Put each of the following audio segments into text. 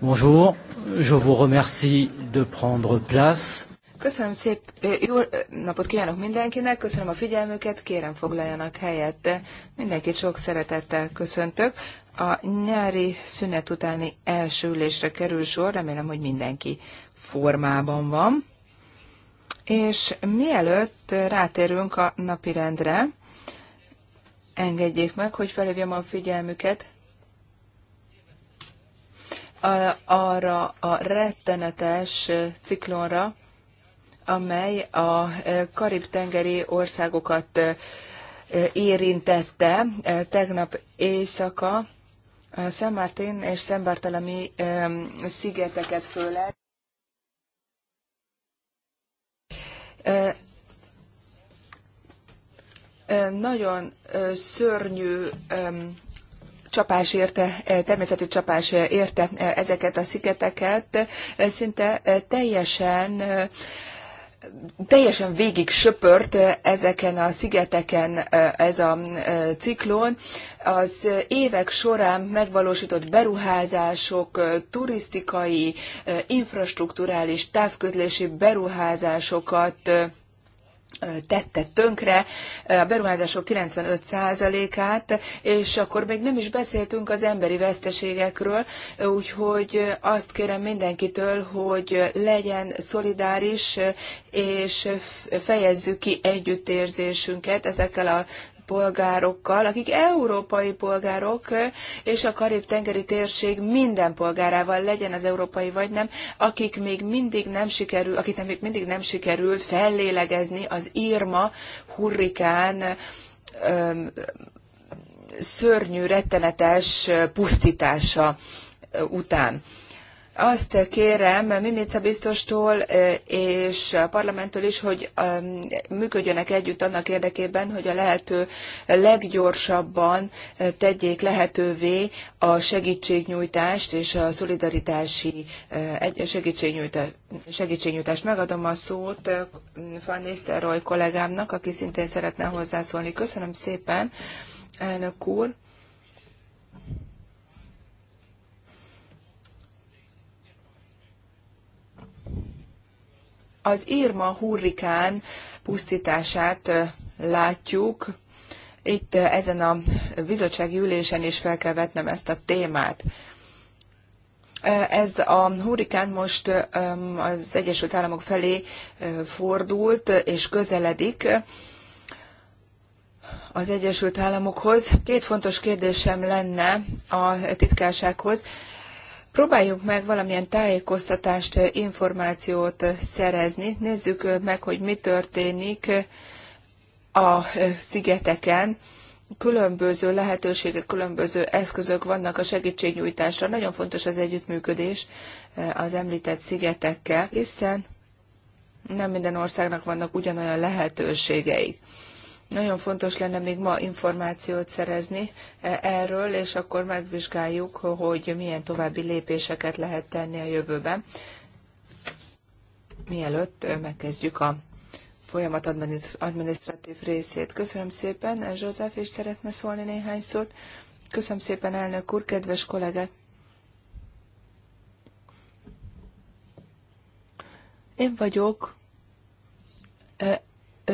Bonjour, je vous remercie de prendre place. Köszönöm szép, jó napot kívánok mindenkinek, köszönöm a figyelmüket, kérem foglaljanak helyet. Mindenkit sok szeretettel köszöntök. A nyári szünet utáni első ülésre kerül sor, remélem, hogy mindenki formában van. És mielőtt rátérünk a napirendre, engedjék meg, hogy felhívjam a figyelmüket arra a rettenetes ciklonra, amely a e, Karib-tengeri országokat e, érintette e, tegnap éjszaka, Szent Martin és Szent Bartalami szigeteket főleg. Nagyon szörnyű csapás érte, e, természeti csapás érte e, ezeket a szigeteket, e, szinte teljesen teljesen végig söpört ezeken a szigeteken ez a ciklon. Az évek során megvalósított beruházások, turisztikai, infrastruktúrális, távközlési beruházásokat tette tönkre a beruházások 95%-át, és akkor még nem is beszéltünk az emberi veszteségekről, úgyhogy azt kérem mindenkitől, hogy legyen szolidáris, és fejezzük ki együttérzésünket ezekkel a polgárokkal, akik európai polgárok, és a Karib-tengeri térség minden polgárával legyen az európai vagy nem, akik még mindig nem sikerül, akiknek még mindig nem sikerült fellélegezni az Irma hurrikán öm, szörnyű, rettenetes pusztítása után azt kérem Mimica biztostól eh, és a parlamenttől is, hogy működjönek együtt annak érdekében, hogy a lehető leggyorsabban eh, tegyék lehetővé a segítségnyújtást és a szolidaritási eh, segítségnyújtást. Megadom a szót Van Nisztelrooy kollégámnak, aki szintén szeretne hozzászólni. Köszönöm szépen, elnök úr. Az Irma hurrikán pusztítását látjuk, itt ezen a bizottsági ülésen is fel kell vetnem ezt a témát. Ez a hurrikán most az Egyesült Államok felé fordult és közeledik az Egyesült Államokhoz. Két fontos kérdésem lenne a titkársághoz. Próbáljunk meg valamilyen tájékoztatást, információt szerezni. Nézzük meg, hogy mi történik a szigeteken különböző lehetőségek, különböző eszközök vannak a segítségnyújtásra. Nagyon fontos az együttműködés az említett szigetekkel, hiszen nem minden országnak vannak ugyanolyan lehetőségei. Nagyon fontos lenne még ma információt szerezni e, erről, és akkor megvizsgáljuk, hogy milyen további lépéseket lehet tenni a jövőben, mielőtt megkezdjük a folyamat administratív részét. Köszönöm szépen, József is szeretne szólni néhány szót. Köszönöm szépen, elnök úr, kedves kollega. Én vagyok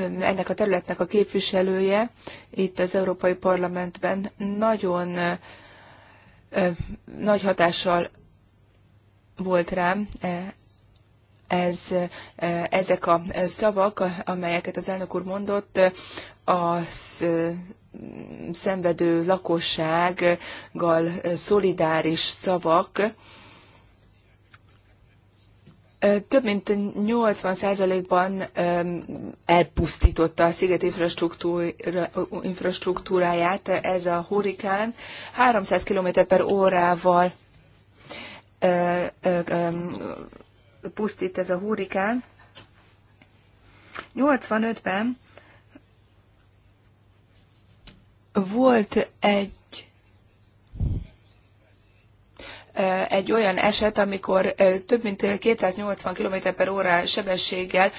ennek a területnek a képviselője itt az Európai Parlamentben nagyon nagy hatással volt rám e, ez, e, ezek a szavak, amelyeket az elnök úr mondott, az szenvedő lakossággal szolidáris szavak, több mint 80%-ban elpusztította a sziget infrastruktúráját ez a hurrikán. 300 km per órával pusztít ez a hurrikán. 85-ben volt egy egy olyan eset, amikor több mint 280 km per óra sebességgel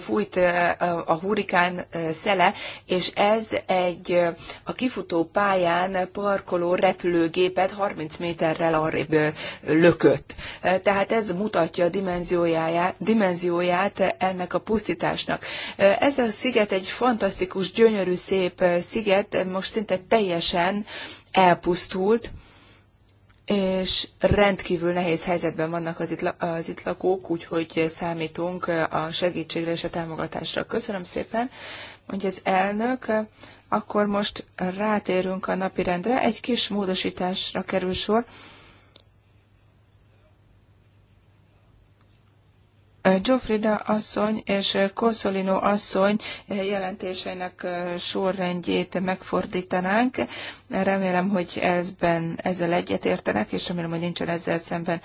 fújt a hurikán szele, és ez egy a kifutó pályán parkoló repülőgépet 30 méterrel arrébb lökött. Tehát ez mutatja a dimenzióját, dimenzióját ennek a pusztításnak. Ez a sziget egy fantasztikus, gyönyörű, szép sziget, most szinte teljesen elpusztult, és rendkívül nehéz helyzetben vannak az itt, az itt lakók, úgyhogy számítunk a segítségre és a támogatásra. Köszönöm szépen, hogy az elnök. Akkor most rátérünk a napirendre. Egy kis módosításra kerül sor. Giofrida asszony és Koszolino asszony jelentéseinek sorrendjét megfordítanánk. Remélem, hogy ezben ezzel egyetértenek, és remélem, hogy nincsen ezzel szemben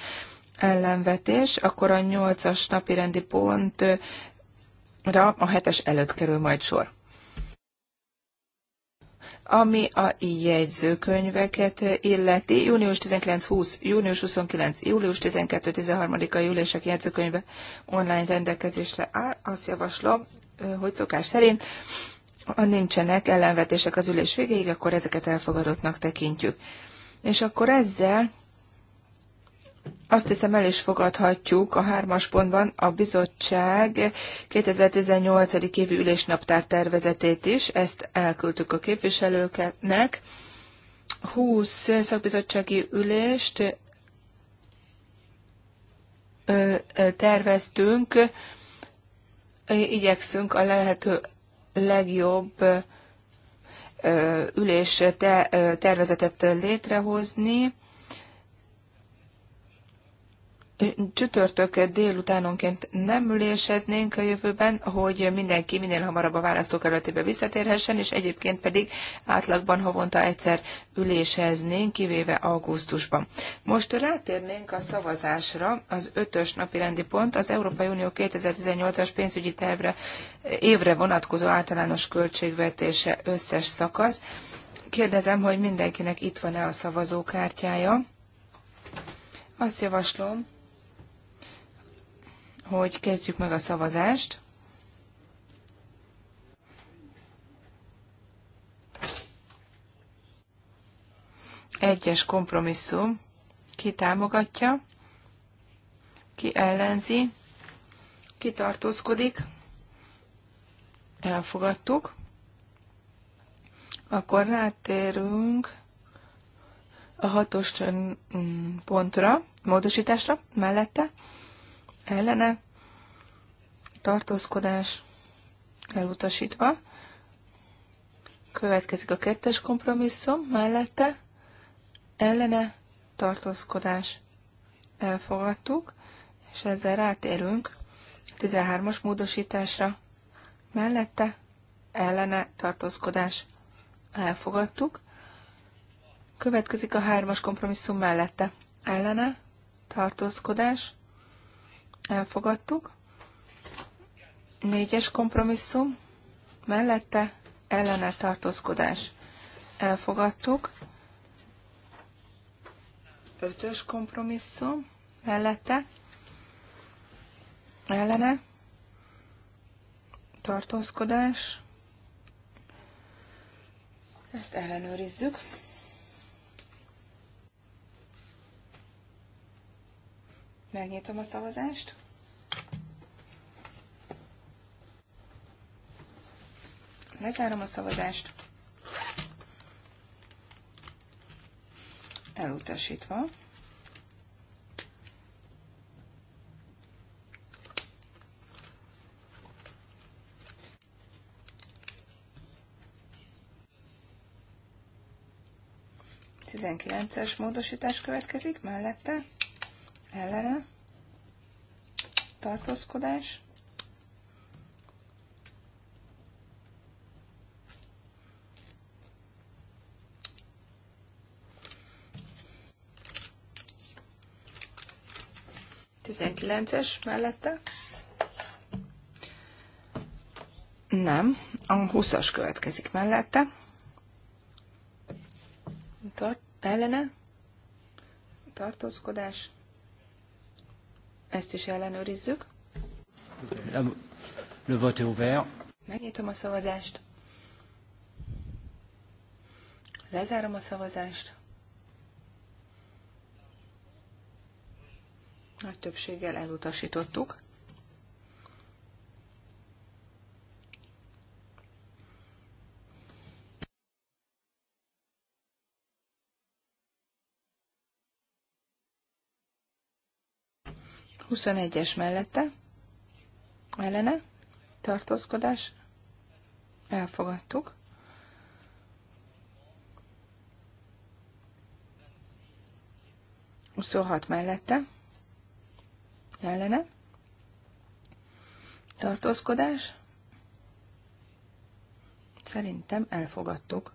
ellenvetés. Akkor a nyolcas napi rendi pontra a hetes előtt kerül majd sor. Ami a jegyzőkönyveket illeti, június 19-20, június 29, július 12-13-a ülések jegyzőkönyve online rendelkezésre áll. Azt javaslom, hogy szokás szerint, ha nincsenek ellenvetések az ülés végéig, akkor ezeket elfogadottnak tekintjük. És akkor ezzel azt hiszem el is fogadhatjuk a hármas pontban a bizottság 2018. évi ülésnaptár tervezetét is, ezt elküldtük a képviselőknek. 20 szakbizottsági ülést terveztünk, igyekszünk a lehető legjobb ülés tervezetet létrehozni csütörtök délutánonként nem üléseznénk a jövőben, hogy mindenki minél hamarabb a választókerületébe visszatérhessen, és egyébként pedig átlagban havonta egyszer üléseznénk, kivéve augusztusban. Most rátérnénk a szavazásra, az ötös napi rendi pont, az Európai Unió 2018-as pénzügyi tervre évre vonatkozó általános költségvetése összes szakasz. Kérdezem, hogy mindenkinek itt van-e a szavazókártyája. Azt javaslom, hogy kezdjük meg a szavazást. Egyes kompromisszum. Ki támogatja? Ki ellenzi? Ki tartózkodik? Elfogadtuk. Akkor rátérünk a hatos mm, pontra, módosításra mellette ellene, tartózkodás elutasítva. Következik a kettes kompromisszum mellette, ellene, tartózkodás elfogadtuk, és ezzel rátérünk 13-as módosításra. Mellette, ellene, tartózkodás elfogadtuk. Következik a hármas kompromisszum mellette. Ellene, tartózkodás, elfogadtuk. Négyes kompromisszum, mellette ellene tartózkodás, elfogadtuk. Ötös kompromisszum, mellette ellene tartózkodás, ezt ellenőrizzük. Megnyitom a szavazást. Lezárom a szavazást. Elutasítva. Tizenkilences módosítás következik mellette ellene, tartózkodás, Tizenkilences mellette. Nem, a 20-as következik mellette. Tart, ellene, tartózkodás, ezt is ellenőrizzük. Le vote est ouvert. Megnyitom a szavazást. Lezárom a szavazást. Nagy többséggel elutasítottuk. 21-es mellette, ellene, tartózkodás, elfogadtuk. Huszonhat mellette, ellene, tartózkodás, szerintem elfogadtuk,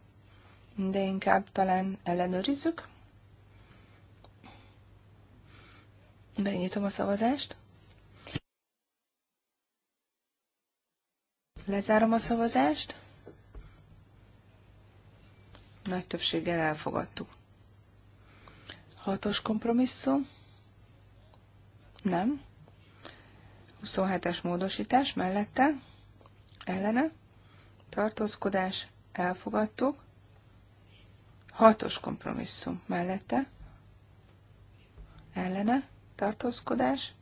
de inkább talán ellenőrizzük. Megnyitom a szavazást. Lezárom a szavazást. Nagy többséggel elfogadtuk. Hatos kompromisszum. Nem. 27-es módosítás mellette. Ellene. Tartózkodás. Elfogadtuk. Hatos kompromisszum mellette. Ellene tartózkodás,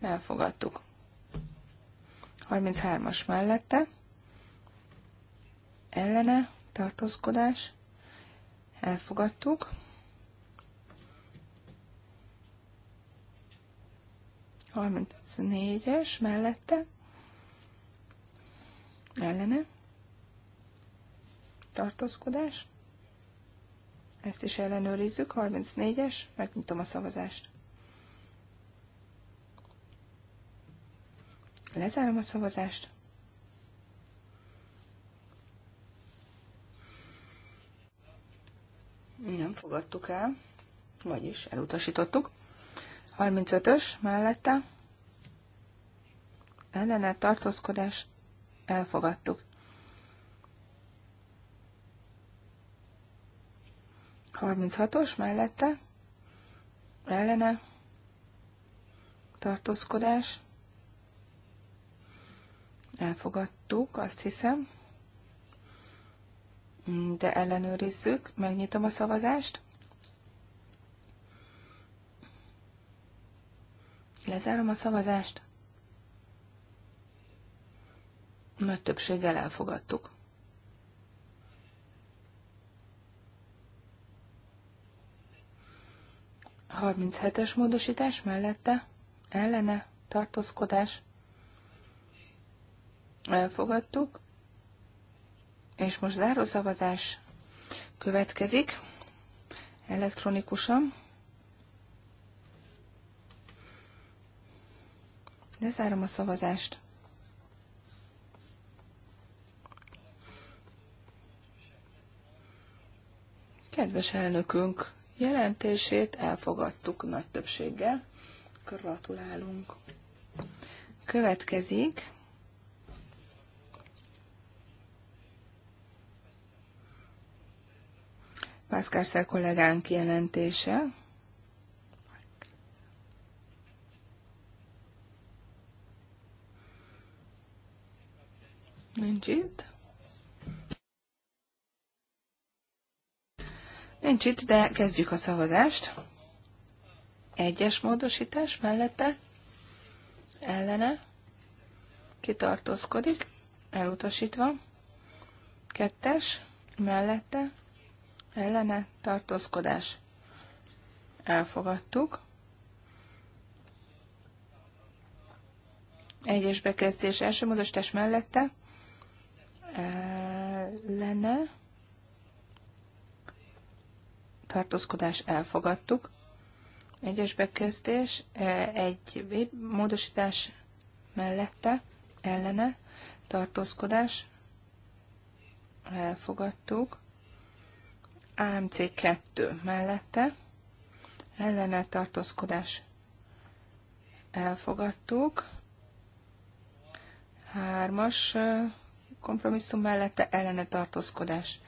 elfogadtuk. 33-as mellette, ellene, tartózkodás, elfogadtuk. Harminc négyes mellette, ellene, tartózkodás, ezt is ellenőrizzük, 34-es, megnyitom a szavazást. Lezárom a szavazást. Nem fogadtuk el, vagyis elutasítottuk. 35-ös mellette ellene tartózkodás elfogadtuk. 36-os mellette ellene tartózkodás elfogadtuk elfogadtuk, azt hiszem, de ellenőrizzük, megnyitom a szavazást. Lezárom a szavazást. Nagy többséggel elfogadtuk. 37-es módosítás mellette ellene tartózkodás elfogadtuk, és most záró szavazás következik elektronikusan. Lezárom a szavazást. Kedves elnökünk, jelentését elfogadtuk nagy többséggel. Gratulálunk. Következik Pászkárszel kollégánk jelentése. Nincs itt. Nincs itt, de kezdjük a szavazást. Egyes módosítás mellette, ellene, kitartózkodik, elutasítva. Kettes, mellette, ellene tartózkodás elfogadtuk. Egyes bekezdés első módosítás mellette ellene tartózkodás elfogadtuk. Egyes bekezdés e, egy módosítás mellette ellene tartózkodás elfogadtuk. AMC2 mellette ellene tartózkodás elfogadtuk. Hármas kompromisszum mellette ellene tartózkodás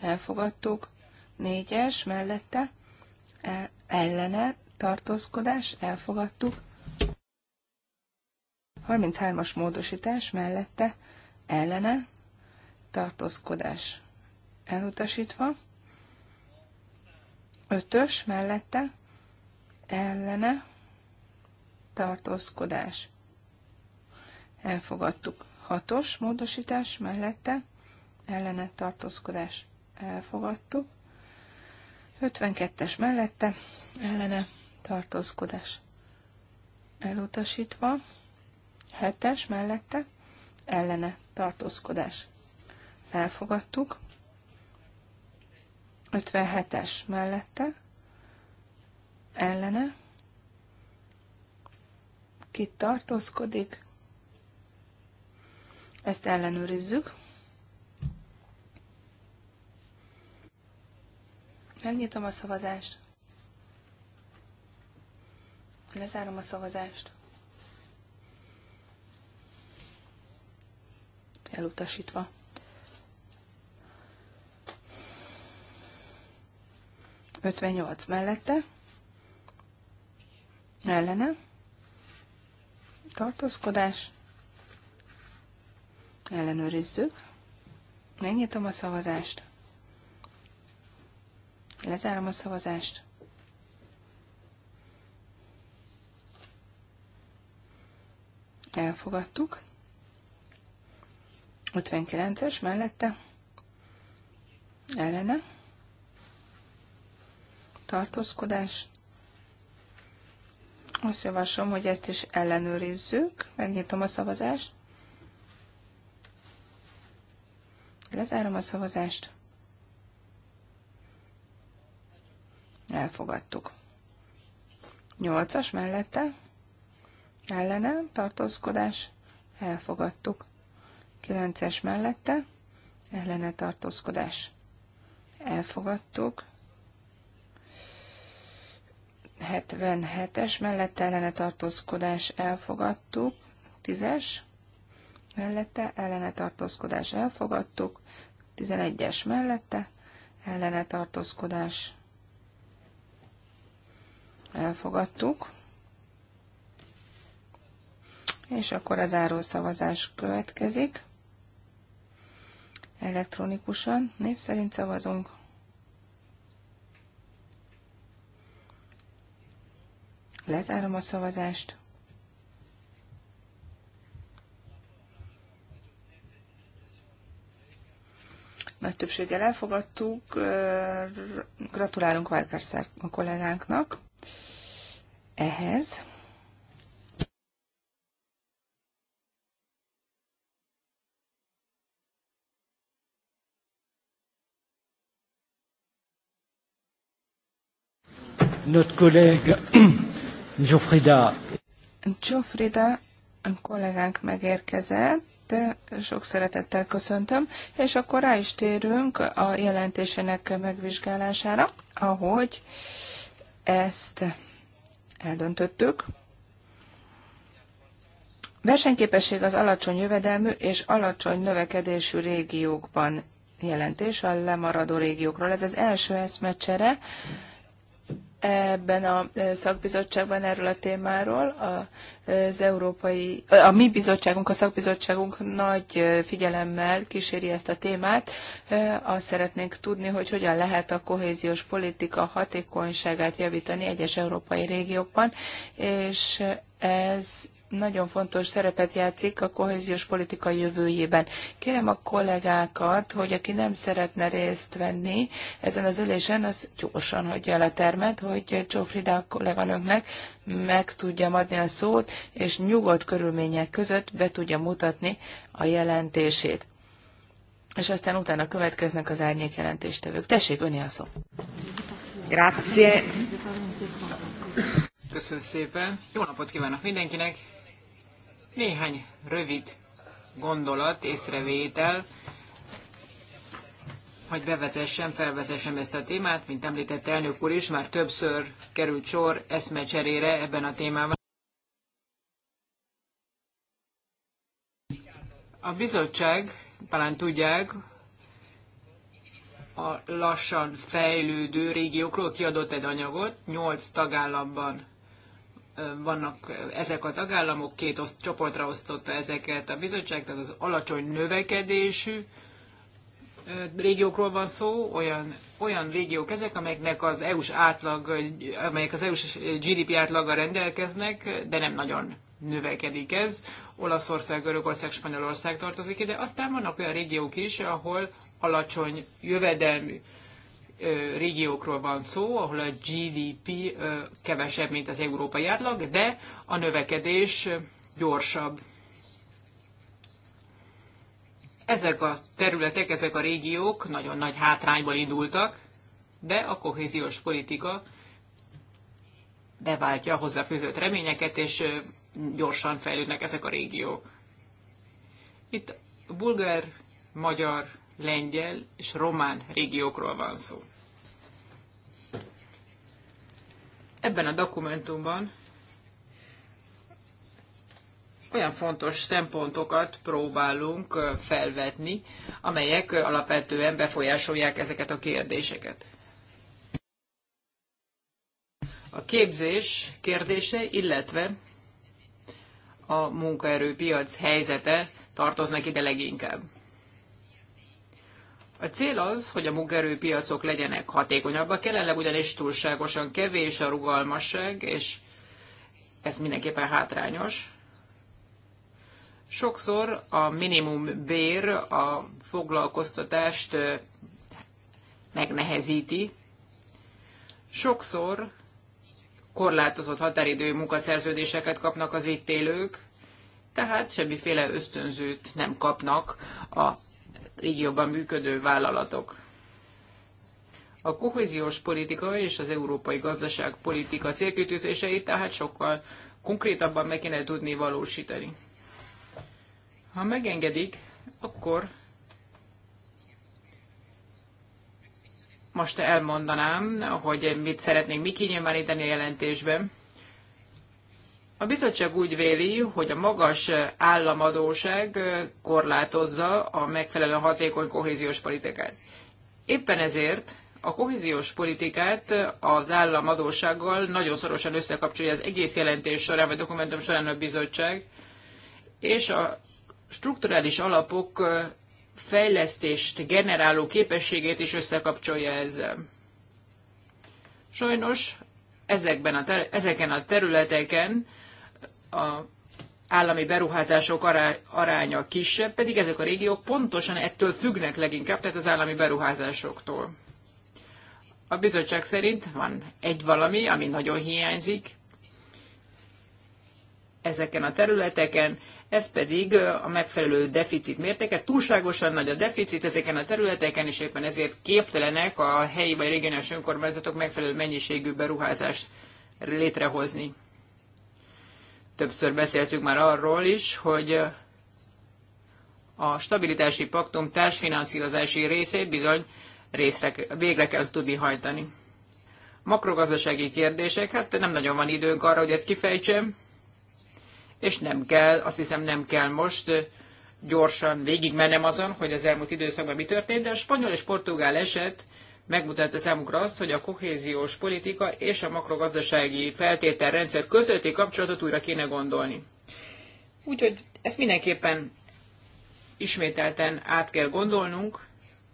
elfogadtuk. Négyes mellette e, ellene tartózkodás elfogadtuk. 33-as módosítás mellette ellene tartózkodás elutasítva. Ötös mellette ellene tartózkodás. Elfogadtuk. Hatos módosítás mellette ellene tartózkodás. Elfogadtuk. 52-es mellette ellene tartózkodás. Elutasítva. 7-es mellette ellene tartózkodás. Elfogadtuk. 57-es mellette, ellene, ki tartózkodik, ezt ellenőrizzük. Megnyitom a szavazást. Lezárom a szavazást. Elutasítva. 58 mellette, ellene, tartózkodás, ellenőrizzük, megnyitom a szavazást, lezárom a szavazást, elfogadtuk, 59-es mellette, ellene, tartózkodás. Azt javaslom, hogy ezt is ellenőrizzük. Megnyitom a szavazást. Lezárom a szavazást. Elfogadtuk. Nyolcas mellette. Ellene, tartózkodás. Elfogadtuk. Kilences mellette. Ellene tartózkodás. Elfogadtuk. 77-es mellette ellene tartózkodás elfogadtuk, 10-es mellette ellene tartózkodás elfogadtuk, 11-es mellette ellene tartózkodás elfogadtuk. És akkor a záró szavazás következik. Elektronikusan név szerint szavazunk. Lezárom a szavazást. Nagy többséggel elfogadtuk. Gratulálunk Várkárszár a kollégánknak ehhez. Notre collègue Zsufrida. a kollégánk megérkezett, sok szeretettel köszöntöm, és akkor rá is térünk a jelentésének megvizsgálására, ahogy ezt eldöntöttük. Versenyképesség az alacsony jövedelmű és alacsony növekedésű régiókban jelentés a lemaradó régiókról. Ez az első eszmecsere ebben a e, szakbizottságban erről a témáról. Az európai, e, a mi bizottságunk, a szakbizottságunk nagy e, figyelemmel kíséri ezt a témát. Azt szeretnénk tudni, hogy hogyan lehet a kohéziós politika hatékonyságát javítani egyes európai régiókban, és ez nagyon fontos szerepet játszik a kohéziós politika jövőjében. Kérem a kollégákat, hogy aki nem szeretne részt venni ezen az ülésen, az gyorsan hagyja el a termet, hogy Csófrida kolléganőknek meg tudjam adni a szót, és nyugodt körülmények között be tudja mutatni a jelentését. És aztán utána következnek az árnyék jelentéstevők. Tessék, öné a szó. Grazie. Köszönöm szépen. Jó napot kívánok mindenkinek. Néhány rövid gondolat, észrevétel, hogy bevezessem, felvezessem ezt a témát, mint említett elnök úr is, már többször került sor eszmecserére ebben a témában. A bizottság, talán tudják, a lassan fejlődő régiókról kiadott egy anyagot, nyolc tagállamban vannak ezek a tagállamok, két oszt, csoportra osztotta ezeket a bizottság, tehát az alacsony növekedésű régiókról van szó, olyan, olyan régiók ezek, amelyeknek az EU-s átlag, amelyek az EU-s GDP átlaga rendelkeznek, de nem nagyon növekedik ez. Olaszország, Görögország, Spanyolország tartozik ide. Aztán vannak olyan régiók is, ahol alacsony jövedelmű régiókról van szó, ahol a GDP kevesebb, mint az európai átlag, de a növekedés gyorsabb. Ezek a területek, ezek a régiók nagyon nagy hátrányból indultak, de a kohéziós politika beváltja a hozzáfűzött reményeket, és gyorsan fejlődnek ezek a régiók. Itt bulgár, magyar, lengyel és román régiókról van szó. Ebben a dokumentumban olyan fontos szempontokat próbálunk felvetni, amelyek alapvetően befolyásolják ezeket a kérdéseket. A képzés kérdése, illetve a munkaerőpiac helyzete tartoznak ide leginkább. A cél az, hogy a munkaerőpiacok legyenek hatékonyabbak, jelenleg ugyanis túlságosan kevés a rugalmasság, és ez mindenképpen hátrányos. Sokszor a minimum bér a foglalkoztatást megnehezíti. Sokszor korlátozott határidő munkaszerződéseket kapnak az itt élők, tehát semmiféle ösztönzőt nem kapnak a régióban működő vállalatok. A kohéziós politika és az európai gazdaság politika célkütőzései tehát sokkal konkrétabban meg kéne tudni valósítani. Ha megengedik, akkor most elmondanám, hogy mit szeretnénk mi kinyilvánítani a jelentésben. A bizottság úgy véli, hogy a magas államadóság korlátozza a megfelelő hatékony kohéziós politikát. Éppen ezért a kohéziós politikát az államadósággal nagyon szorosan összekapcsolja az egész jelentés során, vagy dokumentum során a bizottság, és a strukturális alapok fejlesztést generáló képességét is összekapcsolja ezzel. Sajnos ezekben a ter- ezeken a területeken a állami beruházások aránya kisebb, pedig ezek a régiók pontosan ettől függnek leginkább, tehát az állami beruházásoktól. A bizottság szerint van egy valami, ami nagyon hiányzik ezeken a területeken, ez pedig a megfelelő deficit mértéke. Túlságosan nagy a deficit ezeken a területeken, és éppen ezért képtelenek a helyi vagy regionális önkormányzatok megfelelő mennyiségű beruházást létrehozni. Többször beszéltük már arról is, hogy a stabilitási paktum társfinanszírozási részét bizony részre, végre kell tudni hajtani. Makrogazdasági kérdések, hát nem nagyon van időnk arra, hogy ezt kifejtsem, és nem kell, azt hiszem nem kell most gyorsan végigmenem azon, hogy az elmúlt időszakban mi történt, de a spanyol és portugál eset megmutatta számukra azt, hogy a kohéziós politika és a makrogazdasági feltételrendszer közötti kapcsolatot újra kéne gondolni. Úgyhogy ezt mindenképpen ismételten át kell gondolnunk,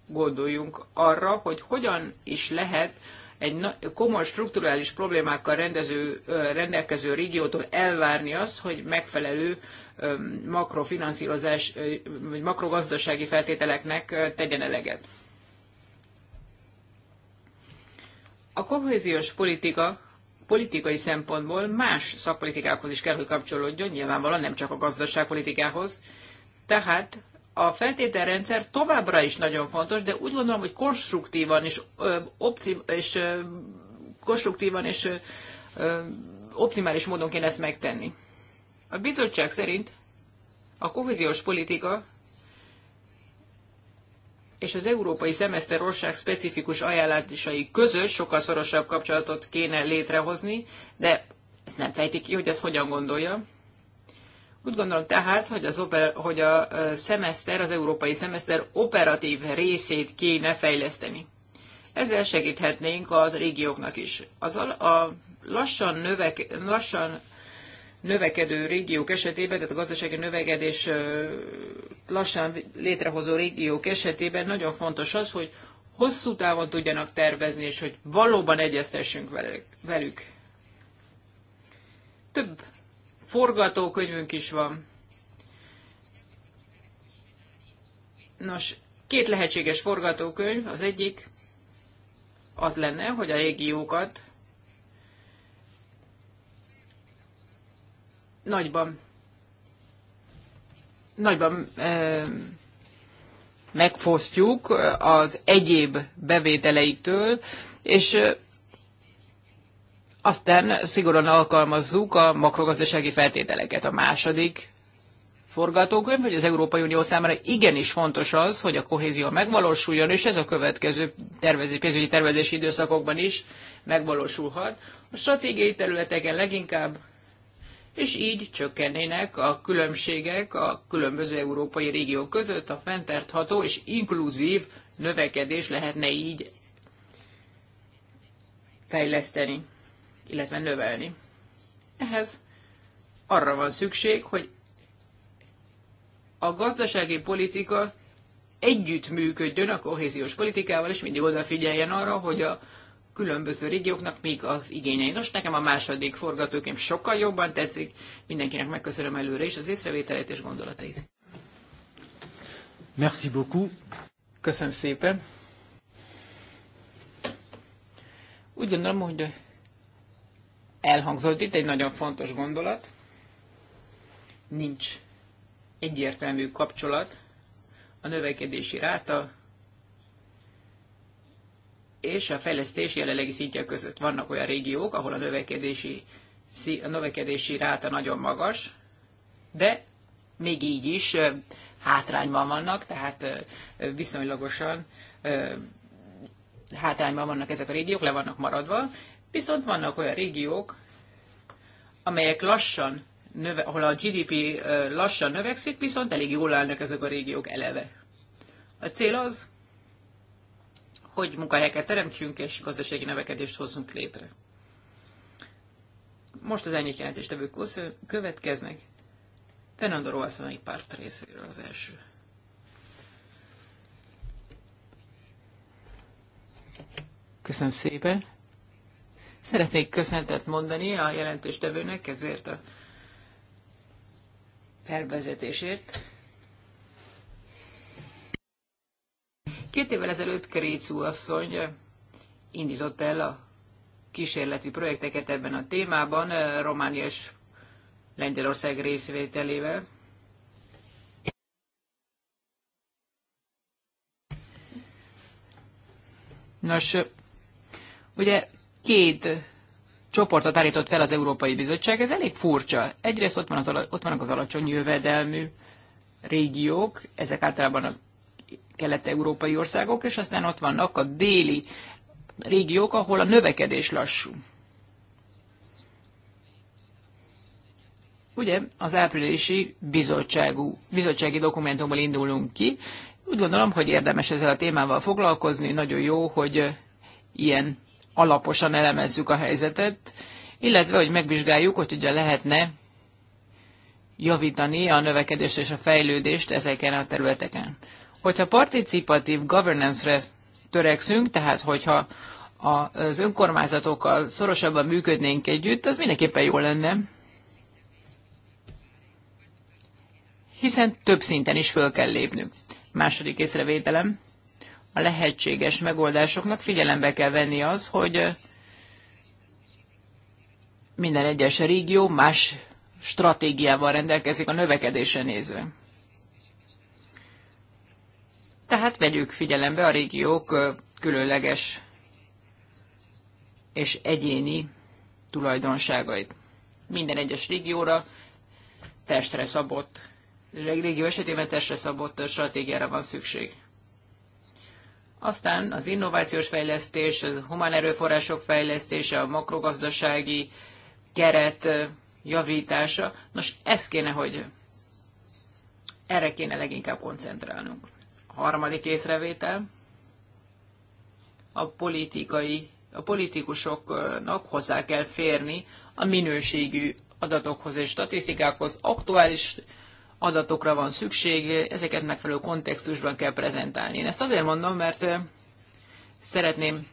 gondoljunk arra, hogy hogyan is lehet egy komoly strukturális problémákkal rendező, rendelkező régiótól elvárni azt, hogy megfelelő makrofinanszírozás, vagy makrogazdasági feltételeknek tegyen eleget. A kohéziós politika politikai szempontból más szakpolitikákhoz is kell, hogy kapcsolódjon, nyilvánvalóan nem csak a gazdaságpolitikához. Tehát a feltételrendszer továbbra is nagyon fontos, de úgy gondolom, hogy konstruktívan és, ö, optim, és ö, konstruktívan és ö, optimális módon kéne ezt megtenni. A bizottság szerint a kohéziós politika és az európai szemeszter ország specifikus ajánlásai között sokkal szorosabb kapcsolatot kéne létrehozni, de ezt nem fejtik ki, hogy ez hogyan gondolja. Úgy gondolom tehát, hogy, az oper, hogy a szemeszter, az európai szemeszter operatív részét kéne fejleszteni. Ezzel segíthetnénk a régióknak is. Az a, lassan, növek, lassan növekedő régiók esetében, tehát a gazdasági növekedés lassan létrehozó régiók esetében nagyon fontos az, hogy hosszú távon tudjanak tervezni, és hogy valóban egyeztessünk velük. Több forgatókönyvünk is van. Nos, két lehetséges forgatókönyv, az egyik az lenne, hogy a régiókat nagyban, nagyban ö, megfosztjuk az egyéb bevételeiktől, és aztán szigorúan alkalmazzuk a makrogazdasági feltételeket. A második forgatókönyv, hogy az Európai Unió számára igenis fontos az, hogy a kohézió megvalósuljon, és ez a következő tervezés, pénzügyi tervezési időszakokban is megvalósulhat. A stratégiai területeken leginkább, és így csökkennének a különbségek a különböző európai régiók között, a fenntartható és inkluzív növekedés lehetne így fejleszteni illetve növelni. Ehhez arra van szükség, hogy a gazdasági politika együttműködjön a kohéziós politikával, és mindig odafigyeljen arra, hogy a különböző régióknak még az igényei. Nos, nekem a második forgatókönyv sokkal jobban tetszik. Mindenkinek megköszönöm előre is az észrevételét és gondolatait. Merci beaucoup. Köszönöm szépen. Úgy gondolom, hogy Elhangzott itt egy nagyon fontos gondolat. Nincs egyértelmű kapcsolat a növekedési ráta és a fejlesztés jelenlegi szintje között. Vannak olyan régiók, ahol a növekedési, a növekedési ráta nagyon magas, de még így is hátrányban vannak, tehát viszonylagosan hátrányban vannak ezek a régiók, le vannak maradva, Viszont vannak olyan régiók, amelyek lassan, növe, ahol a GDP lassan növekszik, viszont elég jól állnak ezek a régiók eleve. A cél az, hogy munkahelyeket teremtsünk és gazdasági növekedést hozzunk létre. Most az ennyi jelentéstevők következnek. Fernando Roasszanai párt részéről az első. Köszönöm szépen. Szeretnék köszöntet mondani a jelentéstevőnek ezért a felvezetésért. Két évvel ezelőtt Krécu asszony indított el a kísérleti projekteket ebben a témában, Románia és Lengyelország részvételével. Nos, ugye két csoportot állított fel az Európai Bizottság, ez elég furcsa. Egyrészt ott, van az, ott vannak az alacsony jövedelmű régiók, ezek általában a kelet-európai országok, és aztán ott vannak a déli régiók, ahol a növekedés lassú. Ugye az áprilisi bizottságú, bizottsági dokumentumból indulunk ki. Úgy gondolom, hogy érdemes ezzel a témával foglalkozni. Nagyon jó, hogy ilyen alaposan elemezzük a helyzetet, illetve hogy megvizsgáljuk, hogy ugye lehetne javítani a növekedést és a fejlődést ezeken a területeken. Hogyha participatív governance-re törekszünk, tehát hogyha az önkormányzatokkal szorosabban működnénk együtt, az mindenképpen jó lenne. Hiszen több szinten is föl kell lépnünk. Második észrevételem a lehetséges megoldásoknak figyelembe kell venni az, hogy minden egyes régió más stratégiával rendelkezik a növekedése nézve. Tehát vegyük figyelembe a régiók különleges és egyéni tulajdonságait. Minden egyes régióra testre szabott, régió esetében testre szabott stratégiára van szükség. Aztán az innovációs fejlesztés, a humán erőforrások fejlesztése, a makrogazdasági keret javítása. Nos, ez kéne, hogy erre kéne leginkább koncentrálnunk. A harmadik észrevétel a politikai, a politikusoknak hozzá kell férni a minőségű adatokhoz és statisztikákhoz aktuális adatokra van szükség, ezeket megfelelő kontextusban kell prezentálni. Én ezt azért mondom, mert szeretném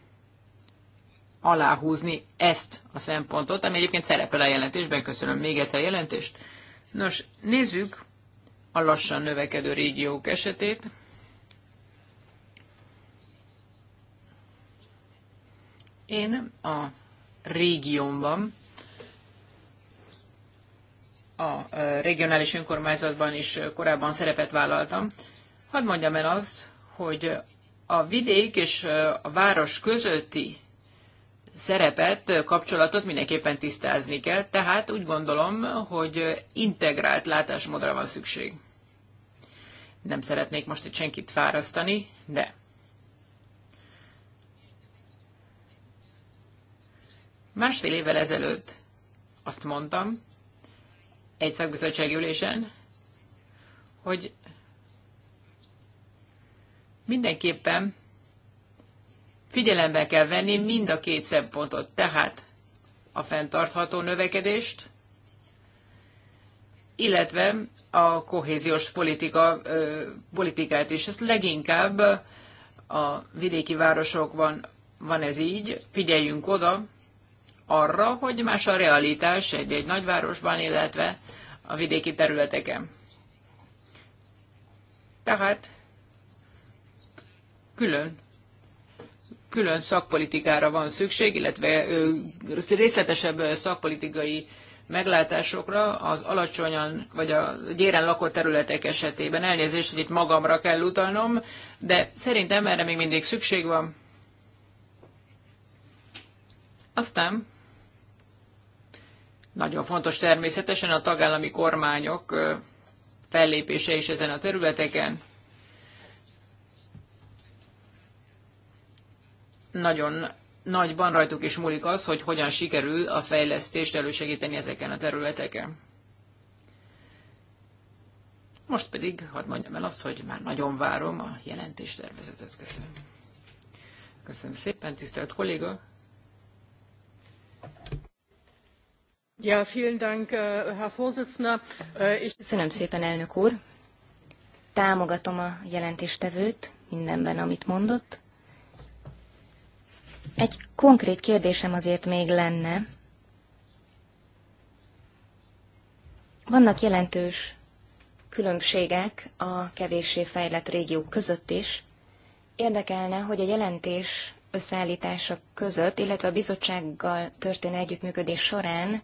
aláhúzni ezt a szempontot, ami egyébként szerepel a jelentésben. Köszönöm még egyszer a jelentést. Nos, nézzük a lassan növekedő régiók esetét. Én a régiómban a regionális önkormányzatban is korábban szerepet vállaltam. Hadd mondjam el azt, hogy a vidék és a város közötti szerepet, kapcsolatot mindenképpen tisztázni kell, tehát úgy gondolom, hogy integrált látásmódra van szükség. Nem szeretnék most itt senkit fárasztani, de másfél évvel ezelőtt azt mondtam, egy szakbizottsági ülésen, hogy mindenképpen figyelembe kell venni mind a két szempontot, tehát a fenntartható növekedést, illetve a kohéziós politika, politikát is. Ez leginkább a vidéki városokban van ez így, figyeljünk oda, arra, hogy más a realitás egy-egy nagyvárosban, illetve a vidéki területeken. Tehát külön külön szakpolitikára van szükség, illetve részletesebb szakpolitikai meglátásokra az alacsonyan, vagy a gyéren lakott területek esetében. Elnézést, hogy itt magamra kell utalnom, de szerintem erre még mindig szükség van. Aztán nagyon fontos természetesen a tagállami kormányok fellépése is ezen a területeken. Nagyon nagyban rajtuk is múlik az, hogy hogyan sikerül a fejlesztést elősegíteni ezeken a területeken. Most pedig hadd mondjam el azt, hogy már nagyon várom a jelentéstervezetet. Köszönöm. Köszönöm szépen, tisztelt kolléga! Ja, äh, äh, Köszönöm szépen, elnök úr. Támogatom a jelentéstevőt mindenben, amit mondott. Egy konkrét kérdésem azért még lenne. Vannak jelentős különbségek a kevéssé fejlett régiók között is. Érdekelne, hogy a jelentés összeállítása között, illetve a bizottsággal történő együttműködés során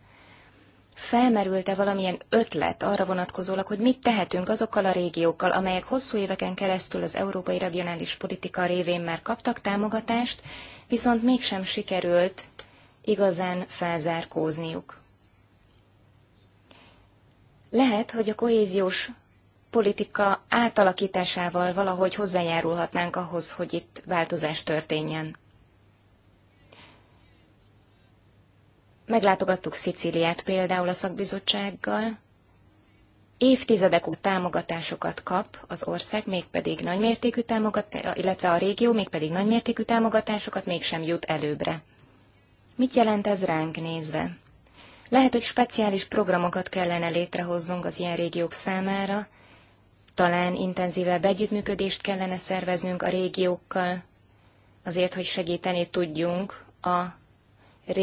felmerült-e valamilyen ötlet arra vonatkozólag, hogy mit tehetünk azokkal a régiókkal, amelyek hosszú éveken keresztül az európai regionális politika révén már kaptak támogatást, viszont mégsem sikerült igazán felzárkózniuk. Lehet, hogy a kohéziós politika átalakításával valahogy hozzájárulhatnánk ahhoz, hogy itt változás történjen. Meglátogattuk Szicíliát például a szakbizottsággal. Évtizedek óta támogatásokat kap az ország, mégpedig nagymértékű támogatásokat, illetve a régió mégpedig nagymértékű támogatásokat mégsem jut előbbre. Mit jelent ez ránk nézve? Lehet, hogy speciális programokat kellene létrehoznunk az ilyen régiók számára, talán intenzívebb együttműködést kellene szerveznünk a régiókkal, azért, hogy segíteni tudjunk a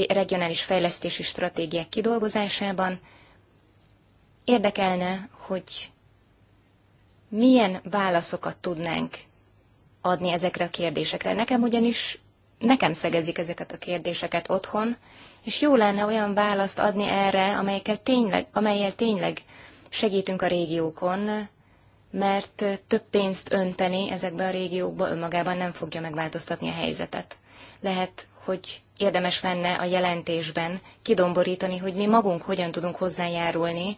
regionális fejlesztési stratégiák kidolgozásában. Érdekelne, hogy milyen válaszokat tudnánk adni ezekre a kérdésekre. Nekem ugyanis, nekem szegezik ezeket a kérdéseket otthon, és jó lenne olyan választ adni erre, amelyekkel tényleg, amelyel tényleg segítünk a régiókon, mert több pénzt önteni ezekbe a régiókba önmagában nem fogja megváltoztatni a helyzetet. Lehet hogy érdemes lenne a jelentésben kidomborítani, hogy mi magunk hogyan tudunk hozzájárulni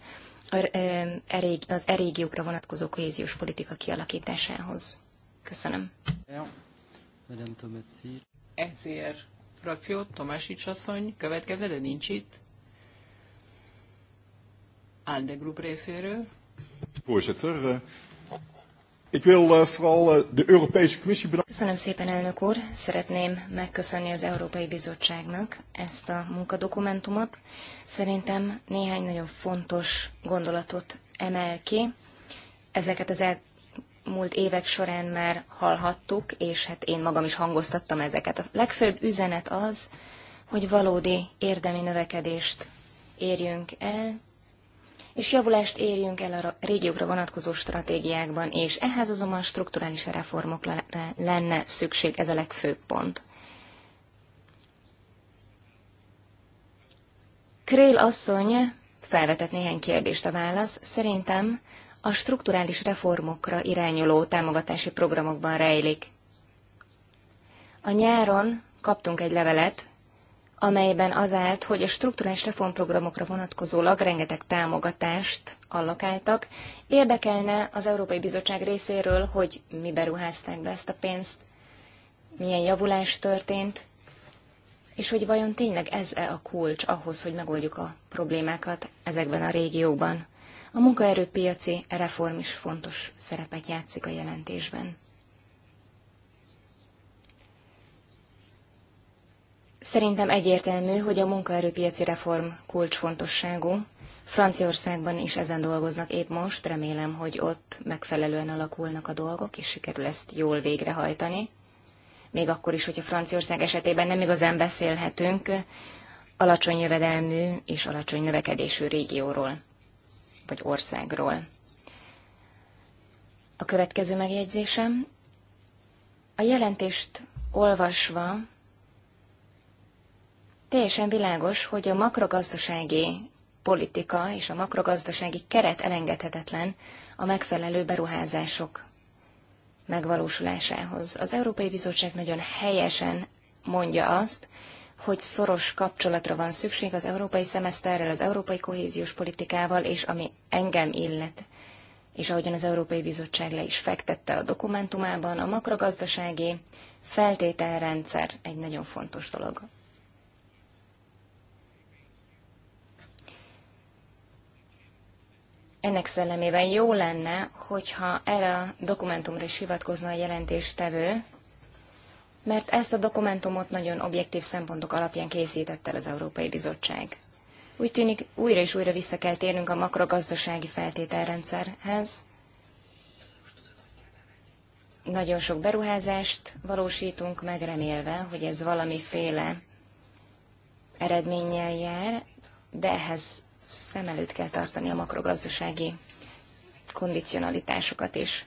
e az erégiókra vonatkozó kohéziós politika kialakításához. Köszönöm. Ezért frakció Tomásics asszony következő, de nincs itt. Alde Group részéről. Ik wil eh, vooral eh, de Europese Commissie bedanken. Köszönöm szépen, elnök úr. Szeretném megköszönni az Európai Bizottságnak ezt a munkadokumentumot. Szerintem néhány nagyon fontos gondolatot emel ki. Ezeket az elmúlt évek során már hallhattuk, és hát én magam is hangoztattam ezeket. A legfőbb üzenet az, hogy valódi érdemi növekedést érjünk el, és javulást érjünk el a régiókra vonatkozó stratégiákban, és ehhez azonban strukturális reformokra lenne szükség, ez a legfőbb pont. Krél asszony felvetett néhány kérdést a válasz. Szerintem a strukturális reformokra irányuló támogatási programokban rejlik. A nyáron kaptunk egy levelet amelyben az állt, hogy a strukturális reformprogramokra vonatkozólag rengeteg támogatást allokáltak. Érdekelne az Európai Bizottság részéről, hogy mi beruházták be ezt a pénzt, milyen javulás történt, és hogy vajon tényleg ez-e a kulcs ahhoz, hogy megoldjuk a problémákat ezekben a régióban. A munkaerőpiaci reform is fontos szerepet játszik a jelentésben. Szerintem egyértelmű, hogy a munkaerőpiaci reform kulcsfontosságú. Franciaországban is ezen dolgoznak épp most, remélem, hogy ott megfelelően alakulnak a dolgok, és sikerül ezt jól végrehajtani. Még akkor is, hogyha Franciaország esetében nem igazán beszélhetünk alacsony jövedelmű és alacsony növekedésű régióról, vagy országról. A következő megjegyzésem. A jelentést olvasva teljesen világos, hogy a makrogazdasági politika és a makrogazdasági keret elengedhetetlen a megfelelő beruházások megvalósulásához. Az Európai Bizottság nagyon helyesen mondja azt, hogy szoros kapcsolatra van szükség az európai szemeszterrel, az európai kohéziós politikával, és ami engem illet, és ahogyan az Európai Bizottság le is fektette a dokumentumában, a makrogazdasági feltételrendszer egy nagyon fontos dolog. Ennek szellemében jó lenne, hogyha erre a dokumentumra is hivatkozna a jelentéstevő, mert ezt a dokumentumot nagyon objektív szempontok alapján készítette el az Európai Bizottság. Úgy tűnik, újra és újra vissza kell térnünk a makrogazdasági feltételrendszerhez. Nagyon sok beruházást valósítunk megremélve, hogy ez valamiféle eredménnyel jár, de ehhez szem előtt kell tartani a makrogazdasági kondicionalitásokat is.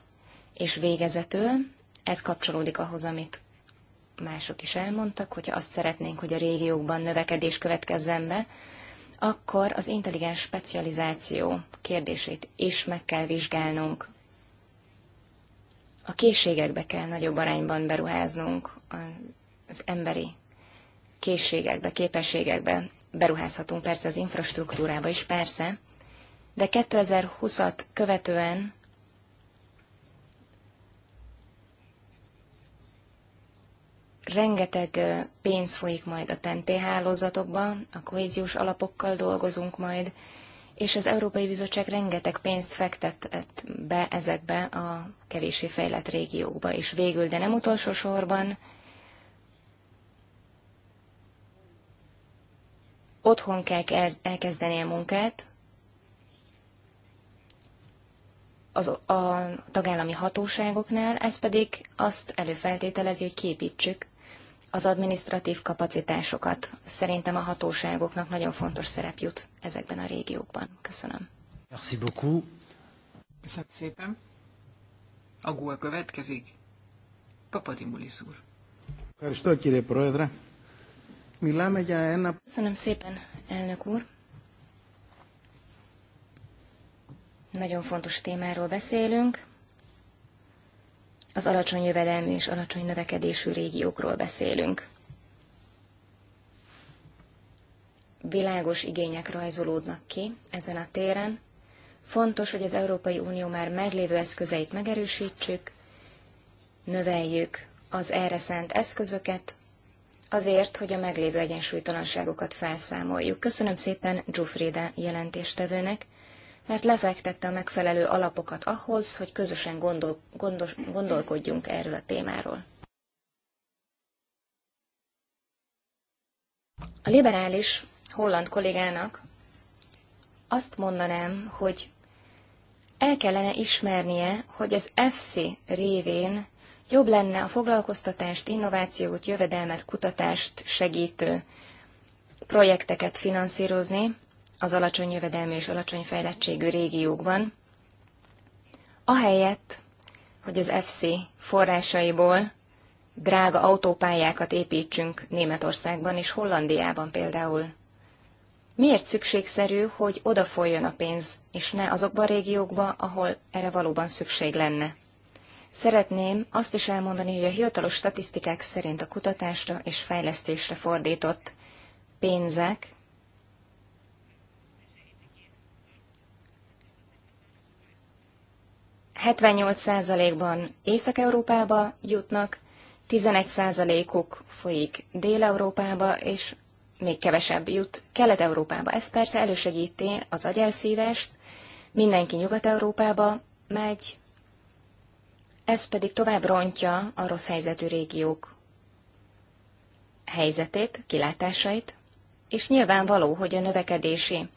És végezetül ez kapcsolódik ahhoz, amit mások is elmondtak, hogyha azt szeretnénk, hogy a régiókban növekedés következzen be, akkor az intelligens specializáció kérdését is meg kell vizsgálnunk. A készségekbe kell nagyobb arányban beruháznunk az emberi készségekbe, képességekbe beruházhatunk persze az infrastruktúrába is, persze, de 2020-at követően rengeteg pénz folyik majd a TNT hálózatokba, a kohéziós alapokkal dolgozunk majd, és az Európai Bizottság rengeteg pénzt fektetett be ezekbe a kevéssé fejlett régiókba, és végül, de nem utolsó sorban, otthon kell elkezdeni a munkát, az, a tagállami hatóságoknál, ez pedig azt előfeltételezi, hogy képítsük az administratív kapacitásokat. Szerintem a hatóságoknak nagyon fontos szerep jut ezekben a régiókban. Köszönöm. Merci beaucoup. Köszönöm szépen. Agua következik. Papadimulis úr. Köszönöm, Μιλάμε για Köszönöm szépen, elnök úr. Nagyon fontos témáról beszélünk. Az alacsony jövedelmű és alacsony növekedésű régiókról beszélünk. Világos igények rajzolódnak ki ezen a téren. Fontos, hogy az Európai Unió már meglévő eszközeit megerősítsük, növeljük az erre szánt eszközöket, azért, hogy a meglévő egyensúlytalanságokat felszámoljuk. Köszönöm szépen Giuffrida jelentéstevőnek, mert lefektette a megfelelő alapokat ahhoz, hogy közösen gondol, gondos, gondolkodjunk erről a témáról. A liberális holland kollégának azt mondanám, hogy el kellene ismernie, hogy az FC révén Jobb lenne a foglalkoztatást, innovációt, jövedelmet, kutatást segítő projekteket finanszírozni az alacsony jövedelmi és alacsony fejlettségű régiókban, ahelyett, hogy az FC forrásaiból drága autópályákat építsünk Németországban és Hollandiában például. Miért szükségszerű, hogy odafoljon a pénz, és ne azokban a régiókban, ahol erre valóban szükség lenne? Szeretném azt is elmondani, hogy a hivatalos statisztikák szerint a kutatásra és fejlesztésre fordított pénzek ...78%-ban Észak-Európába jutnak, 11%-uk folyik Dél-Európába, és még kevesebb jut Kelet-Európába. Ez persze elősegíti az agyelszívást, mindenki Nyugat-Európába megy, ez pedig tovább rontja a rossz helyzetű régiók helyzetét, kilátásait, és nyilvánvaló, hogy a növekedési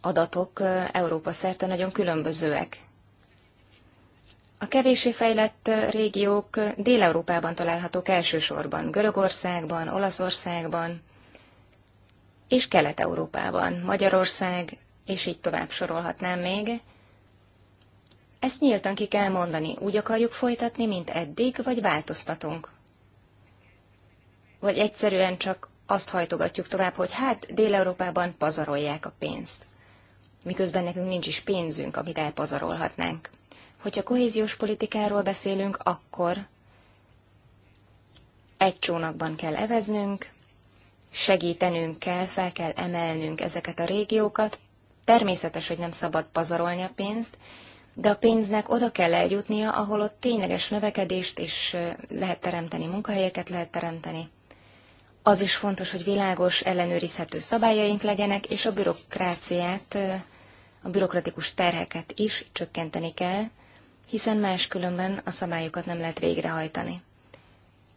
adatok Európa szerte nagyon különbözőek. A kevésé fejlett régiók Dél-Európában találhatók elsősorban, Görögországban, Olaszországban és Kelet-Európában, Magyarország, és így tovább sorolhatnám még. Ezt nyíltan ki kell mondani. Úgy akarjuk folytatni, mint eddig, vagy változtatunk? Vagy egyszerűen csak azt hajtogatjuk tovább, hogy hát Dél-Európában pazarolják a pénzt. Miközben nekünk nincs is pénzünk, amit elpazarolhatnánk. Hogyha kohéziós politikáról beszélünk, akkor egy csónakban kell eveznünk, segítenünk kell, fel kell emelnünk ezeket a régiókat. Természetes, hogy nem szabad pazarolni a pénzt, de a pénznek oda kell eljutnia, ahol ott tényleges növekedést is lehet teremteni, munkahelyeket lehet teremteni. Az is fontos, hogy világos, ellenőrizhető szabályaink legyenek, és a bürokráciát, a bürokratikus terheket is csökkenteni kell, hiszen máskülönben a szabályokat nem lehet végrehajtani.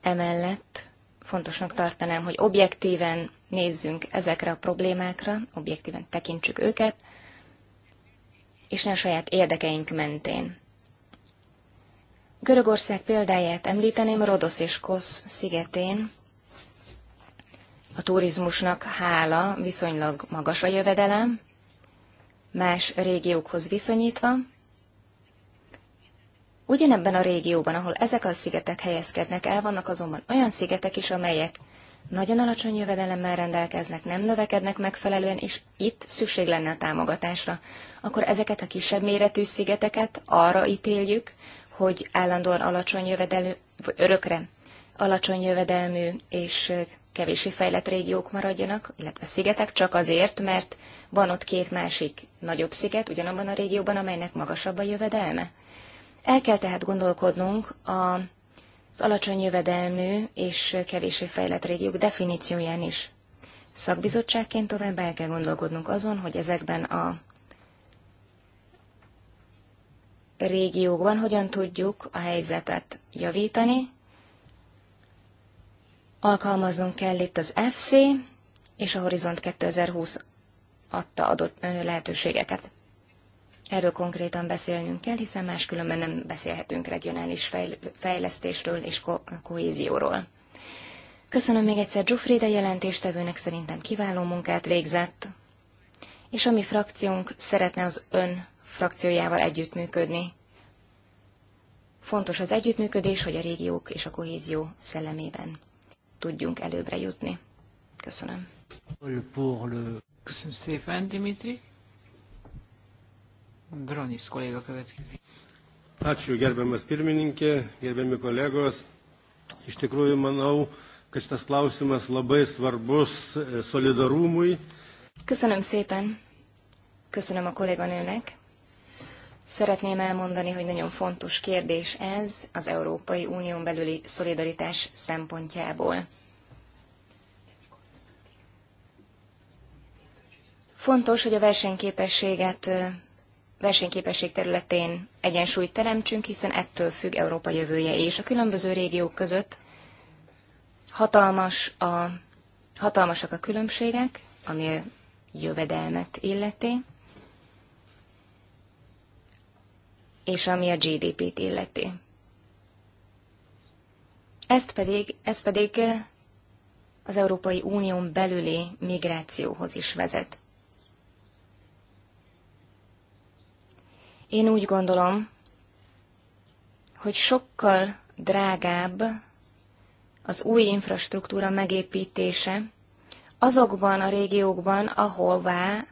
Emellett fontosnak tartanám, hogy objektíven nézzünk ezekre a problémákra, objektíven tekintsük őket, és ne a saját érdekeink mentén. Görögország példáját említeném Rodosz és Kosz szigetén. A turizmusnak hála viszonylag magas a jövedelem, más régiókhoz viszonyítva. Ugyanebben a régióban, ahol ezek a szigetek helyezkednek el, vannak azonban olyan szigetek is, amelyek nagyon alacsony jövedelemmel rendelkeznek, nem növekednek megfelelően, és itt szükség lenne a támogatásra. Akkor ezeket a kisebb méretű szigeteket arra ítéljük, hogy állandóan alacsony vagy örökre alacsony jövedelmű és kevési fejlett régiók maradjanak, illetve szigetek csak azért, mert van ott két másik nagyobb sziget ugyanabban a régióban, amelynek magasabb a jövedelme. El kell tehát gondolkodnunk a az alacsony jövedelmű és kevésé fejlett régiók definícióján is. Szakbizottságként tovább el kell gondolkodnunk azon, hogy ezekben a régiókban hogyan tudjuk a helyzetet javítani. Alkalmaznunk kell itt az FC és a Horizont 2020 adta adott lehetőségeket. Erről konkrétan beszélnünk kell, hiszen máskülönben nem beszélhetünk regionális fejlesztésről és ko- kohézióról. Köszönöm még egyszer Zsufréde jelentéstevőnek, szerintem kiváló munkát végzett, és a mi frakciónk szeretne az ön frakciójával együttműködni. Fontos az együttműködés, hogy a régiók és a kohézió szellemében tudjunk előbbre jutni. Köszönöm. Köszönöm szépen, Dimitri. Bronis kolléga következik. Ačiū, gerbiamas pirmininkė, gerbiami kolegos. Iš tikrųjų, manau, kad šitas klausimas labai svarbus e, solidarumui. Köszönöm szépen. Köszönöm a kolléganőnek. Szeretném elmondani, hogy nagyon fontos kérdés ez az Európai Unión belüli szolidaritás szempontjából. Fontos, hogy a versenyképességet e, versenyképesség területén egyensúlyt teremtsünk, hiszen ettől függ Európa jövője, és a különböző régiók között hatalmas a, hatalmasak a különbségek, ami a jövedelmet illeti, és ami a GDP-t illeti. Ezt pedig, ez pedig az Európai Unión belüli migrációhoz is vezet. Én úgy gondolom, hogy sokkal drágább az új infrastruktúra megépítése azokban a régiókban, ahová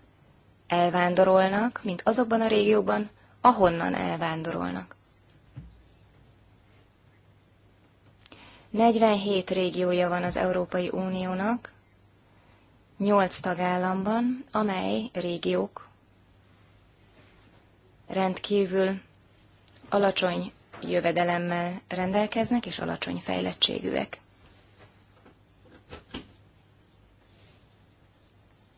elvándorolnak, mint azokban a régiókban, ahonnan elvándorolnak. 47 régiója van az Európai Uniónak, 8 tagállamban, amely régiók rendkívül alacsony jövedelemmel rendelkeznek, és alacsony fejlettségűek.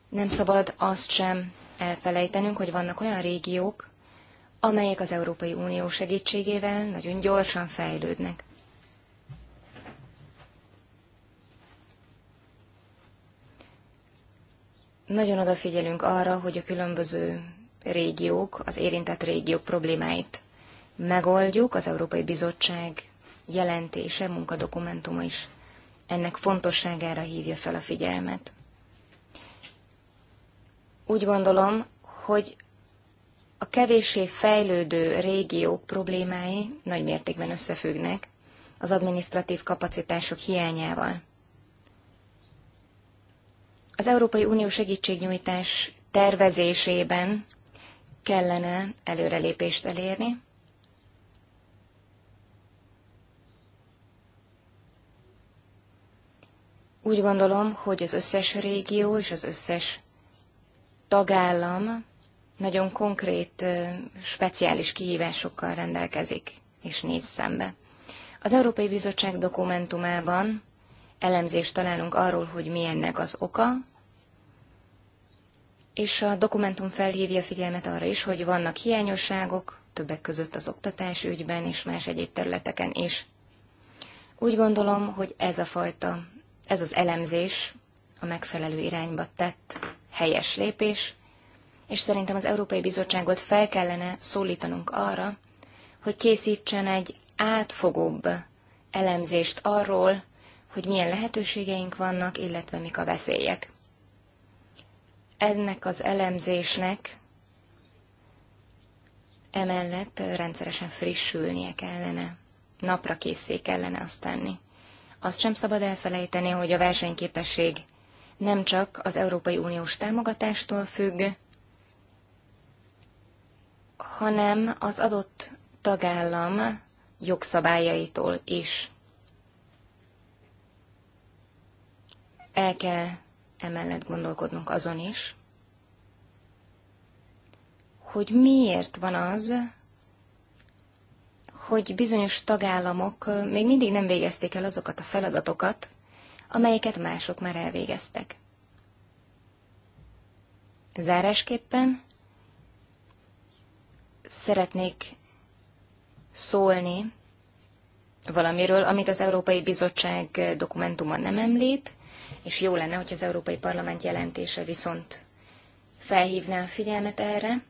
Nem szabad azt sem elfelejtenünk, hogy vannak olyan régiók, amelyek az Európai Unió segítségével nagyon gyorsan fejlődnek. Nagyon odafigyelünk arra, hogy a különböző régiók, az érintett régiók problémáit megoldjuk. Az Európai Bizottság jelentése, munkadokumentuma is ennek fontosságára hívja fel a figyelmet. Úgy gondolom, hogy a kevésé fejlődő régiók problémái nagy mértékben összefüggnek az adminisztratív kapacitások hiányával. Az Európai Unió segítségnyújtás tervezésében kellene előrelépést elérni. Úgy gondolom, hogy az összes régió és az összes tagállam nagyon konkrét, speciális kihívásokkal rendelkezik és néz szembe. Az Európai Bizottság dokumentumában elemzést találunk arról, hogy milyennek az oka, és a dokumentum felhívja figyelmet arra is, hogy vannak hiányosságok, többek között az oktatás ügyben és más egyéb területeken is. Úgy gondolom, hogy ez a fajta, ez az elemzés a megfelelő irányba tett helyes lépés, és szerintem az Európai Bizottságot fel kellene szólítanunk arra, hogy készítsen egy átfogóbb elemzést arról, hogy milyen lehetőségeink vannak, illetve mik a veszélyek ennek az elemzésnek emellett rendszeresen frissülnie kellene, napra készé kellene azt tenni. Azt sem szabad elfelejteni, hogy a versenyképesség nem csak az Európai Uniós támogatástól függ, hanem az adott tagállam jogszabályaitól is. El kell emellett gondolkodnunk azon is, hogy miért van az, hogy bizonyos tagállamok még mindig nem végezték el azokat a feladatokat, amelyeket mások már elvégeztek. Zárásképpen szeretnék szólni valamiről, amit az Európai Bizottság dokumentuma nem említ, és jó lenne, hogy az Európai Parlament jelentése viszont felhívná a figyelmet erre.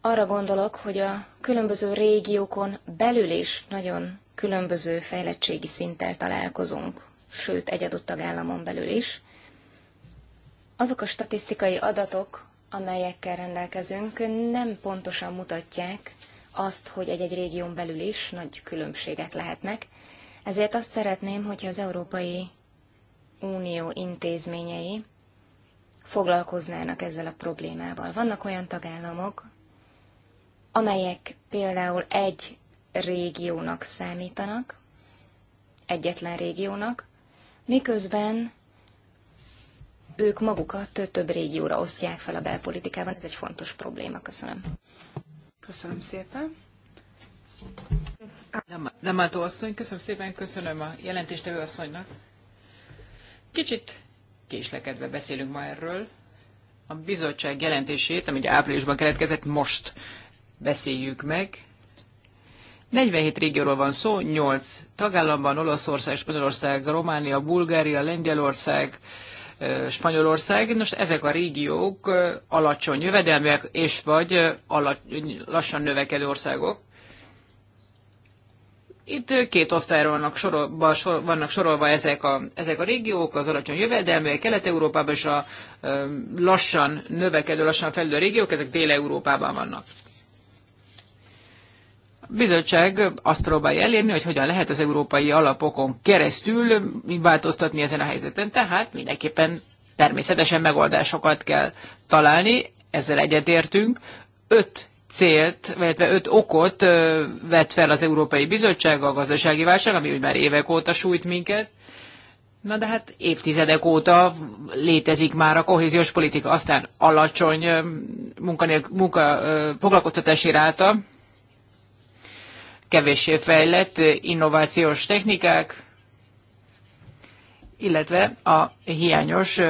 Arra gondolok, hogy a különböző régiókon belül is nagyon különböző fejlettségi szinttel találkozunk, sőt egy adott tagállamon belül is. Azok a statisztikai adatok, amelyekkel rendelkezünk, nem pontosan mutatják azt, hogy egy-egy régión belül is nagy különbségek lehetnek, ezért azt szeretném, hogyha az Európai Unió intézményei foglalkoznának ezzel a problémával. Vannak olyan tagállamok, amelyek például egy régiónak számítanak, egyetlen régiónak, miközben ők magukat több régióra osztják fel a belpolitikában. Ez egy fontos probléma. Köszönöm. Köszönöm szépen. Nem, nem asszony, köszönöm szépen, köszönöm a jelentéstevő asszonynak. Kicsit késlekedve beszélünk ma erről. A bizottság jelentését, ami áprilisban keletkezett, most beszéljük meg. 47 régióról van szó, 8 tagállamban, Olaszország, Spanyolország, Románia, Bulgária, Lengyelország, Spanyolország. Nos, ezek a régiók alacsony jövedelműek és vagy alacsony, lassan növekedő országok. Itt két osztályra vannak sorolva, sor, vannak sorolva ezek a, ezek a régiók, az alacsony jövedelműek Kelet-Európában és a ö, lassan növekedő, lassan fejlődő régiók, ezek Dél-Európában vannak. A bizottság azt próbálja elérni, hogy hogyan lehet az európai alapokon keresztül változtatni ezen a helyzeten, tehát mindenképpen természetesen megoldásokat kell találni, ezzel egyetértünk. Öt célt, illetve öt okot vett fel az Európai Bizottság, a gazdasági válság, ami úgy már évek óta sújt minket. Na de hát évtizedek óta létezik már a kohéziós politika, aztán alacsony munkanél, munka, foglalkoztatási ráta, kevéssé fejlett innovációs technikák, illetve a hiányos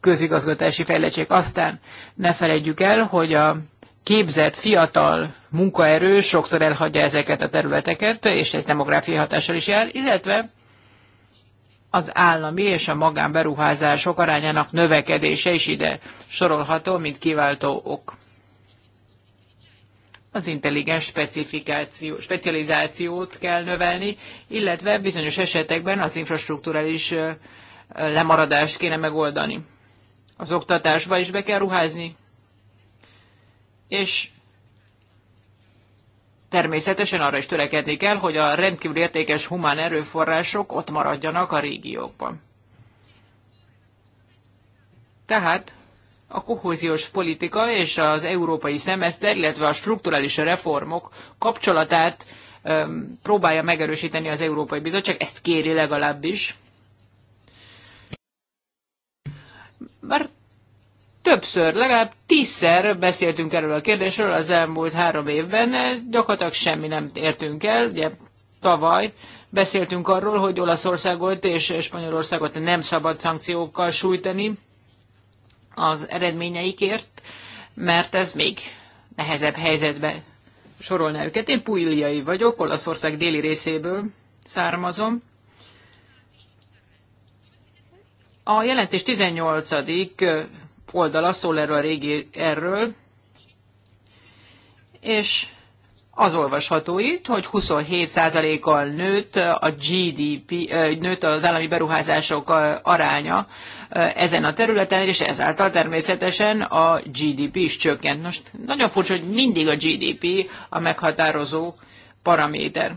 közigazgatási fejlettség. Aztán ne felejtjük el, hogy a képzett, fiatal munkaerő sokszor elhagyja ezeket a területeket, és ez demográfiai hatással is jár, illetve az állami és a magánberuházások arányának növekedése is ide sorolható, mint kiváltó ok. Az intelligens specifikáció, specializációt kell növelni, illetve bizonyos esetekben az infrastruktúrális lemaradást kéne megoldani. Az oktatásba is be kell ruházni, és természetesen arra is törekedni kell, hogy a rendkívül értékes humán erőforrások ott maradjanak a régiókban. Tehát a kohóziós politika és az európai szemeszter, illetve a strukturális reformok kapcsolatát öm, próbálja megerősíteni az Európai Bizottság, ezt kéri legalábbis. Mert többször, legalább tízszer beszéltünk erről a kérdésről az elmúlt három évben, gyakorlatilag semmi nem értünk el, ugye tavaly beszéltünk arról, hogy Olaszországot és Spanyolországot nem szabad szankciókkal sújtani az eredményeikért, mert ez még nehezebb helyzetbe sorolná őket. Én puiliai vagyok, Olaszország déli részéből származom. A jelentés 18 oldala szól erről a régi erről, és az olvasható itt, hogy 27%-kal nőtt a GDP, nőtt az állami beruházások aránya ezen a területen, és ezáltal természetesen a GDP is csökkent. Most nagyon furcsa, hogy mindig a GDP a meghatározó paraméter.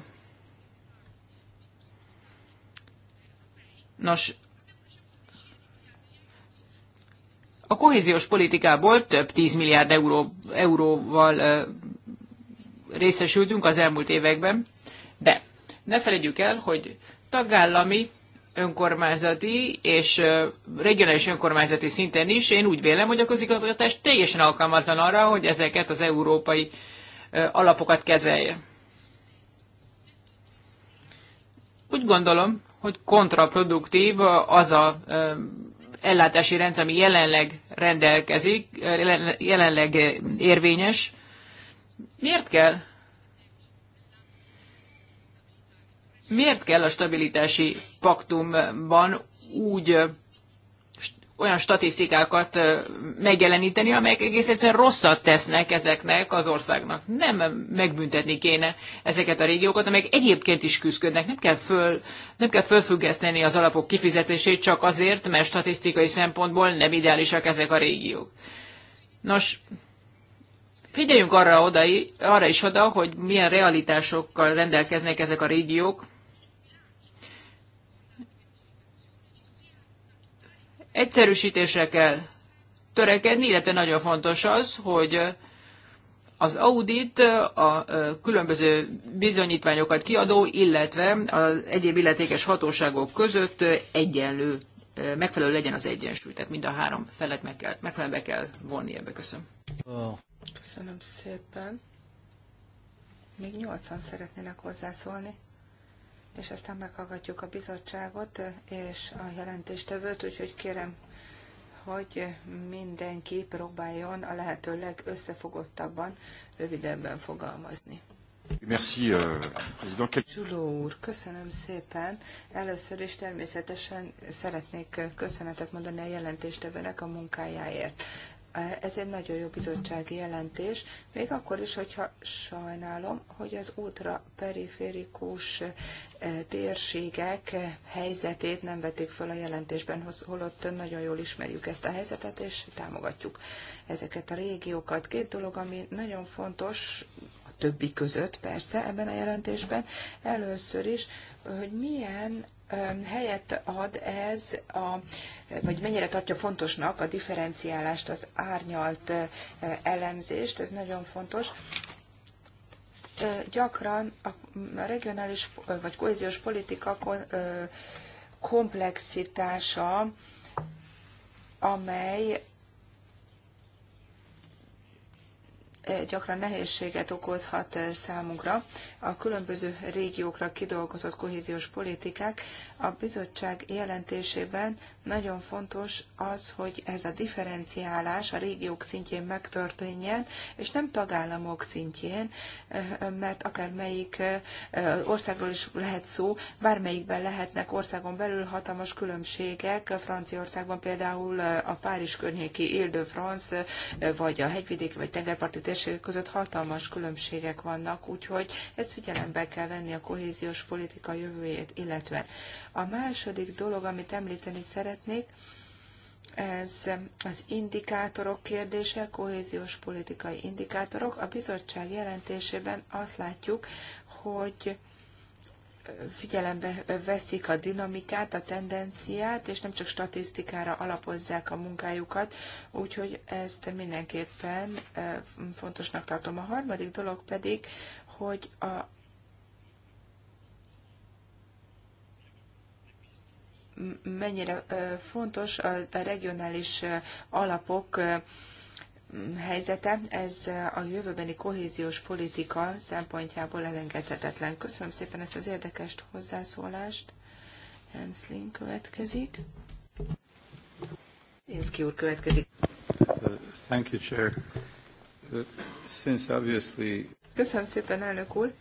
Nos, a kohéziós politikából több 10 milliárd euró, euróval ö, részesültünk az elmúlt években, de ne felejtjük el, hogy tagállami, önkormányzati és regionális önkormányzati szinten is én úgy vélem, hogy a közigazgatás teljesen alkalmatlan arra, hogy ezeket az európai alapokat kezelje. Úgy gondolom, hogy kontraproduktív az a ellátási rendszer, ami jelenleg rendelkezik, jelenleg érvényes. Miért kell miért kell a stabilitási paktumban úgy olyan statisztikákat megjeleníteni, amelyek egész egyszerűen rosszat tesznek ezeknek az országnak. Nem megbüntetni kéne ezeket a régiókat, amelyek egyébként is küzdködnek. Nem kell, föl, nem kell fölfüggeszteni az alapok kifizetését csak azért, mert statisztikai szempontból nem ideálisak ezek a régiók. Nos, figyeljünk arra, oda, arra is oda, hogy milyen realitásokkal rendelkeznek ezek a régiók, Egyszerűsítésre kell törekedni, illetve nagyon fontos az, hogy az audit, a különböző bizonyítványokat kiadó, illetve az egyéb illetékes hatóságok között egyenlő, megfelelő legyen az egyensúly. Tehát mind a három felet meg kell, megfelelően be kell vonni ebbe. Köszönöm. Köszönöm szépen. Még nyolcan szeretnének hozzászólni és aztán meghallgatjuk a bizottságot és a jelentéstevőt, úgyhogy kérem, hogy mindenki próbáljon a lehető legösszefogottabban, rövidebben fogalmazni. Merci, euh, président. Zsuló úr, köszönöm szépen. Először is természetesen szeretnék köszönetet mondani a jelentéstevőnek a munkájáért ez egy nagyon jó bizottsági jelentés, még akkor is, hogyha sajnálom, hogy az útra periférikus eh, térségek helyzetét nem vették föl a jelentésben, holott nagyon jól ismerjük ezt a helyzetet, és támogatjuk ezeket a régiókat. Két dolog, ami nagyon fontos, a többi között persze ebben a jelentésben, először is, hogy milyen helyet ad ez, a, vagy mennyire tartja fontosnak a differenciálást, az árnyalt elemzést, ez nagyon fontos. Gyakran a regionális vagy kohéziós politika komplexitása, amely gyakran nehézséget okozhat eh, számunkra a különböző régiókra kidolgozott kohéziós politikák. A bizottság jelentésében nagyon fontos az, hogy ez a differenciálás a régiók szintjén megtörténjen, és nem tagállamok szintjén, eh, mert akár melyik eh, országról is lehet szó, bármelyikben lehetnek országon belül hatalmas különbségek. Franciaországban például a Párizs környéki Ile de France, vagy a hegyvidéki, vagy tengerparti térségek között hatalmas különbségek vannak, úgyhogy ezt figyelembe kell venni a kohéziós politika jövőjét illetve A második dolog, amit említeni szeretnék, ez az indikátorok kérdése, kohéziós politikai indikátorok. A bizottság jelentésében azt látjuk, hogy figyelembe veszik a dinamikát, a tendenciát, és nem csak statisztikára alapozzák a munkájukat, úgyhogy ezt mindenképpen fontosnak tartom. A harmadik dolog pedig, hogy a mennyire fontos a regionális alapok helyzete, ez a jövőbeni kohéziós politika szempontjából elengedhetetlen. Köszönöm szépen ezt az érdekes hozzászólást. Henslin következik. Inszki úr következik. Thank you, Chair. Since obviously... Köszönöm szépen, elnök úr.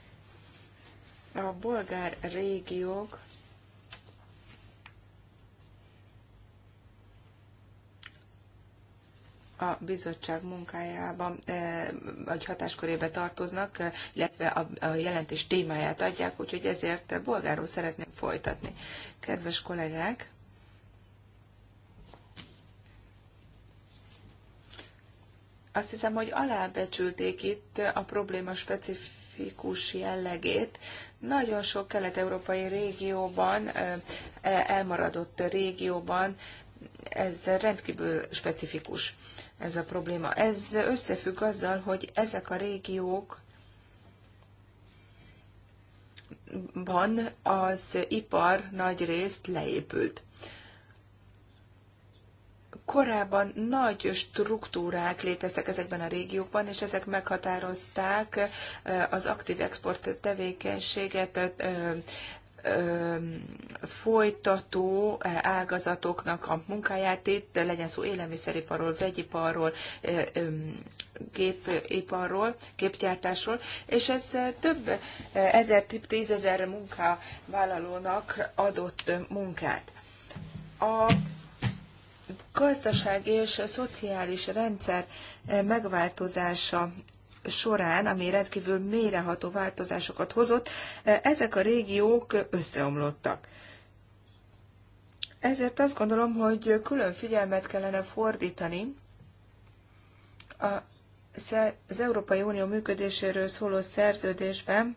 A bolgár régiók a bizottság munkájába, eh, vagy hatáskörébe tartoznak, illetve a jelentés témáját adják, úgyhogy ezért bolgáról szeretném folytatni. Kedves kollégák! Azt hiszem, hogy alábecsülték itt a probléma specifikus specifikus jellegét. Nagyon sok kelet-európai régióban, eh, elmaradott régióban ez rendkívül specifikus ez a probléma. Ez összefügg azzal, hogy ezek a régiók van az ipar nagy részt leépült. Korábban nagy struktúrák léteztek ezekben a régiókban, és ezek meghatározták az aktív export tevékenységet, folytató eh, ágazatoknak a munkáját itt, legyen szó élelmiszeriparról, vegyiparról, eh, gépiparról, képgyártásról, és ez eh, több ezer, tízezer munkavállalónak adott munkát. A gazdaság és a szociális rendszer megváltozása során, ami rendkívül méreható változásokat hozott, eh, ezek a régiók összeomlottak. Ezért azt gondolom, hogy külön figyelmet kellene fordítani a, az Európai Unió működéséről szóló szerződésben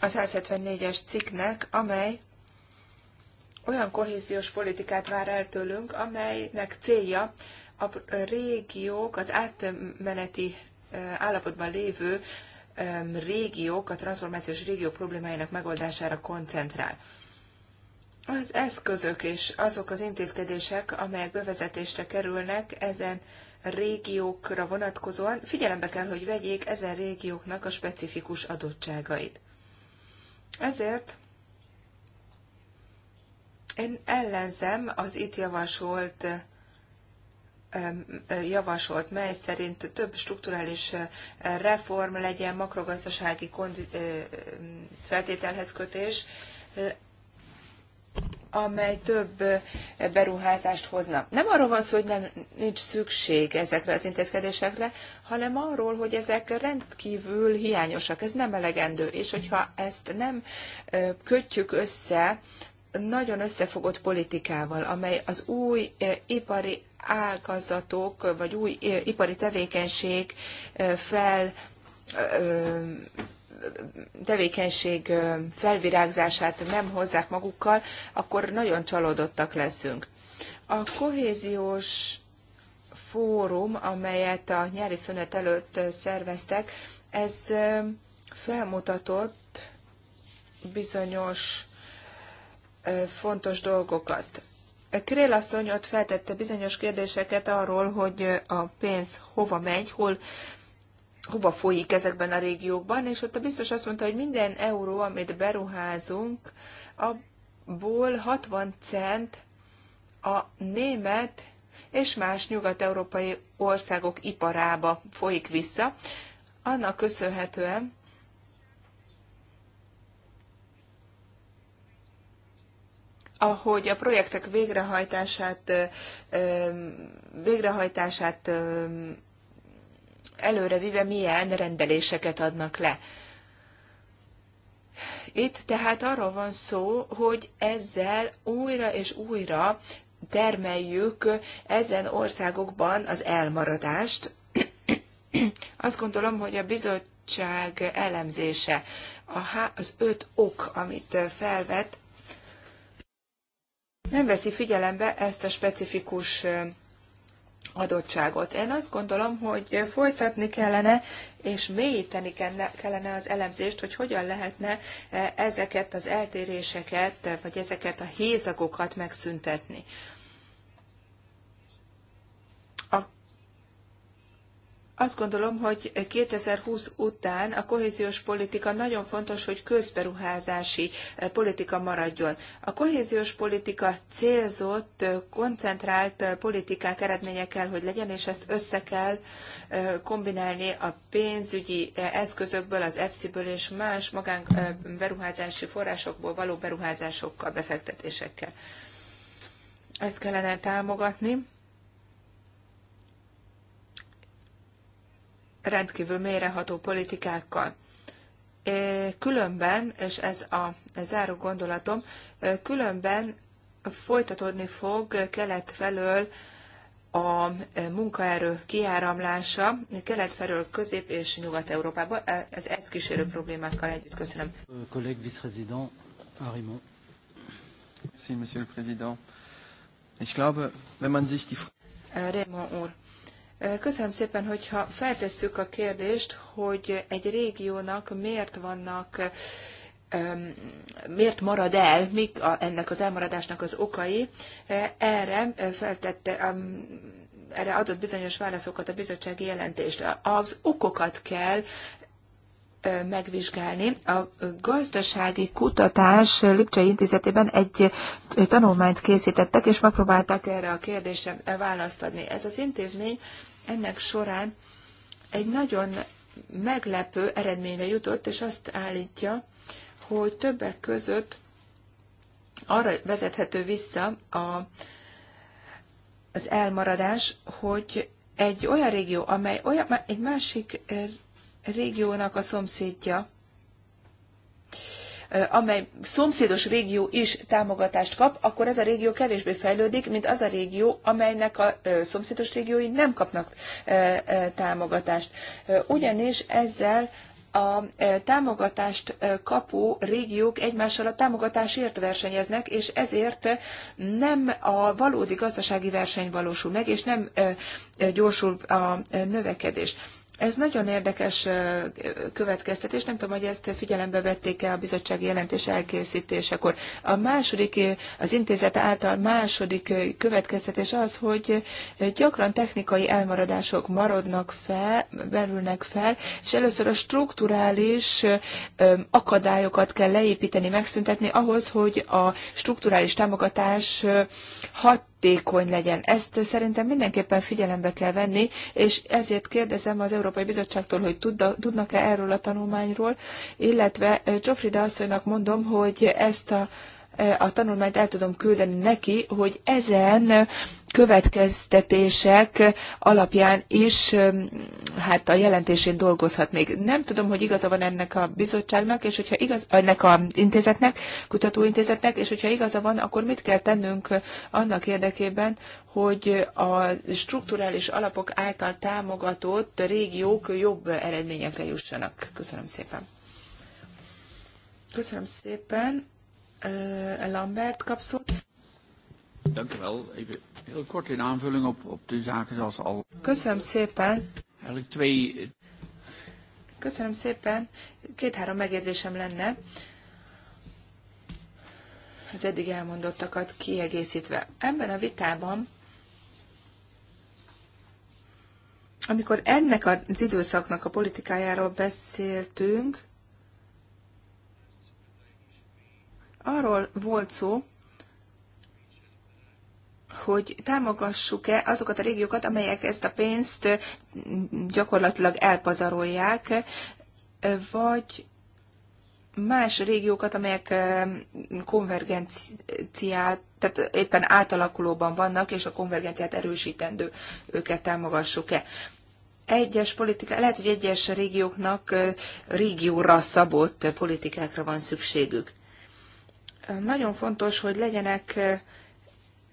a 174-es cikknek, amely olyan kohéziós politikát vár el tőlünk, amelynek célja a régiók, az átmeneti állapotban lévő régiók, a transformációs régiók problémáinak megoldására koncentrál. Az eszközök és azok az intézkedések, amelyek bevezetésre kerülnek ezen régiókra vonatkozóan, figyelembe kell, hogy vegyék ezen régióknak a specifikus adottságait. Ezért én ellenzem az itt javasolt javasolt, mely szerint több strukturális eh, reform legyen, makrogazdasági eh, feltételhez kötés, amely több eh, beruházást hozna. Nem arról van szó, hogy nem, nincs szükség ezekre az intézkedésekre, hanem arról, hogy ezek rendkívül hiányosak, ez nem elegendő, és hogyha ezt nem kötjük össze nagyon összefogott politikával, amely az új ipari ágazatok vagy új eh, ipari tevékenység eh, fel eh, tevékenység felvirágzását nem hozzák magukkal, akkor nagyon csalódottak leszünk. A kohéziós fórum, amelyet a nyári szünet előtt szerveztek, ez felmutatott bizonyos fontos dolgokat. Krél asszony ott feltette bizonyos kérdéseket arról, hogy a pénz hova megy, hol hova folyik ezekben a régiókban, és ott a biztos azt mondta, hogy minden euró, amit beruházunk, abból 60 cent a német és más nyugat-európai országok iparába folyik vissza. Annak köszönhetően, ahogy a projektek végrehajtását, végrehajtását előrevive milyen rendeléseket adnak le. Itt tehát arról van szó, hogy ezzel újra és újra termeljük ezen országokban az elmaradást. Azt gondolom, hogy a bizottság elemzése, az öt ok, amit felvet, nem veszi figyelembe ezt a specifikus adottságot. Én azt gondolom, hogy folytatni kellene, és mélyíteni kellene az elemzést, hogy hogyan lehetne ezeket az eltéréseket, vagy ezeket a hézagokat megszüntetni. Azt gondolom, hogy 2020 után a kohéziós politika nagyon fontos, hogy közberuházási eh, politika maradjon. A kohéziós politika célzott, eh, koncentrált eh, politikák eredménye kell, hogy legyen, és ezt össze kell kombinálni a pénzügyi eszközökből, az EFSI-ből és más magánberuházási forrásokból való beruházásokkal, befektetésekkel. Ezt kellene támogatni rendkívül mélyreható politikákkal. E, különben, és ez a záró gondolatom, e, különben folytatódni fog kelet felől a munkaerő kiáramlása kelet felől Közép- és Nyugat-Európába. E, ez ezt kísérő problémákkal együtt. Köszönöm. Kollég vice-président Arimo. Merci, monsieur le président. Ich glaube, wenn man sich die... Raymond úr. Köszönöm szépen, hogyha feltesszük a kérdést, hogy egy régiónak miért vannak miért marad el, mik a, ennek az elmaradásnak az okai. Erre feltette, erre adott bizonyos válaszokat a bizottsági jelentést. Az okokat kell megvizsgálni. A gazdasági kutatás Lipcsei Intézetében egy tanulmányt készítettek, és megpróbálták erre a kérdésre választ adni. Ez az intézmény ennek során egy nagyon meglepő eredményre jutott, és azt állítja, hogy többek között arra vezethető vissza a, az elmaradás, hogy egy olyan régió, amely olyan, egy másik régiónak a szomszédja, amely szomszédos régió is támogatást kap, akkor ez a régió kevésbé fejlődik, mint az a régió, amelynek a szomszédos régiói nem kapnak támogatást. Ugyanis ezzel a támogatást kapó régiók egymással a támogatásért versenyeznek, és ezért nem a valódi gazdasági verseny valósul meg, és nem gyorsul a növekedés. Ez nagyon érdekes következtetés, nem tudom, hogy ezt figyelembe vették-e a bizottsági jelentés elkészítésekor. A második, az intézet által második következtetés az, hogy gyakran technikai elmaradások maradnak fel, belülnek fel, és először a strukturális akadályokat kell leépíteni, megszüntetni ahhoz, hogy a strukturális támogatás hat hatékony legyen. Ezt szerintem mindenképpen figyelembe kell venni, és ezért kérdezem az Európai Bizottságtól, hogy tudnak-e erről a tanulmányról, illetve Csofrida eh, asszonynak mondom, hogy ezt a eh, a tanulmányt el tudom küldeni neki, hogy ezen következtetések alapján is hát a jelentésén dolgozhat még. Nem tudom, hogy igaza van ennek a bizottságnak, és hogyha igaz, ennek a intézetnek, kutatóintézetnek, és hogyha igaza van, akkor mit kell tennünk annak érdekében, hogy a strukturális alapok által támogatott régiók jobb eredményekre jussanak. Köszönöm szépen. Köszönöm szépen. Lambert kapszót. Dank u wel. Even heel kort in aanvulling op, op de zaken zoals al. Köszönöm szépen. Eigenlijk twee... Köszönöm szépen. Két-három megjegyzésem lenne az eddig elmondottakat kiegészítve. Ebben a vitában, amikor ennek az időszaknak a politikájáról beszéltünk, arról volt szó, hogy támogassuk-e azokat a régiókat, amelyek ezt a pénzt gyakorlatilag elpazarolják, vagy más régiókat, amelyek konvergenciát, tehát éppen átalakulóban vannak, és a konvergenciát erősítendő őket támogassuk-e. Egyes politika, lehet, hogy egyes régióknak régióra szabott politikákra van szükségük. Nagyon fontos, hogy legyenek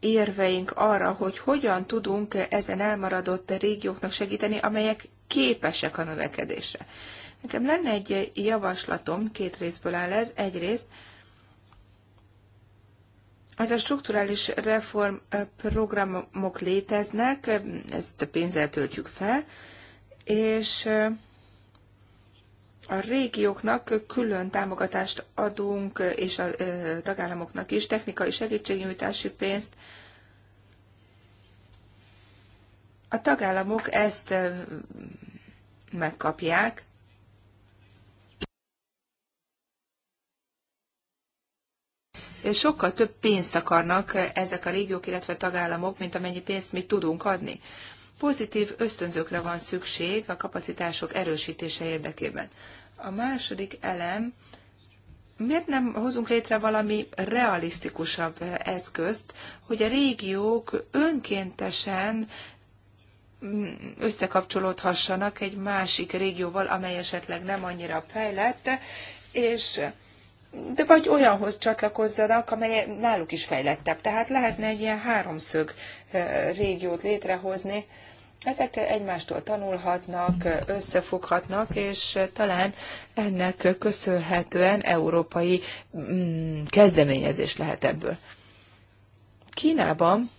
érveink arra, hogy hogyan tudunk ezen elmaradott régióknak segíteni, amelyek képesek a növekedésre. Nekem lenne egy javaslatom, két részből áll ez. Egyrészt ez a strukturális reformprogramok eh, léteznek, ezt a pénzzel töltjük fel, és eh, a régióknak külön támogatást adunk, és a tagállamoknak is technikai segítségnyújtási pénzt. A tagállamok ezt megkapják, sokkal több pénzt akarnak ezek a régiók, illetve tagállamok, mint amennyi pénzt mi tudunk adni pozitív ösztönzőkre van szükség a kapacitások erősítése érdekében. A második elem, miért nem hozunk létre valami realisztikusabb eszközt, hogy a régiók önkéntesen összekapcsolódhassanak egy másik régióval, amely esetleg nem annyira fejlett, és de vagy olyanhoz csatlakozzanak, amely náluk is fejlettebb. Tehát lehetne egy ilyen háromszög eh, régiót létrehozni, Ezekkel egymástól tanulhatnak, összefoghatnak, és talán ennek köszönhetően európai mm, kezdeményezés lehet ebből. Kínában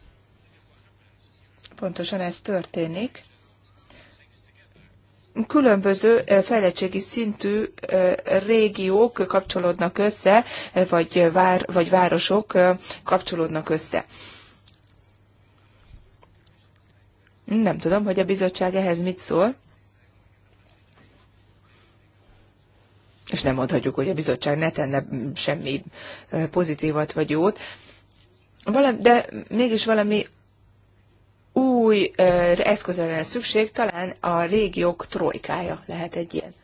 pontosan ez történik. Különböző eh, fejlettségi szintű eh, régiók kapcsolódnak össze, eh, vagy, vár, vagy városok kapcsolódnak össze. Nem tudom, hogy a bizottság ehhez mit szól. És nem mondhatjuk, hogy a bizottság ne tenne semmi pozitívat vagy jót. Valami, de mégis valami új eszközre lenne szükség, talán a régiók trojkája lehet egy ilyen.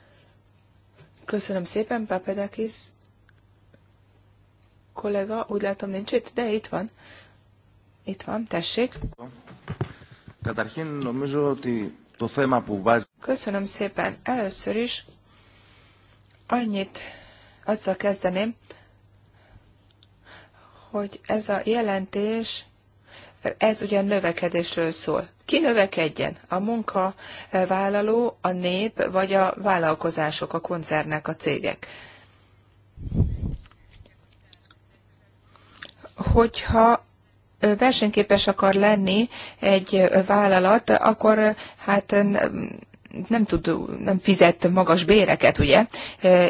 Köszönöm szépen, Papedakis kollega, úgy látom nincs itt, de itt van. Itt van, tessék. Köszönöm szépen. Először is annyit azzal kezdeném, hogy ez a jelentés, ez ugye növekedésről szól. Ki növekedjen? A munkavállaló, a nép, vagy a vállalkozások, a koncernek, a cégek? Hogyha versenyképes akar lenni egy vállalat, akkor hát nem tud, nem fizet magas béreket, ugye?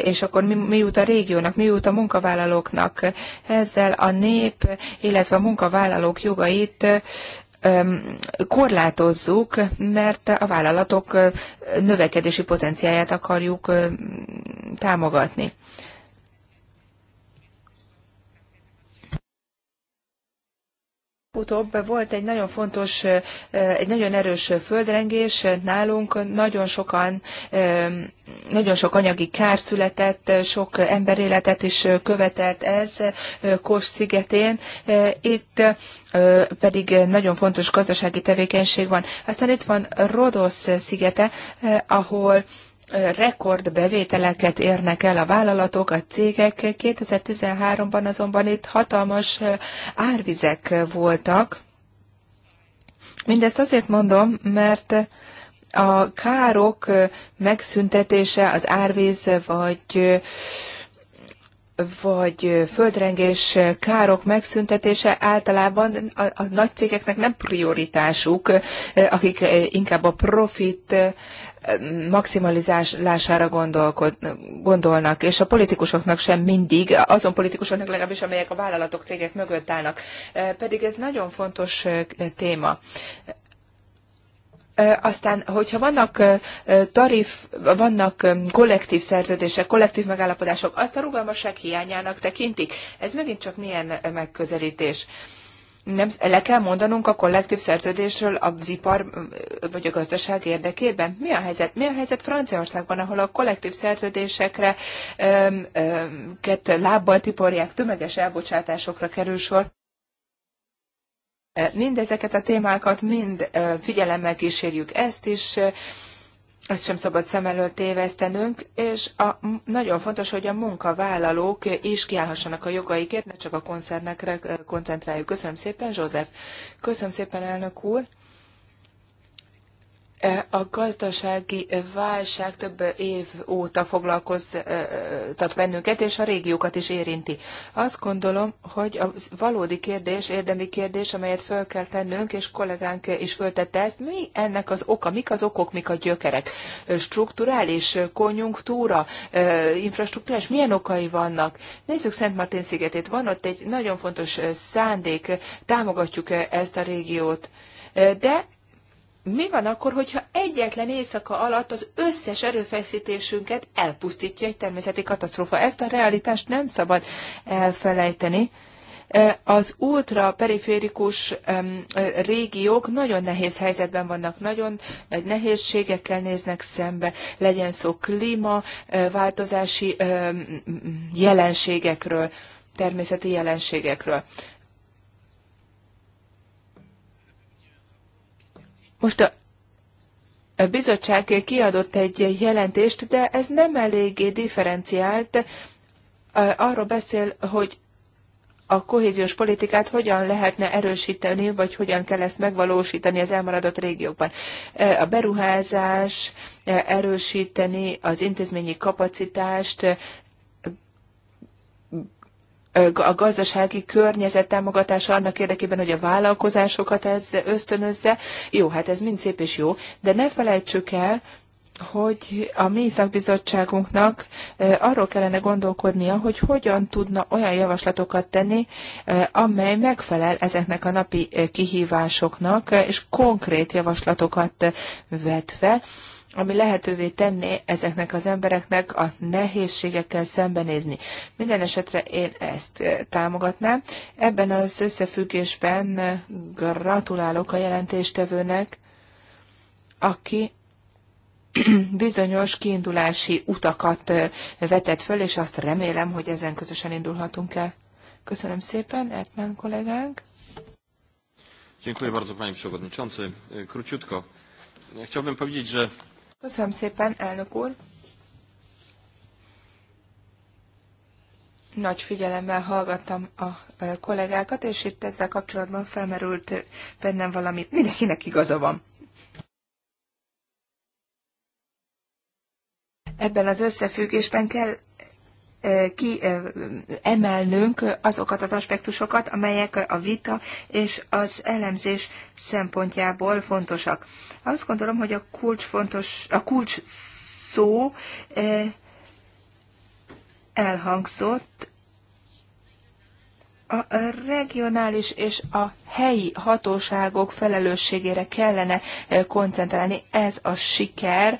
És akkor mi, mi jut a régiónak, mi jut a munkavállalóknak? Ezzel a nép, illetve a munkavállalók jogait korlátozzuk, mert a vállalatok növekedési potenciáját akarjuk támogatni. Utóbb volt egy nagyon fontos, egy nagyon erős földrengés nálunk, nagyon sokan, nagyon sok anyagi kár született, sok emberéletet is követelt ez Kos szigetén. Itt pedig nagyon fontos gazdasági tevékenység van. Aztán itt van Rodosz szigete, ahol rekordbevételeket érnek el a vállalatok, a cégek. 2013-ban azonban itt hatalmas árvizek voltak. Mindezt azért mondom, mert a károk megszüntetése, az árvíz vagy vagy földrengés károk megszüntetése általában a, a nagy cégeknek nem prioritásuk, akik inkább a profit eh, maximalizálására gondolnak, és a politikusoknak sem mindig, azon politikusoknak legalábbis, amelyek a vállalatok, cégek mögött állnak. Eh, pedig ez nagyon fontos eh, téma. Aztán, hogyha vannak tarif, vannak kollektív szerződések, kollektív megállapodások, azt a rugalmasság hiányának tekintik. Ez megint csak milyen megközelítés? Nem, le kell mondanunk a kollektív szerződésről az ipar vagy a gazdaság érdekében? Mi a helyzet? Mi a helyzet Franciaországban, ahol a kollektív szerződésekre öm, öm, lábbal tiporják, tömeges elbocsátásokra kerül sor? E, mindezeket a témákat mind e, figyelemmel kísérjük ezt is, e, ezt sem szabad szem előtt tévesztenünk, és a, nagyon fontos, hogy a munkavállalók is kiállhassanak a jogaikért, ne csak a koncernekre koncentráljuk. Köszönöm szépen, József. Köszönöm szépen, elnök úr. E, a gazdasági válság több év óta foglalkoztat bennünket, és a régiókat is érinti. Azt gondolom, hogy a valódi kérdés, érdemi kérdés, amelyet föl kell tennünk, és kollégánk is föltette ezt, mi ennek az oka, mik az okok, mik a gyökerek? Strukturális, konjunktúra, e, infrastruktúrás, milyen okai vannak? Nézzük Szent Martin szigetét, van ott egy nagyon fontos szándék, támogatjuk ezt a régiót e, de mi van akkor, hogyha egyetlen éjszaka alatt az összes erőfeszítésünket elpusztítja egy természeti katasztrófa? Ezt a realitást nem szabad elfelejteni. Az ultraperiférikus régiók nagyon nehéz helyzetben vannak, nagyon nagy nehézségekkel néznek szembe, legyen szó klímaváltozási jelenségekről, természeti jelenségekről. Most a a bizottság kiadott egy jelentést, de ez nem eléggé differenciált. Arról beszél, hogy a kohéziós politikát hogyan lehetne erősíteni, vagy hogyan kell ezt megvalósítani az elmaradott régiókban. E, a beruházás, e, erősíteni az intézményi kapacitást, a gazdasági környezet támogatása annak érdekében, hogy a vállalkozásokat ez ösztönözze. Jó, hát ez mind szép és jó, de ne felejtsük el, hogy a mi szakbizottságunknak arról kellene gondolkodnia, hogy hogyan tudna olyan javaslatokat tenni, amely megfelel ezeknek a napi kihívásoknak, és konkrét javaslatokat vetve. fel, ami lehetővé tenné ezeknek az embereknek a nehézségekkel szembenézni. Minden esetre én ezt eh, támogatnám. Ebben az összefüggésben eh, gratulálok a jelentéstevőnek, aki bizonyos kiindulási utakat eh, vetett föl, és azt remélem, hogy ezen közösen indulhatunk el. Köszönöm szépen, Ertmán kollégánk. Dziękuję bardzo, panie przewodniczący. E, króciutko. Chciałbym powiedzieć, że Köszönöm szépen, elnök úr. Nagy figyelemmel hallgattam a kollégákat, és itt ezzel kapcsolatban felmerült bennem valami. Mindenkinek igaza van. Ebben az összefüggésben kell kiemelnünk azokat az aspektusokat, amelyek a vita és az elemzés szempontjából fontosak. Azt gondolom, hogy a kulcs fontos, a kulcs szó elhangzott, a regionális és a helyi hatóságok felelősségére kellene koncentrálni. Ez a siker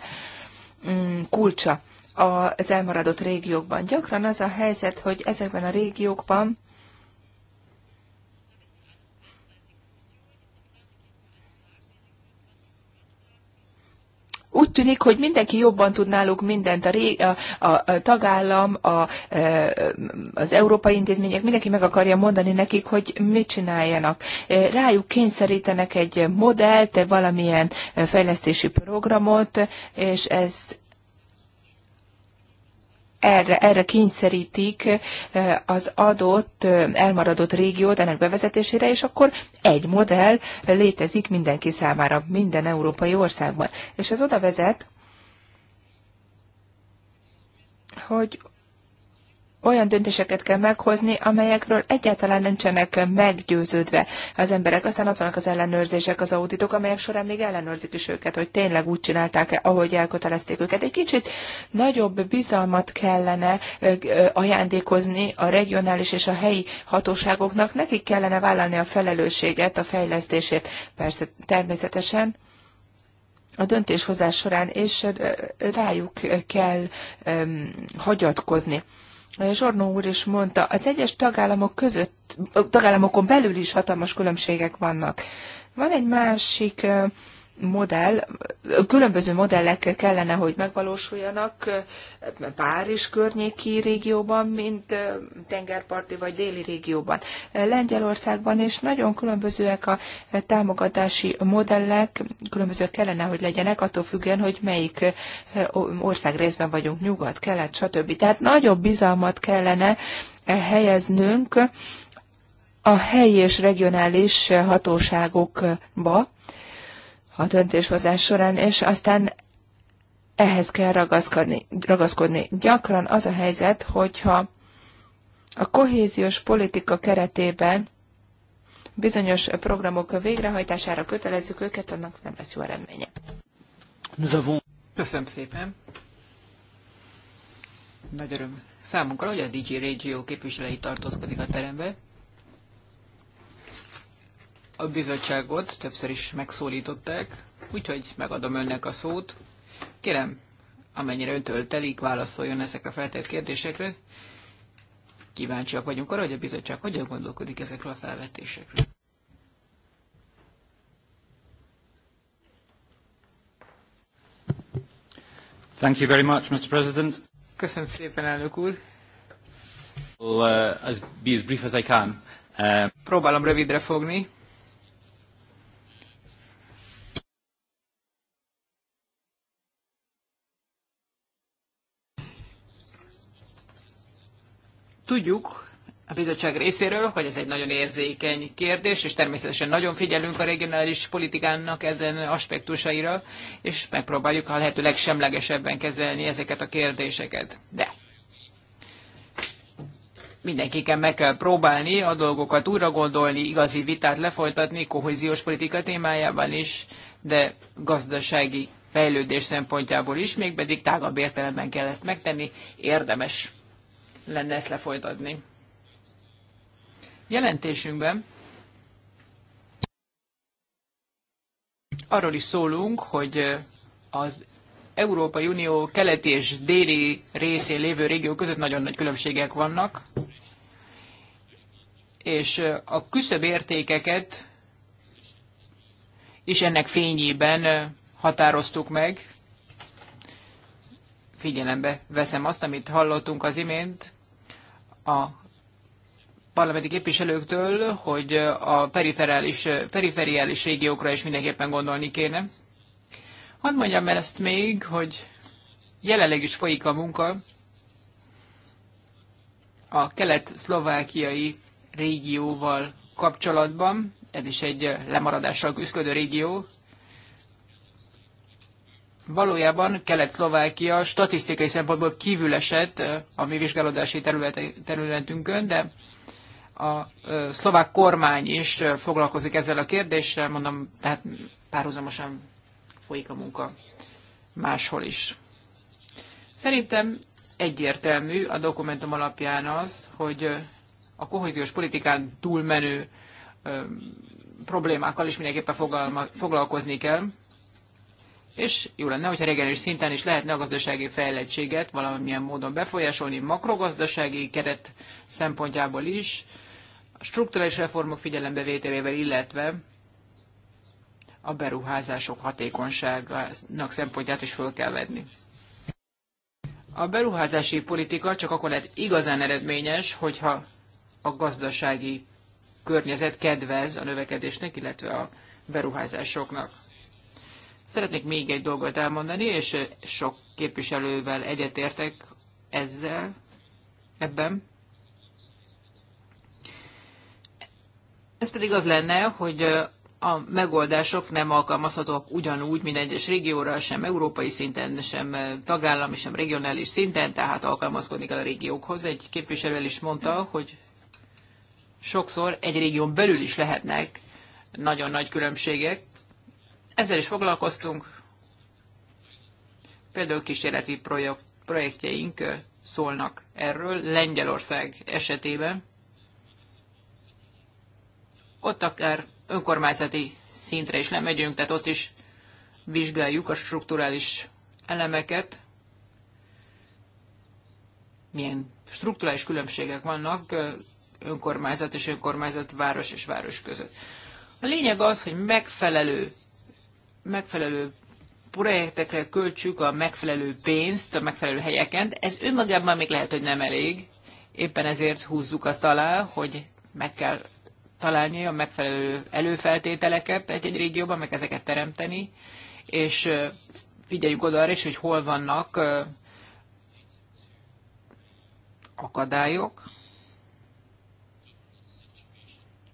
mm, kulcsa az elmaradott régiókban. Gyakran az a helyzet, hogy ezekben a régiókban úgy tűnik, hogy mindenki jobban tud náluk mindent, a, ré, a, a, a tagállam, a, a, e, az európai intézmények, mindenki meg akarja mondani nekik, hogy mit csináljanak. E, rájuk kényszerítenek egy modellt, valamilyen e, fejlesztési programot, és ez erre, erre kényszerítik az adott elmaradott régiót ennek bevezetésére, és akkor egy modell létezik mindenki számára, minden európai országban. És ez oda vezet, hogy olyan döntéseket kell meghozni, amelyekről egyáltalán nincsenek meggyőződve az emberek. Aztán ott vannak az ellenőrzések, az auditok, amelyek során még ellenőrzik is őket, hogy tényleg úgy csinálták-e, ahogy elkötelezték őket. Egy kicsit nagyobb bizalmat kellene ajándékozni a regionális és a helyi hatóságoknak. Nekik kellene vállalni a felelősséget a fejlesztésért. Persze természetesen a döntéshozás során, és rájuk kell hagyatkozni. Zsornó úr is mondta, az egyes tagállamok között, tagállamokon belül is hatalmas különbségek vannak. Van egy másik modell, különböző modellek kellene, hogy megvalósuljanak Párizs környéki régióban, mint tengerparti vagy déli régióban. Lengyelországban és nagyon különbözőek a támogatási modellek, különbözőek kellene, hogy legyenek, attól függően, hogy melyik ország részben vagyunk, nyugat, kelet, stb. Tehát nagyobb bizalmat kellene eh, helyeznünk a helyi és regionális eh, hatóságokba, a döntéshozás során, és aztán ehhez kell ragaszkodni. ragaszkodni. Gyakran az a helyzet, hogyha a kohéziós politika keretében bizonyos programok végrehajtására kötelezzük őket, annak nem lesz jó eredménye. Köszönöm szépen! Nagy öröm számunkra, hogy a DJ Régió képviselői tartózkodik a terembe. A bizottságot többször is megszólították, úgyhogy megadom önnek a szót. Kérem, amennyire öntől telik, válaszoljon ezekre a feltett kérdésekre. Kíváncsiak vagyunk arra, hogy a bizottság hogyan gondolkodik ezekről a felvetésekről. Thank you very much, Mr. President. Köszönöm szépen, elnök úr. Well, uh, as, be as brief as I can. Uh... Próbálom rövidre fogni. Tudjuk a bizottság részéről, hogy ez egy nagyon érzékeny kérdés, és természetesen nagyon figyelünk a regionális politikának ezen aspektusaira, és megpróbáljuk a lehető legsemlegesebben kezelni ezeket a kérdéseket. De mindenkiken meg kell próbálni a dolgokat újra gondolni, igazi vitát lefolytatni kohéziós politika témájában is, de gazdasági fejlődés szempontjából is, mégpedig tágabb értelemben kell ezt megtenni, érdemes lenne ezt lefolytatni. Jelentésünkben arról is szólunk, hogy az Európai Unió keleti és déli részén lévő régió között nagyon nagy különbségek vannak, és a küszöbb értékeket is ennek fényében határoztuk meg. Figyelembe veszem azt, amit hallottunk az imént, a parlamenti képviselőktől, hogy a periferális, periferiális régiókra is mindenképpen gondolni kéne. Hadd mondjam el ezt még, hogy jelenleg is folyik a munka a kelet-szlovákiai régióval kapcsolatban. Ez is egy lemaradással küzdködő régió valójában Kelet-Szlovákia statisztikai szempontból kívül esett a mi vizsgálódási területünkön, de a szlovák kormány is foglalkozik ezzel a kérdéssel, mondom, tehát párhuzamosan folyik a munka máshol is. Szerintem egyértelmű a dokumentum alapján az, hogy a kohéziós politikán túlmenő problémákkal is mindenképpen foglalkozni kell és jó lenne, hogyha regionális szinten is lehetne a gazdasági fejlettséget valamilyen módon befolyásolni, makrogazdasági keret szempontjából is, a strukturális reformok figyelembevételével, illetve a beruházások hatékonyságának szempontját is föl kell venni. A beruházási politika csak akkor lehet igazán eredményes, hogyha a gazdasági környezet kedvez a növekedésnek, illetve a beruházásoknak. Szeretnék még egy dolgot elmondani, és sok képviselővel egyetértek ezzel, ebben. Ez pedig az lenne, hogy a megoldások nem alkalmazhatóak ugyanúgy mint egyes régióra, sem európai szinten, sem tagállami, sem regionális szinten, tehát alkalmazkodni kell a régiókhoz. Egy képviselő is mondta, hogy sokszor egy régión belül is lehetnek nagyon nagy különbségek, ezzel is foglalkoztunk. Például kísérleti projektjeink szólnak erről Lengyelország esetében. Ott akár önkormányzati szintre is lemegyünk, tehát ott is vizsgáljuk a strukturális elemeket, milyen strukturális különbségek vannak önkormányzat és önkormányzat, város és város között. A lényeg az, hogy megfelelő megfelelő projektekre költsük a megfelelő pénzt a megfelelő helyeken, ez önmagában még lehet, hogy nem elég. Éppen ezért húzzuk azt alá, hogy meg kell találni a megfelelő előfeltételeket egy-egy régióban, meg ezeket teremteni, és figyeljük oda arra is, hogy hol vannak akadályok,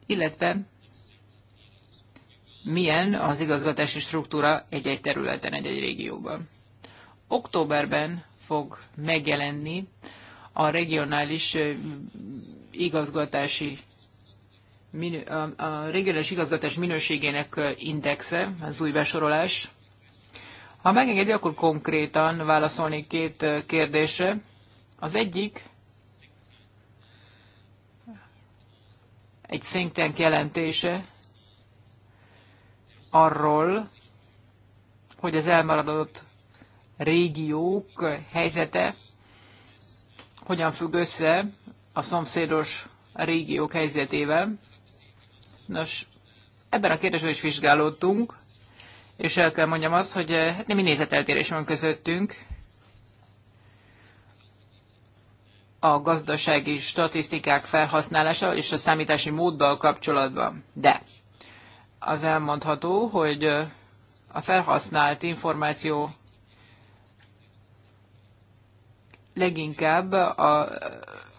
illetve milyen az igazgatási struktúra egy-egy területen, egy-egy régióban. Októberben fog megjelenni a regionális igazgatási a regionális igazgatás minőségének indexe, az új besorolás. Ha megengedi, akkor konkrétan válaszolnék két kérdésre. Az egyik egy think tank jelentése, arról, hogy az elmaradott régiók helyzete hogyan függ össze a szomszédos régiók helyzetével. Nos, ebben a kérdésben is vizsgálódtunk, és el kell mondjam azt, hogy eh, hát némi nézeteltérés van közöttünk. a gazdasági statisztikák felhasználása és a számítási móddal kapcsolatban. De az elmondható, hogy a felhasznált információ leginkább a,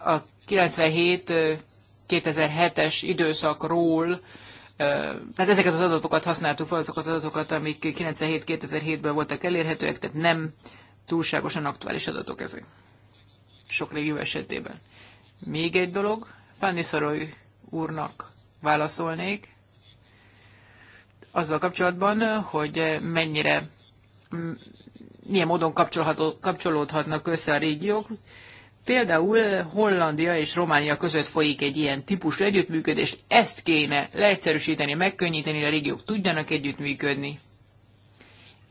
a 97-2007-es időszakról, tehát ezeket az adatokat használtuk fel, azokat az adatokat, amik 97-2007-ben voltak elérhetőek, tehát nem túlságosan aktuális adatok ezek. Sok régió esetében. Még egy dolog, Fanny Szorói úrnak válaszolnék azzal kapcsolatban, hogy mennyire, milyen módon kapcsolódhatnak össze a régiók. Például Hollandia és Románia között folyik egy ilyen típusú együttműködés, ezt kéne leegyszerűsíteni, megkönnyíteni, a régiók tudjanak együttműködni,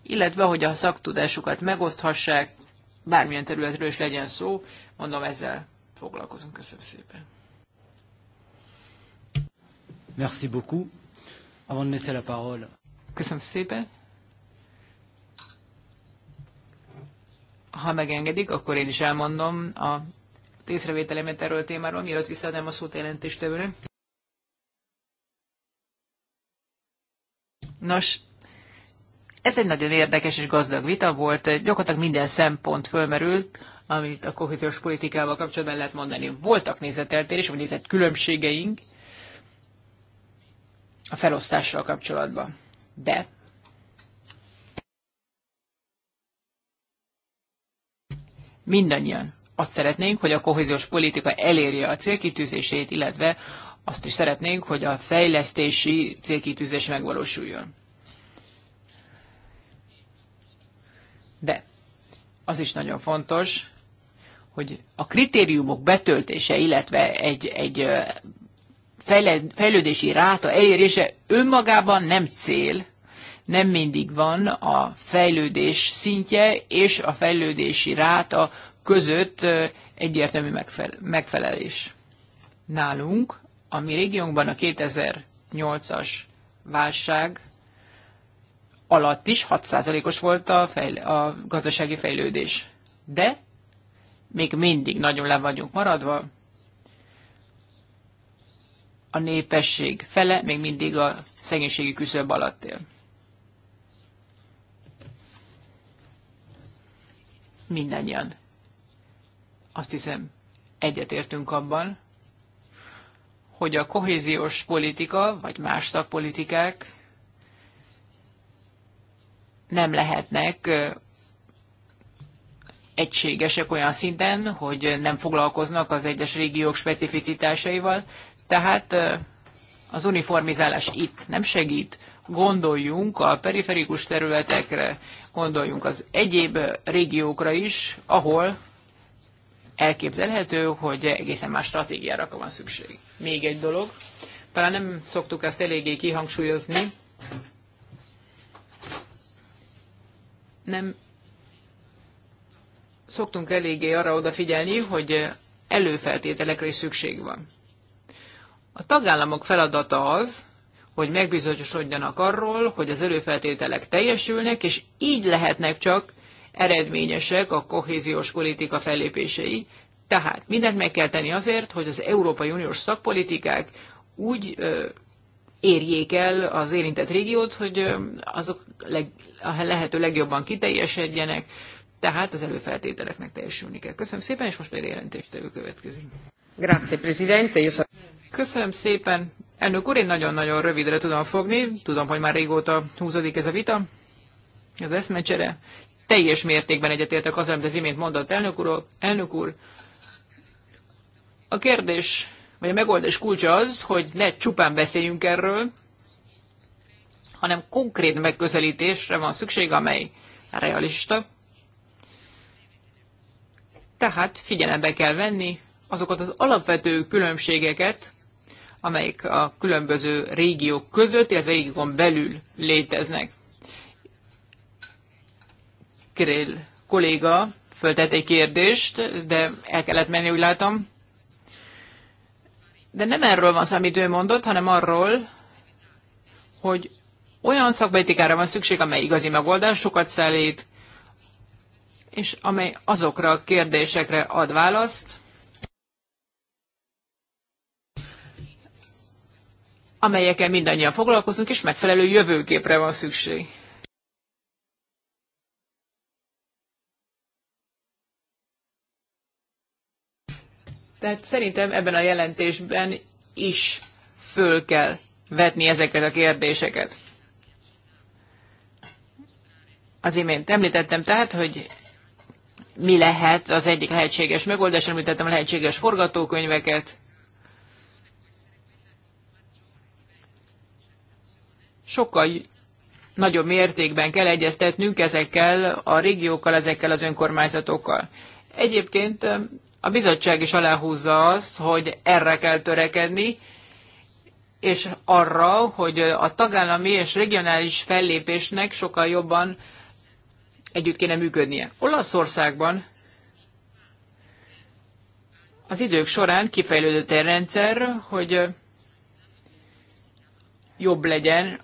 illetve hogy a szaktudásukat megoszthassák, bármilyen területről is legyen szó, mondom ezzel foglalkozunk. Köszönöm szépen. Merci beaucoup. Avant de laisser la parole. Köszönöm szépen. Ha megengedik, akkor én is elmondom a észrevételemet erről a témáról, mielőtt visszaadnám a szót jelentéstevőre. Nos, ez egy nagyon érdekes és gazdag vita volt, gyakorlatilag minden szempont fölmerült, amit a kohéziós politikával kapcsolatban lehet mondani. Voltak nézeteltérés, vagy nézett különbségeink, a felosztással kapcsolatban. De mindannyian azt szeretnénk, hogy a kohéziós politika elérje a célkitűzését, illetve azt is szeretnénk, hogy a fejlesztési célkitűzés megvalósuljon. De az is nagyon fontos, hogy a kritériumok betöltése, illetve egy, egy fejlődési ráta elérése önmagában nem cél, nem mindig van a fejlődés szintje és a fejlődési ráta között egyértelmű megfelelés. Nálunk, a mi régiónkban a 2008-as válság alatt is 6%-os volt a, fejl- a gazdasági fejlődés. De még mindig nagyon le vagyunk maradva, a népesség fele még mindig a szegénységi küszöb alatt él. Mindennyian. Azt hiszem, egyetértünk abban, hogy a kohéziós politika, vagy más szakpolitikák nem lehetnek egységesek olyan szinten, hogy nem foglalkoznak az egyes régiók specificitásaival, tehát az uniformizálás itt nem segít. Gondoljunk a periferikus területekre, gondoljunk az egyéb régiókra is, ahol elképzelhető, hogy egészen más stratégiára van szükség. Még egy dolog, talán nem szoktuk ezt eléggé kihangsúlyozni, nem szoktunk eléggé arra odafigyelni, hogy előfeltételekre is szükség van. A tagállamok feladata az, hogy megbizonyosodjanak arról, hogy az előfeltételek teljesülnek, és így lehetnek csak eredményesek a kohéziós politika fellépései. Tehát mindent meg kell tenni azért, hogy az Európai Uniós szakpolitikák úgy ö, érjék el az érintett régiót, hogy ö, azok leg, a lehető legjobban kiteljesedjenek, tehát az előfeltételeknek teljesülni kell. Köszönöm szépen, és most pedig jelentéstevő következik. Grazie, Presidente. Köszönöm szépen. Elnök úr, én nagyon-nagyon rövidre tudom fogni. Tudom, hogy már régóta húzódik ez a vita, ez eszmecsere. Teljes mértékben egyetértek az, amit az imént mondott elnök úr. Elnök úr, a kérdés, vagy a megoldás kulcsa az, hogy ne csupán beszéljünk erről, hanem konkrét megközelítésre van szükség, amely realista. Tehát figyelembe kell venni azokat az alapvető különbségeket, amelyek a különböző régiók között, illetve régiókon belül léteznek. Kirill kolléga föltett egy kérdést, de el kellett menni, úgy látom. De nem erről van szó, amit ő mondott, hanem arról, hogy olyan szakpolitikára van szükség, amely igazi megoldásokat szállít, és amely azokra a kérdésekre ad választ, amelyekkel mindannyian foglalkozunk, és megfelelő jövőképre van szükség. Tehát szerintem ebben a jelentésben is föl kell vetni ezeket a kérdéseket. Az imént említettem tehát, hogy mi lehet az egyik lehetséges megoldás, említettem a lehetséges forgatókönyveket, sokkal nagyobb mértékben kell egyeztetnünk ezekkel a régiókkal, ezekkel az önkormányzatokkal. Egyébként a bizottság is aláhúzza azt, hogy erre kell törekedni, és arra, hogy a tagállami és regionális fellépésnek sokkal jobban együtt kéne működnie. Olaszországban az idők során kifejlődött egy rendszer, hogy jobb legyen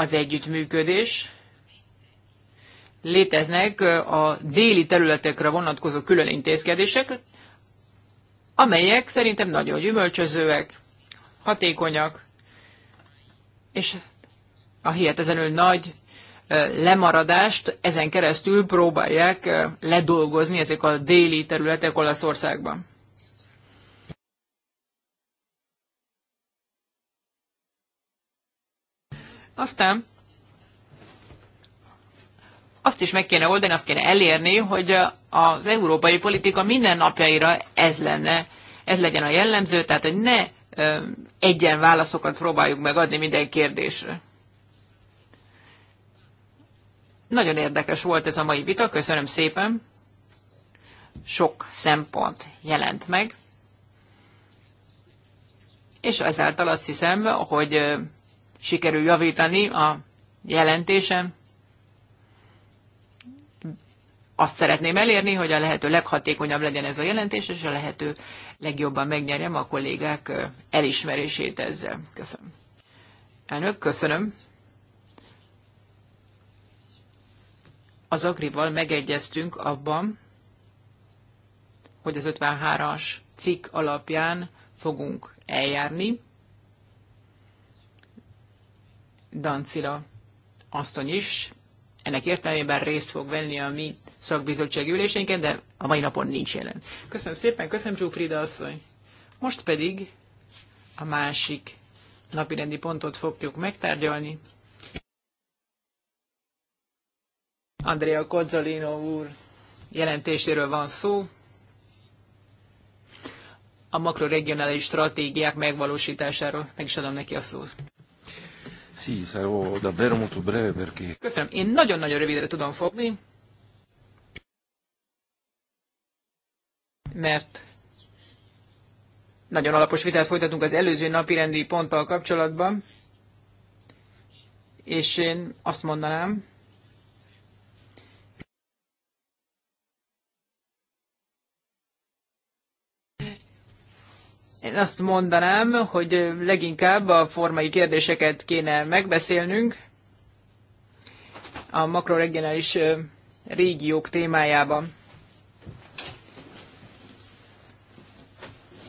az együttműködés. Léteznek a déli területekre vonatkozó külön intézkedések, amelyek szerintem nagyon gyümölcsözőek, hatékonyak, és a hihetetlenül nagy lemaradást ezen keresztül próbálják ledolgozni ezek a déli területek Olaszországban. Aztán azt is meg kéne oldani, azt kéne elérni, hogy az európai politika minden napjaira ez lenne, ez legyen a jellemző, tehát hogy ne egyen válaszokat próbáljuk megadni minden kérdésre. Nagyon érdekes volt ez a mai vita, köszönöm szépen. Sok szempont jelent meg, és ezáltal azt hiszem, hogy sikerül javítani a jelentésen. Azt szeretném elérni, hogy a lehető leghatékonyabb legyen ez a jelentés, és a lehető legjobban megnyerjem a kollégák elismerését ezzel. Köszönöm. Elnök, köszönöm. Az Agrival megegyeztünk abban, hogy az 53-as cikk alapján fogunk eljárni. Dancila asszony is. Ennek értelmében részt fog venni a mi szakbizottság üléseinken, de a mai napon nincs jelen. Köszönöm szépen, köszönöm Zsófrida asszony. Most pedig a másik napirendi pontot fogjuk megtárgyalni. Andrea Kozzolino úr jelentéséről van szó. A makroregionális stratégiák megvalósításáról meg is adom neki a szót. Sì, sarò davvero molto breve perché... Köszönöm, én nagyon-nagyon rövidre tudom fogni, mert nagyon alapos vitát folytatunk az előző napi rendi ponttal kapcsolatban, és én azt mondanám, Én azt mondanám, hogy leginkább a formai kérdéseket kéne megbeszélnünk a makroregionális régiók témájában.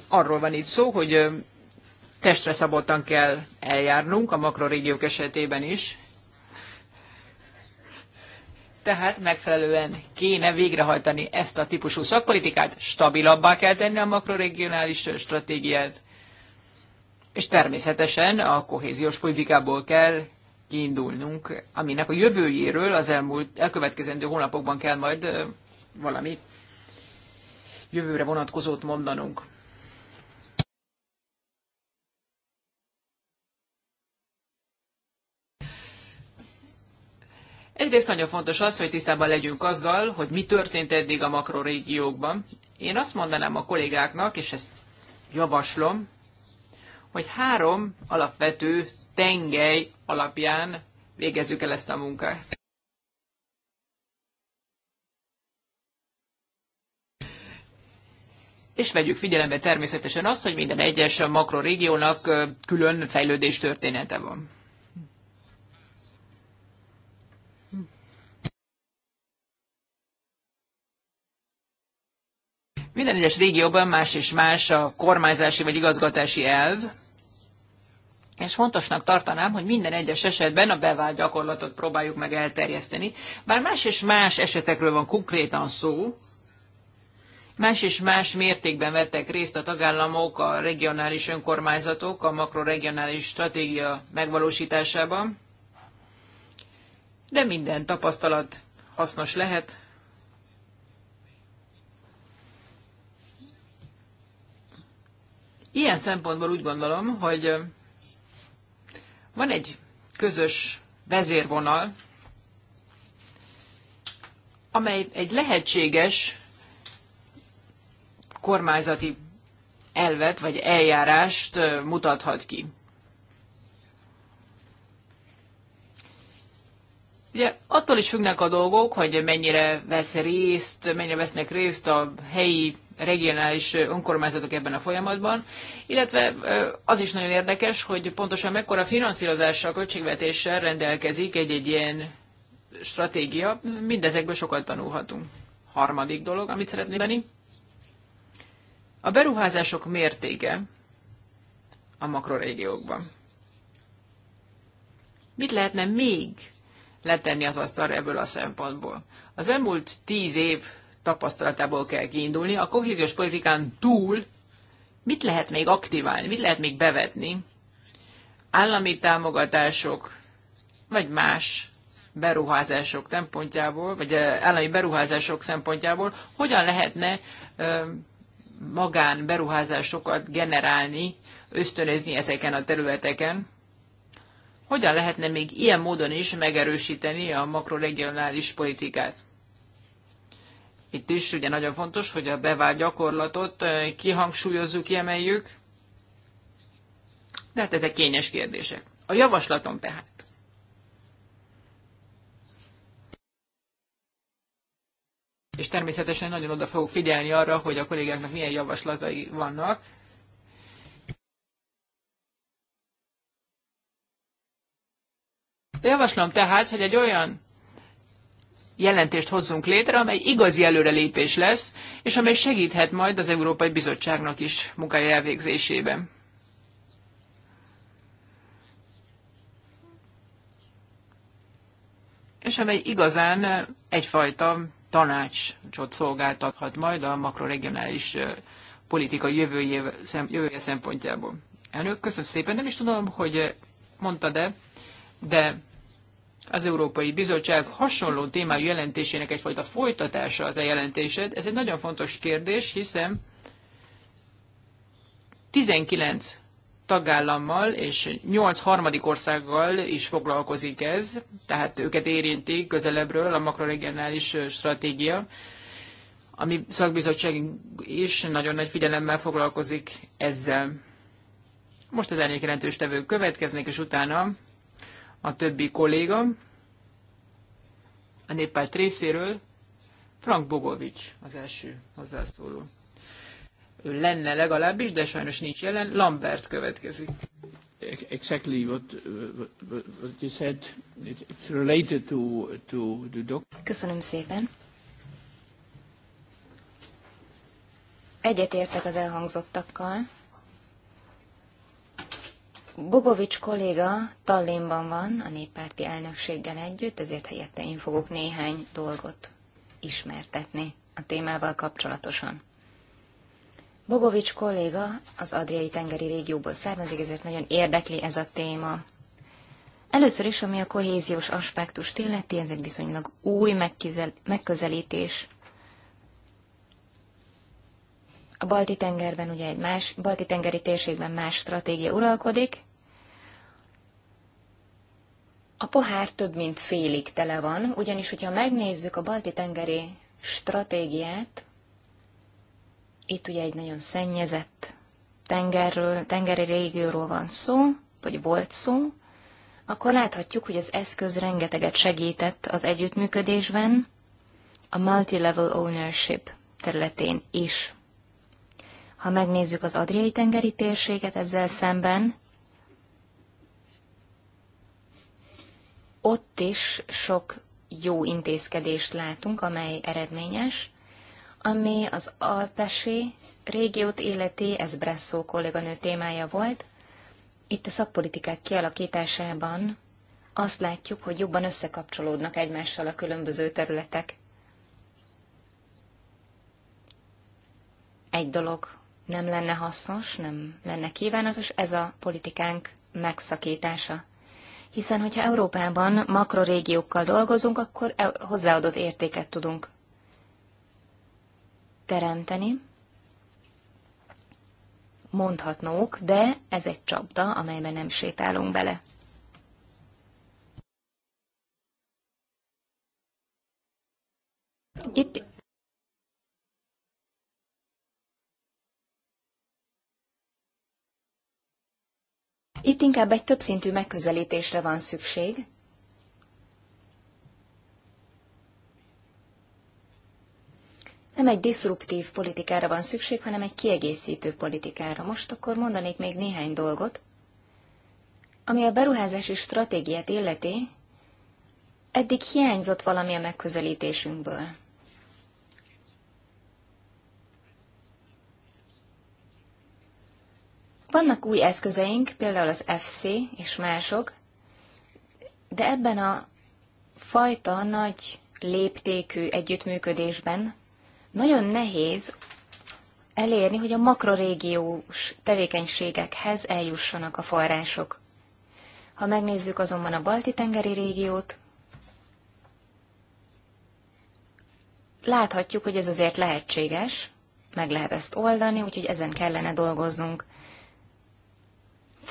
Arról van itt szó, hogy testre szabottan kell eljárnunk a makrorégiók esetében is tehát megfelelően kéne végrehajtani ezt a típusú szakpolitikát, stabilabbá kell tenni a makroregionális stratégiát, és természetesen a kohéziós politikából kell kiindulnunk, aminek a jövőjéről az elmúlt, elkövetkezendő hónapokban kell majd valami jövőre vonatkozót mondanunk. Egyrészt nagyon fontos az, hogy tisztában legyünk azzal, hogy mi történt eddig a makrorégiókban. Én azt mondanám a kollégáknak, és ezt javaslom, hogy három alapvető tengely alapján végezzük el ezt a munkát. És vegyük figyelembe természetesen azt, hogy minden egyes makrorégiónak külön fejlődés története van. Minden egyes régióban más és más a kormányzási vagy igazgatási elv, és fontosnak tartanám, hogy minden egyes esetben a bevált gyakorlatot próbáljuk meg elterjeszteni, bár más és más esetekről van konkrétan szó, más és más mértékben vettek részt a tagállamok, a regionális önkormányzatok a makroregionális stratégia megvalósításában, de minden tapasztalat hasznos lehet, Ilyen szempontból úgy gondolom, hogy van egy közös vezérvonal, amely egy lehetséges kormányzati elvet vagy eljárást mutathat ki. Ugye attól is függnek a dolgok, hogy mennyire vesz részt, mennyire vesznek részt a helyi regionális önkormányzatok ebben a folyamatban, illetve az is nagyon érdekes, hogy pontosan mekkora finanszírozással, költségvetéssel rendelkezik egy-egy ilyen stratégia, mindezekből sokat tanulhatunk. Harmadik dolog, amit szeretnék tenni. A beruházások mértéke a makrorégiókban. Mit lehetne még letenni az asztalra ebből a szempontból? Az elmúlt tíz év tapasztalatából kell kiindulni. A kohéziós politikán túl mit lehet még aktiválni, mit lehet még bevetni? Állami támogatások, vagy más beruházások szempontjából, vagy állami beruházások szempontjából, hogyan lehetne magán beruházásokat generálni, ösztönözni ezeken a területeken, hogyan lehetne még ilyen módon is megerősíteni a makroregionális politikát. Itt is ugye nagyon fontos, hogy a bevált gyakorlatot eh, kihangsúlyozzuk, kiemeljük, de hát ezek kényes kérdések. A javaslatom tehát. És természetesen nagyon oda fogok figyelni arra, hogy a kollégáknak milyen javaslatai vannak, Javaslom tehát, hogy egy olyan jelentést hozzunk létre, amely igazi előrelépés lesz, és amely segíthet majd az Európai Bizottságnak is munkája elvégzésében. És amely igazán egyfajta tanácsot szolgáltathat majd a makroregionális politika jövője, szempontjából. Elnök, köszönöm szépen. Nem is tudom, hogy mondta de, de az Európai Bizottság hasonló témájú jelentésének egyfajta folytatása a te jelentésed. Ez egy nagyon fontos kérdés, hiszen 19 tagállammal és 8 harmadik országgal is foglalkozik ez, tehát őket érinti közelebbről a makroregionális stratégia. ami szakbizottság is nagyon nagy figyelemmel foglalkozik ezzel. Most az elnék jelentős tevők következnek, és utána a többi kolléga a néppárt részéről, Frank Bogovics az első hozzászóló. Ő lenne legalábbis, de sajnos nincs jelen, Lambert következik. Exactly what, what, what you said. It's related to, to the doc. Köszönöm szépen. Egyetértek az elhangzottakkal. Bogovics kolléga Tallinnban van a néppárti elnökséggel együtt, ezért helyette én fogok néhány dolgot ismertetni a témával kapcsolatosan. Bogovics kolléga az Adriai tengeri régióból származik, ezért nagyon érdekli ez a téma. Először is, ami a kohéziós aspektust illeti, ez egy viszonylag új megközelítés. A Balti tengerben ugye egy más, Balti tengeri térségben más stratégia uralkodik, a pohár több mint félig tele van, ugyanis, hogyha megnézzük a balti-tengeri stratégiát, itt ugye egy nagyon szennyezett tengerről, tengeri régióról van szó, vagy volt szó, akkor láthatjuk, hogy az eszköz rengeteget segített az együttműködésben, a multi-level ownership területén is. Ha megnézzük az adriai tengeri térséget ezzel szemben, ott is sok jó intézkedést látunk, amely eredményes, ami az Alpesi régiót életi, ez Bresszó kolléganő témája volt. Itt a szakpolitikák kialakításában azt látjuk, hogy jobban összekapcsolódnak egymással a különböző területek. Egy dolog nem lenne hasznos, nem lenne kívánatos, ez a politikánk megszakítása hiszen hogyha Európában makrorégiókkal dolgozunk, akkor e- hozzáadott értéket tudunk teremteni. Mondhatnók, de ez egy csapda, amelyben nem sétálunk bele. Itt Itt inkább egy többszintű megközelítésre van szükség. Nem egy diszruptív politikára van szükség, hanem egy kiegészítő politikára. Most akkor mondanék még néhány dolgot. Ami a beruházási stratégiát illeti, eddig hiányzott valami a megközelítésünkből. Vannak új eszközeink, például az FC és mások, de ebben a fajta nagy léptékű együttműködésben nagyon nehéz elérni, hogy a makrorégiós tevékenységekhez eljussanak a források. Ha megnézzük azonban a Balti-tengeri régiót, láthatjuk, hogy ez azért lehetséges, meg lehet ezt oldani, úgyhogy ezen kellene dolgoznunk.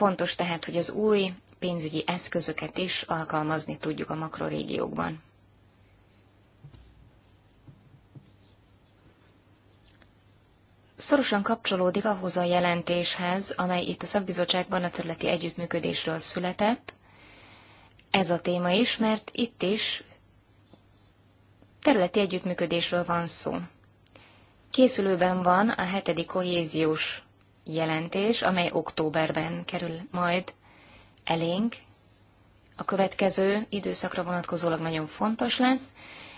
Fontos tehát, hogy az új pénzügyi eszközöket is alkalmazni tudjuk a makrorégiókban. Szorosan kapcsolódik ahhoz a jelentéshez, amely itt a szakbizottságban a területi együttműködésről született. Ez a téma is, mert itt is területi együttműködésről van szó. Készülőben van a hetedik kohéziós jelentés, amely októberben kerül majd elénk. A következő időszakra vonatkozólag nagyon fontos lesz,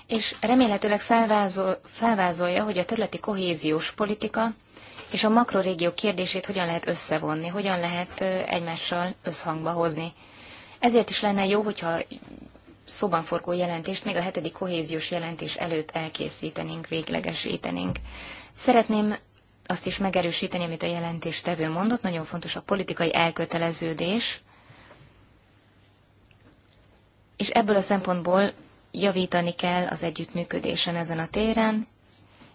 és remélhetőleg felvázol, felvázolja, hogy a területi kohéziós politika és a makrorégió kérdését hogyan lehet összevonni, hogyan lehet egymással összhangba hozni. Ezért is lenne jó, hogyha szóban forgó jelentést még a hetedik kohéziós jelentés előtt elkészítenénk, véglegesítenénk. Szeretném azt is megerősíteni, amit a jelentéstevő mondott. Nagyon fontos a politikai elköteleződés, és ebből a szempontból javítani kell az együttműködésen ezen a téren,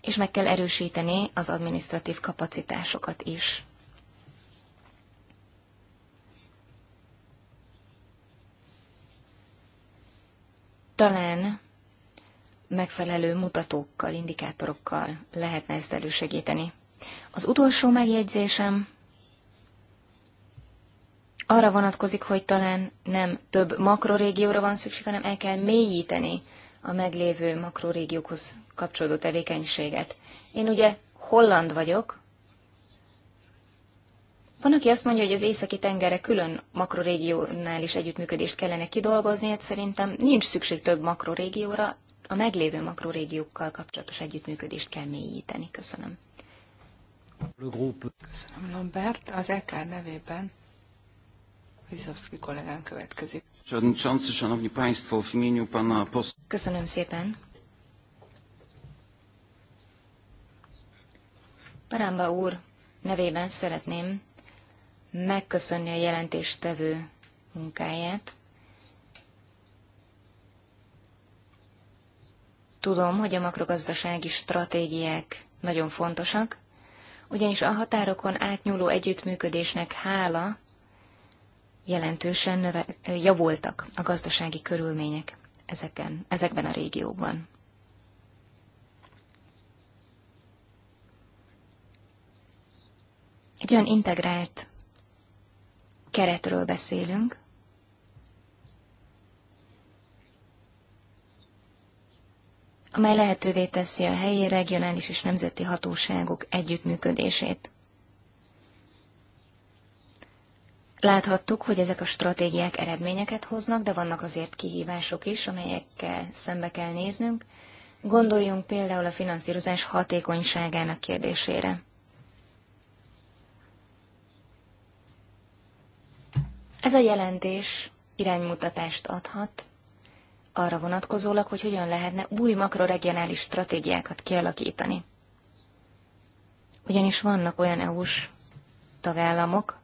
és meg kell erősíteni az administratív kapacitásokat is. Talán megfelelő mutatókkal, indikátorokkal lehetne ezt elősegíteni. Az utolsó megjegyzésem arra vonatkozik, hogy talán nem több makrorégióra van szükség, hanem el kell mélyíteni a meglévő makrorégiókhoz kapcsolódó tevékenységet. Én ugye holland vagyok, van, aki azt mondja, hogy az északi tengerre külön is együttműködést kellene kidolgozni, hát szerintem nincs szükség több makrorégióra, a meglévő makrorégiókkal kapcsolatos együttműködést kell mélyíteni. Köszönöm. Köszönöm, Lambert. Az EK nevében Wizowski kollégán következik. Köszönöm szépen. Paramba úr nevében szeretném megköszönni a jelentéstevő munkáját. Tudom, hogy a makrogazdasági stratégiák nagyon fontosak, ugyanis a határokon átnyúló együttműködésnek hála jelentősen növe, javultak a gazdasági körülmények ezeken, ezekben a régióban. Egy olyan integrált keretről beszélünk, amely lehetővé teszi a helyi, regionális és nemzeti hatóságok együttműködését. Láthattuk, hogy ezek a stratégiák eredményeket hoznak, de vannak azért kihívások is, amelyekkel szembe kell néznünk. Gondoljunk például a finanszírozás hatékonyságának kérdésére. Ez a jelentés iránymutatást adhat arra vonatkozólag, hogy hogyan lehetne új makroregionális stratégiákat kialakítani. Ugyanis vannak olyan EU-s tagállamok,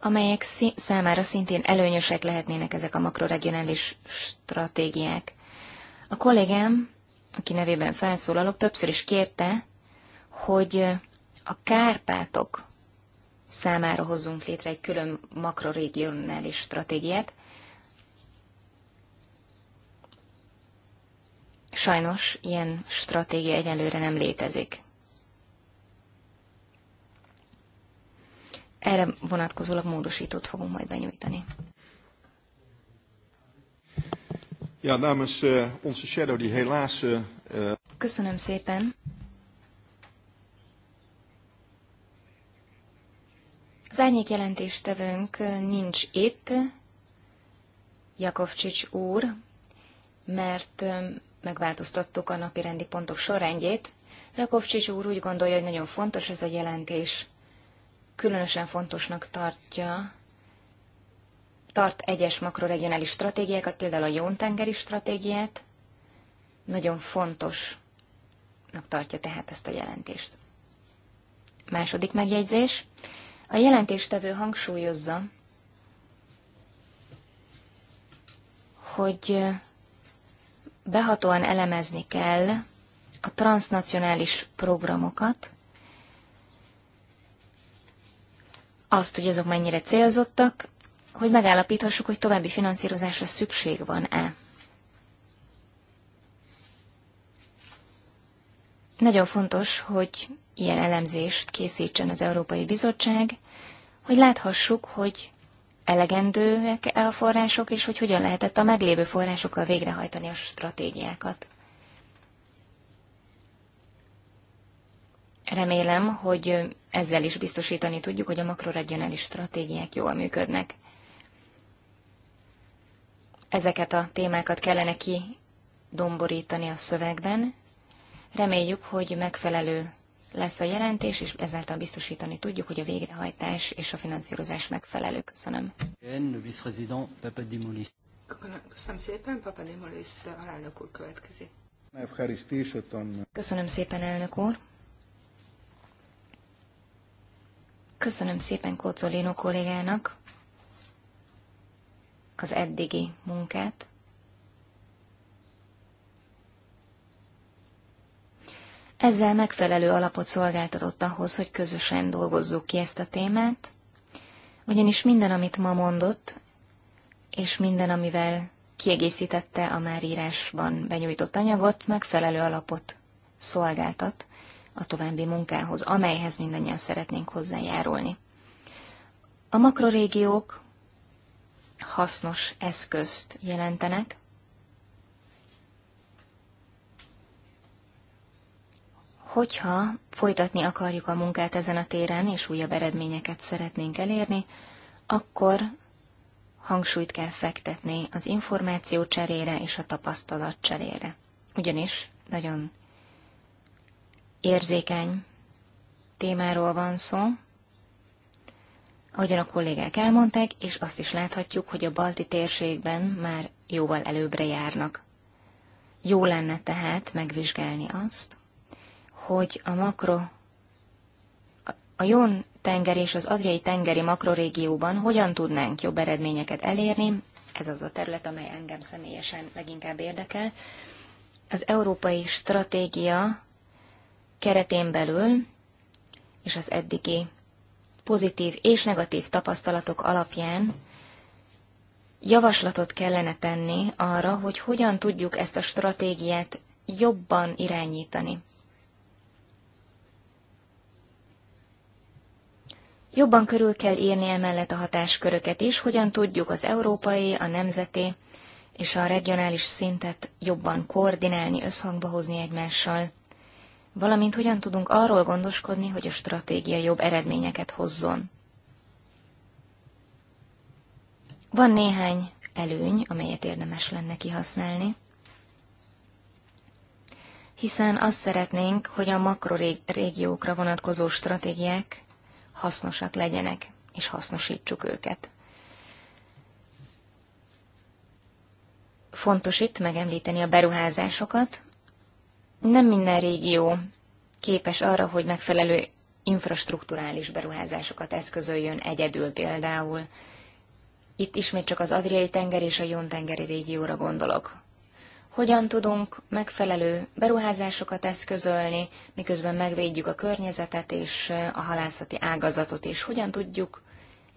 amelyek számára szintén előnyösek lehetnének ezek a makroregionális stratégiák. A kollégám, aki nevében felszólalok, többször is kérte, hogy a Kárpátok számára hozzunk létre egy külön makroregionális stratégiát, Sajnos ilyen stratégia egyelőre nem létezik. Erre vonatkozólag módosítót fogunk majd benyújtani. Ja, dames, uh, eh, onze shadow die helaas... Uh, Köszönöm szépen. Az árnyék jelentéstevőnk nincs itt, Jakovcsics úr, mert megváltoztattuk a napi rendi pontok sorrendjét. Rakovcsics úr úgy gondolja, hogy nagyon fontos ez a jelentés. Különösen fontosnak tartja, tart egyes makroregionális stratégiákat, például a Jóntengeri stratégiát. Nagyon fontosnak tartja tehát ezt a jelentést. Második megjegyzés. A jelentéstevő hangsúlyozza, hogy behatóan elemezni kell a transnacionális programokat, azt, hogy azok mennyire célzottak, hogy megállapíthassuk, hogy további finanszírozásra szükség van-e. Nagyon fontos, hogy ilyen elemzést készítsen az Európai Bizottság, hogy láthassuk, hogy elegendőek-e a források, és hogy hogyan lehetett a meglévő forrásokkal végrehajtani a stratégiákat. Remélem, hogy ezzel is biztosítani tudjuk, hogy a makroregionális stratégiák jól működnek. Ezeket a témákat kellene ki domborítani a szövegben. Reméljük, hogy megfelelő lesz a jelentés, és ezáltal biztosítani tudjuk, hogy a végrehajtás és a finanszírozás megfelelő. Köszönöm. Köszönöm szépen, Papadimulis alelnök úr következik. Köszönöm szépen, elnök úr. Köszönöm szépen Kocolino kollégának az eddigi munkát. Ezzel megfelelő alapot szolgáltatott ahhoz, hogy közösen dolgozzuk ki ezt a témát, ugyanis minden, amit ma mondott, és minden, amivel kiegészítette a már írásban benyújtott anyagot, megfelelő alapot szolgáltat a további munkához, amelyhez mindannyian szeretnénk hozzájárulni. A makrorégiók hasznos eszközt jelentenek, Hogyha folytatni akarjuk a munkát ezen a téren, és újabb eredményeket szeretnénk elérni, akkor hangsúlyt kell fektetni az információ cserére és a tapasztalat cserére. Ugyanis nagyon érzékeny témáról van szó, ahogyan a kollégák elmondták, és azt is láthatjuk, hogy a balti térségben már jóval előbbre járnak. Jó lenne tehát megvizsgálni azt, hogy a makro, a Jón tenger és az Adriai tengeri makrorégióban hogyan tudnánk jobb eredményeket elérni, ez az a terület, amely engem személyesen leginkább érdekel. Az európai stratégia keretén belül és az eddigi pozitív és negatív tapasztalatok alapján javaslatot kellene tenni arra, hogy hogyan tudjuk ezt a stratégiát jobban irányítani. Jobban körül kell írni emellett a hatásköröket is, hogyan tudjuk az európai, a nemzeti és a regionális szintet jobban koordinálni, összhangba hozni egymással, valamint hogyan tudunk arról gondoskodni, hogy a stratégia jobb eredményeket hozzon. Van néhány előny, amelyet érdemes lenne kihasználni, hiszen azt szeretnénk, hogy a makrorégiókra vonatkozó stratégiák hasznosak legyenek, és hasznosítsuk őket. Fontos itt megemlíteni a beruházásokat. Nem minden régió képes arra, hogy megfelelő infrastruktúrális beruházásokat eszközöljön egyedül például. Itt ismét csak az Adriai tenger és a Jón tengeri régióra gondolok hogyan tudunk megfelelő beruházásokat eszközölni, miközben megvédjük a környezetet és a halászati ágazatot, és hogyan tudjuk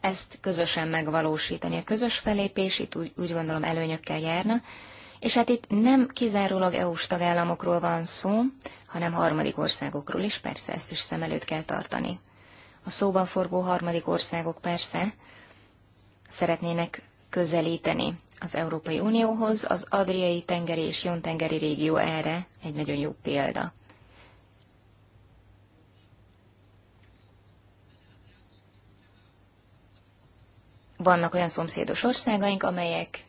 ezt közösen megvalósítani. A közös felépés itt úgy, úgy gondolom előnyökkel járna, és hát itt nem kizárólag EU-s tagállamokról van szó, hanem harmadik országokról is, persze ezt is szem előtt kell tartani. A szóban forgó harmadik országok persze szeretnének közelíteni az Európai Unióhoz, az Adriai tengeri és Jontengeri régió erre egy nagyon jó példa. Vannak olyan szomszédos országaink, amelyek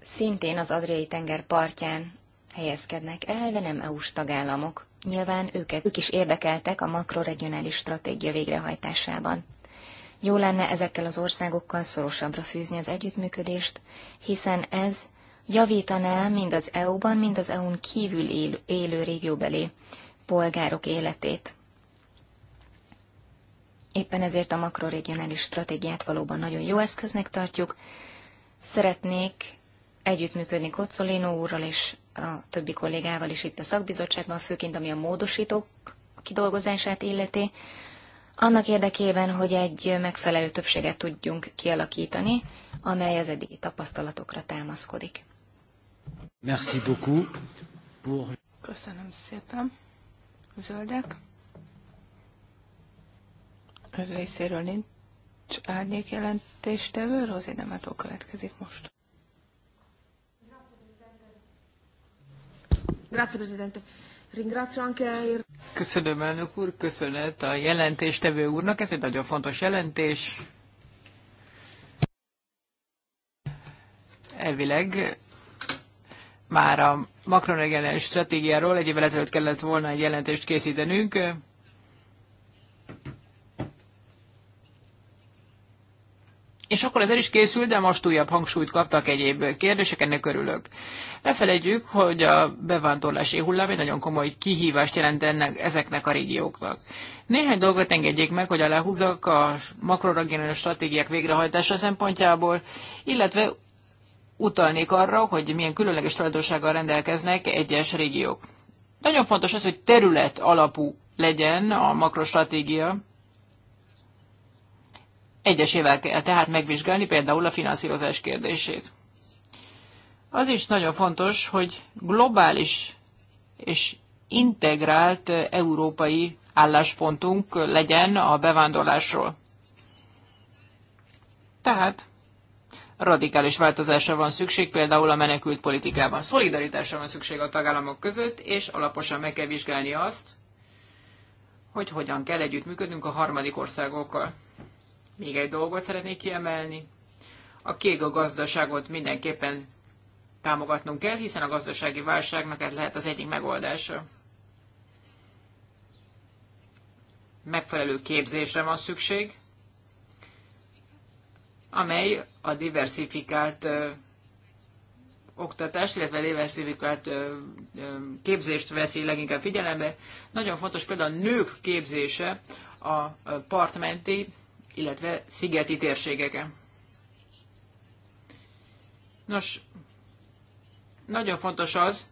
szintén az Adriai tenger partján helyezkednek el, de nem EU-s tagállamok. Nyilván őket, ők is érdekeltek a makroregionális stratégia végrehajtásában. Jó lenne ezekkel az országokkal szorosabbra fűzni az együttműködést, hiszen ez javítaná mind az EU-ban, mind az EU-n kívül élő, élő régióbeli polgárok életét. Éppen ezért a makroregionális stratégiát valóban nagyon jó eszköznek tartjuk. Szeretnék együttműködni Kocolino úrral és a többi kollégával is itt a szakbizottságban, főként ami a módosítók kidolgozását illeti annak érdekében, hogy egy megfelelő többséget tudjunk kialakítani, amely az eddigi tapasztalatokra támaszkodik. Merci beaucoup pour... Köszönöm szépen. Zöldek. részéről nincs árnyék jelentéstevő, Rozi Nemetó következik most. Grazie, Presidente. Köszönöm, elnök úr, köszönet a jelentéstevő úrnak, ez egy nagyon fontos jelentés. Elvileg már a makroregionális stratégiáról egy évvel ezelőtt kellett volna egy jelentést készítenünk. És akkor ez el is készül, de most újabb hangsúlyt kaptak egyéb kérdések, ennek örülök. Ne felejtjük, hogy a bevándorlási hullám egy nagyon komoly kihívást jelent ennek, ezeknek a régióknak. Néhány dolgot engedjék meg, hogy aláhúzzak a makroregionális stratégiák végrehajtása szempontjából, illetve utalnék arra, hogy milyen különleges tulajdonsággal rendelkeznek egyes régiók. Nagyon fontos az, hogy terület alapú legyen a makrostratégia, egyesével kell tehát megvizsgálni például a finanszírozás kérdését. Az is nagyon fontos, hogy globális és integrált európai álláspontunk legyen a bevándorlásról. Tehát radikális változásra van szükség, például a menekült politikában. Szolidaritásra van szükség a tagállamok között, és alaposan meg kell vizsgálni azt, hogy hogyan kell együttműködnünk a harmadik országokkal. Még egy dolgot szeretnék kiemelni. A kék a gazdaságot mindenképpen támogatnunk kell, hiszen a gazdasági válságnak ez lehet az egyik megoldása. Megfelelő képzésre van szükség, amely a diversifikált ö, oktatást, illetve diversifikált ö, ö, képzést veszi leginkább figyelembe. Nagyon fontos például a nők képzése a partmenti illetve szigeti térségeken. Nos, nagyon fontos az,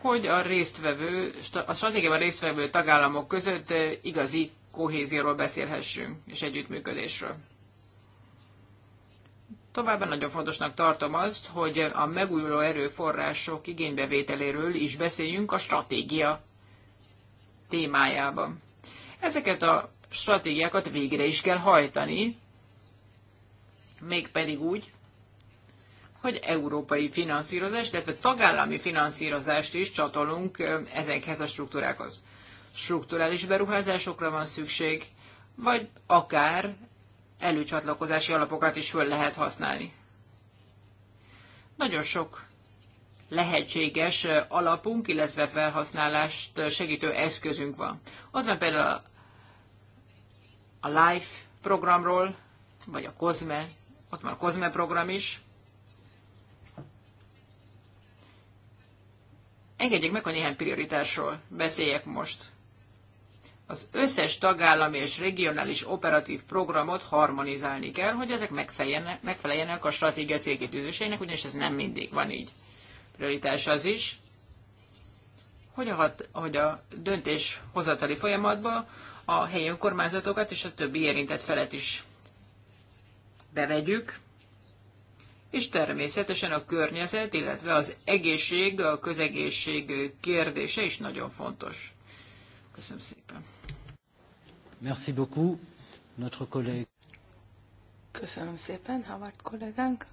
hogy a résztvevő, a stratégiában résztvevő tagállamok között eh, igazi kohézióról beszélhessünk, és együttműködésről. Továbbá nagyon fontosnak tartom azt, hogy a megújuló erőforrások igénybevételéről is beszéljünk a stratégia témájában. Ezeket a stratégiákat végre is kell hajtani, mégpedig úgy, hogy európai finanszírozást, illetve tagállami finanszírozást is csatolunk ezekhez a struktúrákhoz. Strukturális beruházásokra van szükség, vagy akár előcsatlakozási alapokat is föl lehet használni. Nagyon sok lehetséges alapunk, illetve felhasználást segítő eszközünk van. Ott van például a LIFE programról, vagy a COSME, ott van a COSME program is. Engedjék meg, hogy néhány prioritásról beszéljek most. Az összes tagállami és regionális operatív programot harmonizálni kell, hogy ezek megfeleljenek, megfeleljenek a stratégia célkitűzéseinek, ugyanis ez nem mindig van így prioritás az is, hogy a, hat, hogy a döntéshozatali folyamatba a helyi önkormányzatokat és a többi érintett felet is bevegyük, és természetesen a környezet, illetve az egészség, a közegészség kérdése is nagyon fontos. Köszönöm szépen. Merci beaucoup, notre collègue. Köszönöm szépen, Havard kollégánk.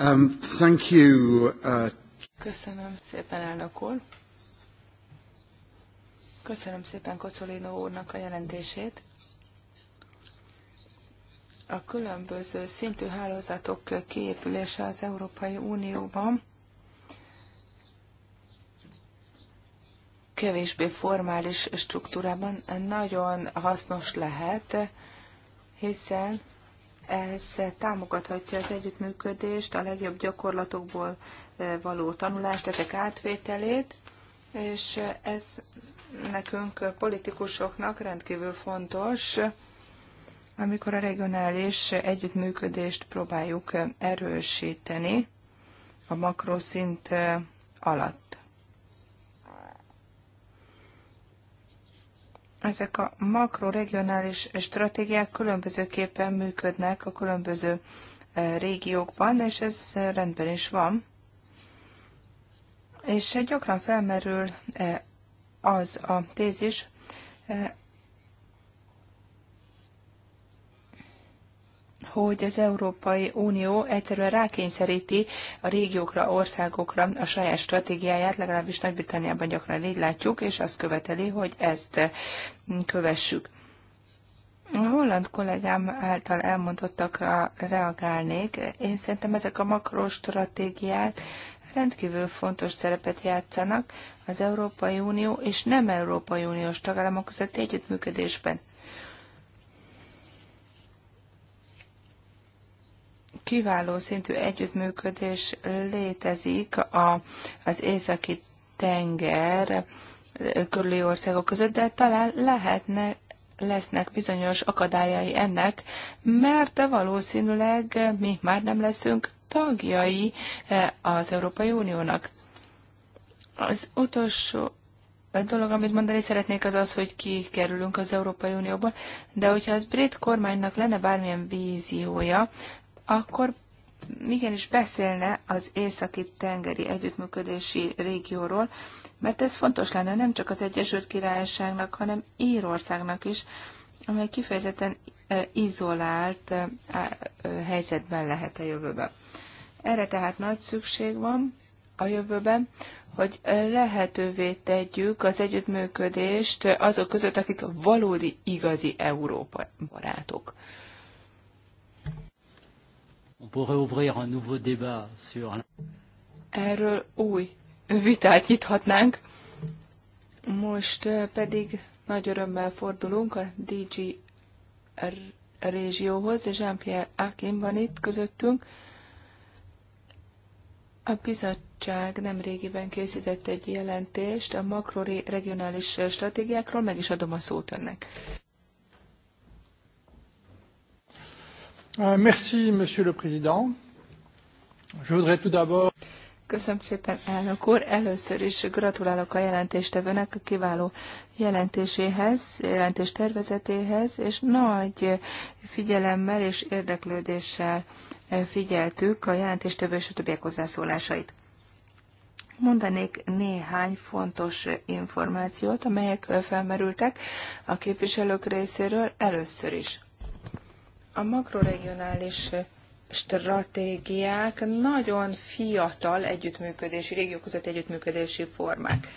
Um, thank you, uh... Köszönöm szépen, elnök úr. Köszönöm szépen Kocolino úrnak a jelentését. A különböző szintű hálózatok kiépülése az Európai Unióban kevésbé formális struktúrában nagyon hasznos lehet, hiszen ez támogathatja az együttműködést, a legjobb gyakorlatokból eh, való tanulást, ezek átvételét, és ez nekünk politikusoknak rendkívül fontos, amikor a regionális együttműködést próbáljuk eh, erősíteni a makroszint eh, alatt. ezek a makroregionális stratégiák különbözőképpen működnek a különböző e, régiókban, és ez e, rendben is van. És gyakran felmerül e, az a tézis, hogy az Európai Unió egyszerűen rákényszeríti a régiókra, országokra a saját stratégiáját, legalábbis Nagy-Britanniában gyakran így látjuk, és azt követeli, hogy ezt kövessük. A holland kollégám által elmondottakra reagálnék. Én szerintem ezek a makrostratégiák rendkívül fontos szerepet játszanak az Európai Unió és nem Európai Uniós tagállamok közötti együttműködésben. kiváló szintű együttműködés létezik a, az északi tenger eh, körüli országok között, de talán lehetne lesznek bizonyos akadályai ennek, mert valószínűleg mi már nem leszünk tagjai eh, az Európai Uniónak. Az utolsó dolog, amit mondani szeretnék, az az, hogy kikerülünk az Európai Unióból, de hogyha az brit kormánynak lenne bármilyen víziója, akkor igenis beszélne az északi tengeri együttműködési régióról, mert ez fontos lenne nem csak az Egyesült Királyságnak, hanem Írországnak is, amely kifejezetten e, izolált e, e, helyzetben lehet a jövőben. Erre tehát nagy szükség van a jövőben, hogy lehetővé tegyük az együttműködést azok között, akik valódi, igazi Európa barátok. On pourrait ouvrir un nouveau débat sur... Erről új vitát nyithatnánk. Most pedig nagy örömmel fordulunk a DG régióhoz, és Jean-Pierre Akin van itt közöttünk. A bizottság nemrégiben készített egy jelentést a makroregionális stratégiákról, meg is adom a szót önnek. Euh, merci, Monsieur le Président. Je voudrais tout d'abord... Köszönöm szépen, elnök úr. Először is gratulálok a jelentéstevőnek a kiváló jelentéséhez, jelentés tervezetéhez, és nagy figyelemmel és érdeklődéssel eh, figyeltük a jelentéstevő és a többiek hozzászólásait. Mondanék néhány fontos információt, amelyek eh, felmerültek a képviselők részéről először is a makroregionális stratégiák nagyon fiatal együttműködési, régiók között együttműködési formák.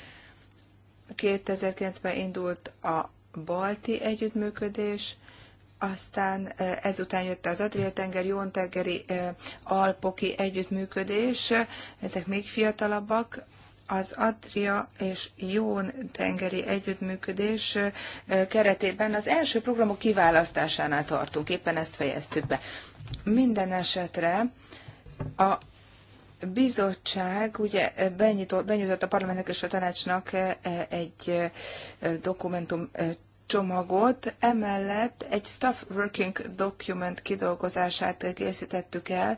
2009-ben indult a balti együttműködés, aztán e, ezután jött az Adriatenger, Jóntengeri, e, Alpoki együttműködés, ezek még fiatalabbak, az Adria és Jón tengeri együttműködés keretében az első programok kiválasztásánál tartunk, éppen ezt fejeztük be. Minden esetre a bizottság ugye benyújtott a parlamentnek és a tanácsnak egy dokumentum csomagot, emellett egy staff working document kidolgozását készítettük el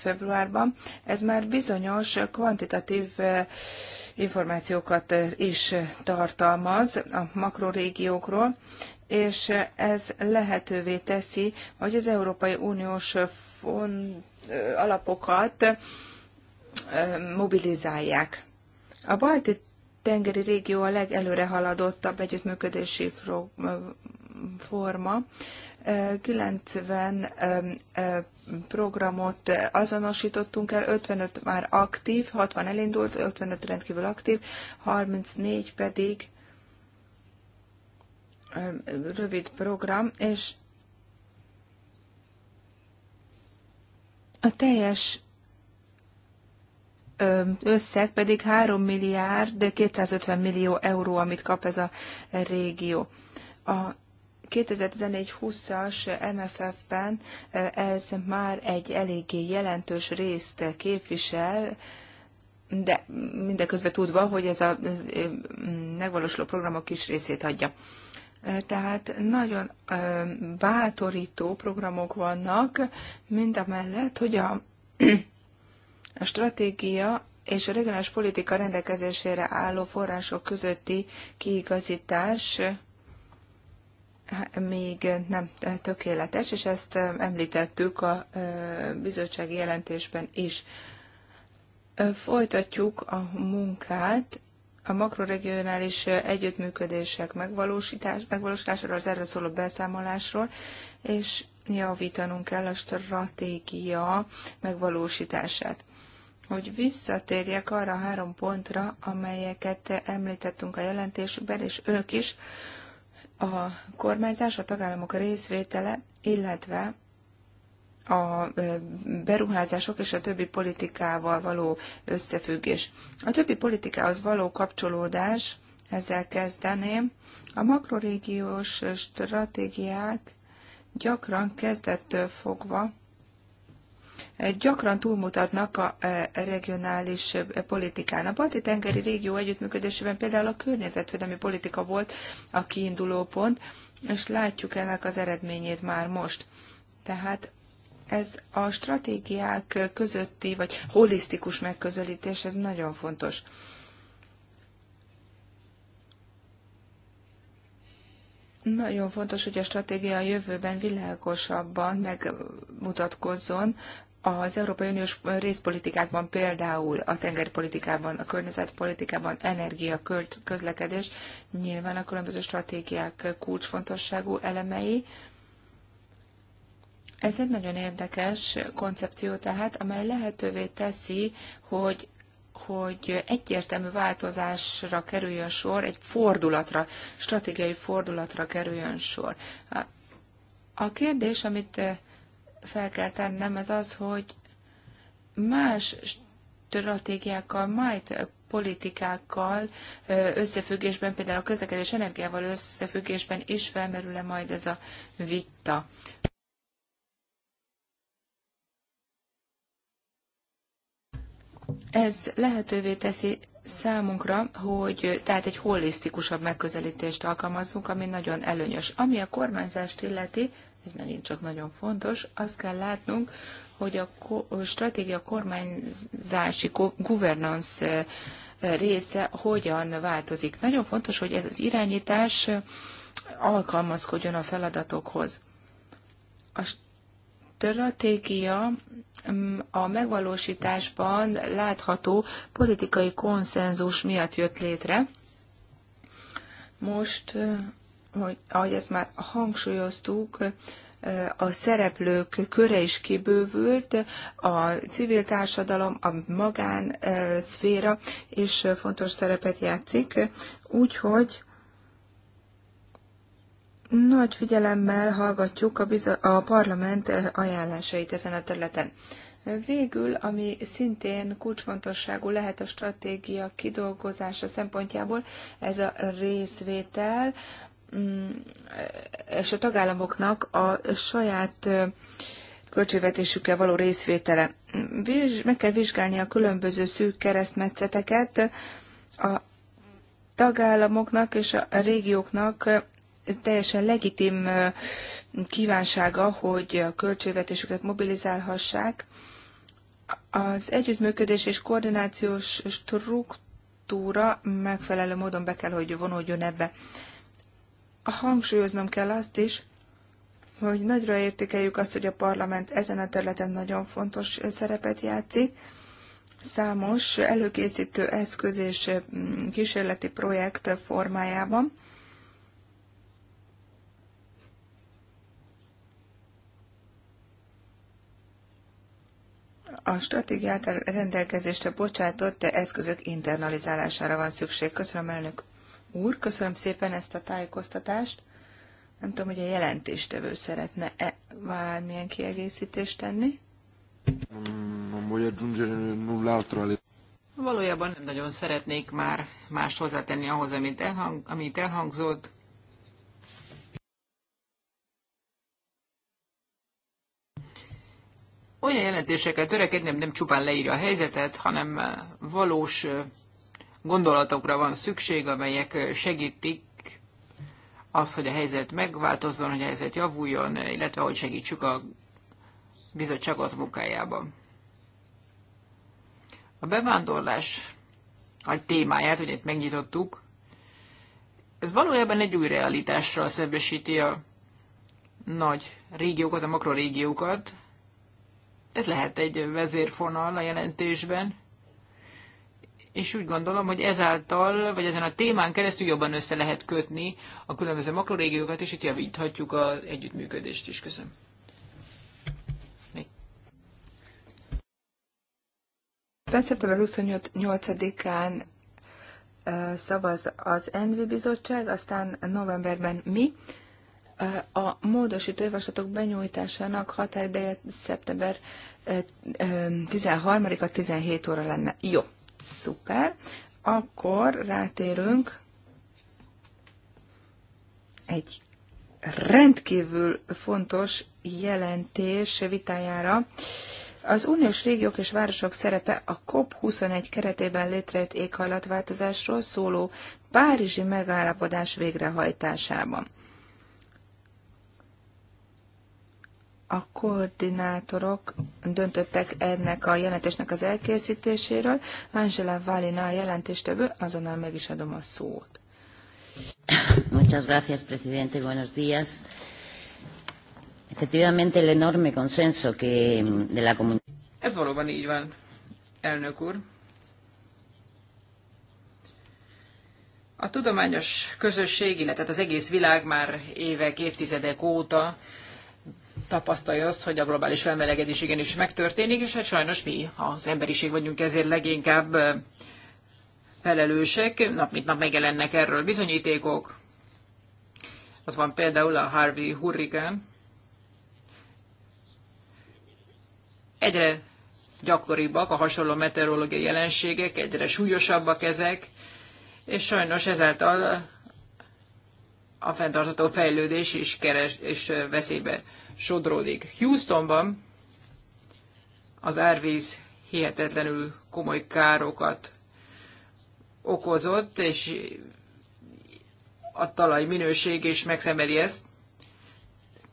februárban. Ez már bizonyos kvantitatív információkat is tartalmaz a makrorégiókról, és ez lehetővé teszi, hogy az Európai Uniós alapokat mobilizálják. A balti tengeri régió a legelőre haladottabb együttműködési forma. 90 programot azonosítottunk el, 55 már aktív, 60 elindult, 55 rendkívül aktív, 34 pedig rövid program, és a teljes összeg pedig 3 milliárd 250 millió euró, amit kap ez a régió. A 2014-20-as MFF-ben ez már egy eléggé jelentős részt képvisel, de mindeközben tudva, hogy ez a megvalósuló programok kis részét adja. Tehát nagyon bátorító programok vannak, mind a mellett, hogy a a stratégia és a regionális politika rendelkezésére álló források közötti kiigazítás még nem tökéletes, és ezt említettük a bizottsági jelentésben is. Folytatjuk a munkát a makroregionális együttműködések megvalósítás, megvalósításáról, az erről szóló beszámolásról, és javítanunk kell a stratégia megvalósítását hogy visszatérjek arra a három pontra, amelyeket említettünk a jelentésükben, és ők is, a kormányzás, a tagállamok részvétele, illetve a beruházások és a többi politikával való összefüggés. A többi politikához való kapcsolódás, ezzel kezdeném, a makrorégiós stratégiák gyakran kezdettől fogva gyakran túlmutatnak a e, regionális e, politikán. A balti tengeri régió együttműködésében például a környezetvédelmi politika volt a kiinduló pont, és látjuk ennek az eredményét már most. Tehát ez a stratégiák közötti, vagy holisztikus megközelítés, ez nagyon fontos. Nagyon fontos, hogy a stratégia a jövőben világosabban megmutatkozzon az Európai Uniós részpolitikákban, például a tengerpolitikában, a környezetpolitikában, energia, közlekedés, nyilván a különböző stratégiák kulcsfontosságú elemei. Ez egy nagyon érdekes koncepció tehát, amely lehetővé teszi, hogy hogy egyértelmű változásra kerüljön sor, egy fordulatra, stratégiai fordulatra kerüljön sor. A kérdés, amit fel kell tennem, az az, hogy más stratégiákkal, majd politikákkal összefüggésben, például a közlekedés energiával összefüggésben is felmerül-e majd ez a vita. Ez lehetővé teszi számunkra, hogy tehát egy holisztikusabb megközelítést alkalmazunk, ami nagyon előnyös. Ami a kormányzást illeti, ez megint csak nagyon fontos, azt kell látnunk, hogy a stratégia kormányzási governance eh, része hogyan változik. Nagyon fontos, hogy ez az irányítás eh, alkalmazkodjon a feladatokhoz. A stratégia mm, a megvalósításban látható politikai konszenzus miatt jött létre. Most eh, hogy ahogy ezt már hangsúlyoztuk, eh, a szereplők köre is kibővült, a civil társadalom, a magán eh, szféra is eh, fontos szerepet játszik, úgyhogy nagy figyelemmel hallgatjuk a, bizo- a parlament ajánlásait ezen a területen. Végül, ami szintén kulcsfontosságú lehet a stratégia kidolgozása szempontjából, ez a részvétel, Mm, és a tagállamoknak a saját költségvetésükkel való részvétele. Meg kell vizsgálni a különböző szűk keresztmetszeteket, a tagállamoknak és a régióknak teljesen legitim kívánsága, hogy a költségvetésüket mobilizálhassák. Az együttműködés és koordinációs struktúra megfelelő módon be kell, hogy vonódjon ebbe hangsúlyoznom kell azt is, hogy nagyra értékeljük azt, hogy a parlament ezen a területen nagyon fontos szerepet játszik. Számos előkészítő eszköz és mm, kísérleti projekt formájában. a stratégiát rendelkezésre bocsátott eszközök internalizálására van szükség. Köszönöm, elnök úr, köszönöm szépen ezt a tájékoztatást. Nem tudom, hogy a jelentéstevő szeretne-e bármilyen kiegészítést tenni. Valójában nem nagyon szeretnék már más hozzátenni ahhoz, amit, elhang, amit elhangzott. Olyan jelentésekkel törekedni, nem csupán leírja a helyzetet, hanem eh, valós eh, gondolatokra van szükség, amelyek segítik az, hogy a helyzet megváltozzon, hogy a helyzet javuljon, illetve hogy segítsük a bizottságot munkájában. A bevándorlás a témáját, hogy itt megnyitottuk, ez valójában egy új realitással szembesíti a nagy régiókat, a makrorégiókat. Ez lehet egy vezérfonal a jelentésben és úgy gondolom, hogy ezáltal, vagy ezen a témán keresztül jobban össze lehet kötni a különböző makrorégiókat, és itt javíthatjuk az együttműködést is. Köszönöm. Szeptember 28-án szavaz az ENVI bizottság, aztán novemberben mi. A módosító javaslatok benyújtásának határideje szeptember 13-a 17 óra lenne. Jó. Szuper. Akkor rátérünk egy rendkívül fontos jelentés vitájára. Az uniós régiók és városok szerepe a COP21 keretében létrejött éghajlatváltozásról szóló Párizsi megállapodás végrehajtásában. a koordinátorok döntöttek ennek a jelentésnek az elkészítéséről. Angela Valina a jelentéstevő, azonnal meg is adom a szót. Muchas gracias, presidente. Buenos días. Efectivamente, el enorme consenso que de la comunidad. Ez valóban így van, elnök úr. A tudományos közösség, illetve az egész világ már évek, évtizedek óta tapasztalja azt, hogy a globális felmelegedés igenis megtörténik, és hát sajnos mi, az emberiség vagyunk ezért leginkább felelősek, nap mint nap megjelennek erről bizonyítékok. Ott van például a Harvey hurrikán. Egyre gyakoribbak a hasonló meteorológiai jelenségek, egyre súlyosabbak ezek, és sajnos ezáltal a fenntartható fejlődés is keres és veszélybe sodródik. Houstonban az árvíz hihetetlenül komoly károkat okozott, és a talaj minőség is megszemeli ezt.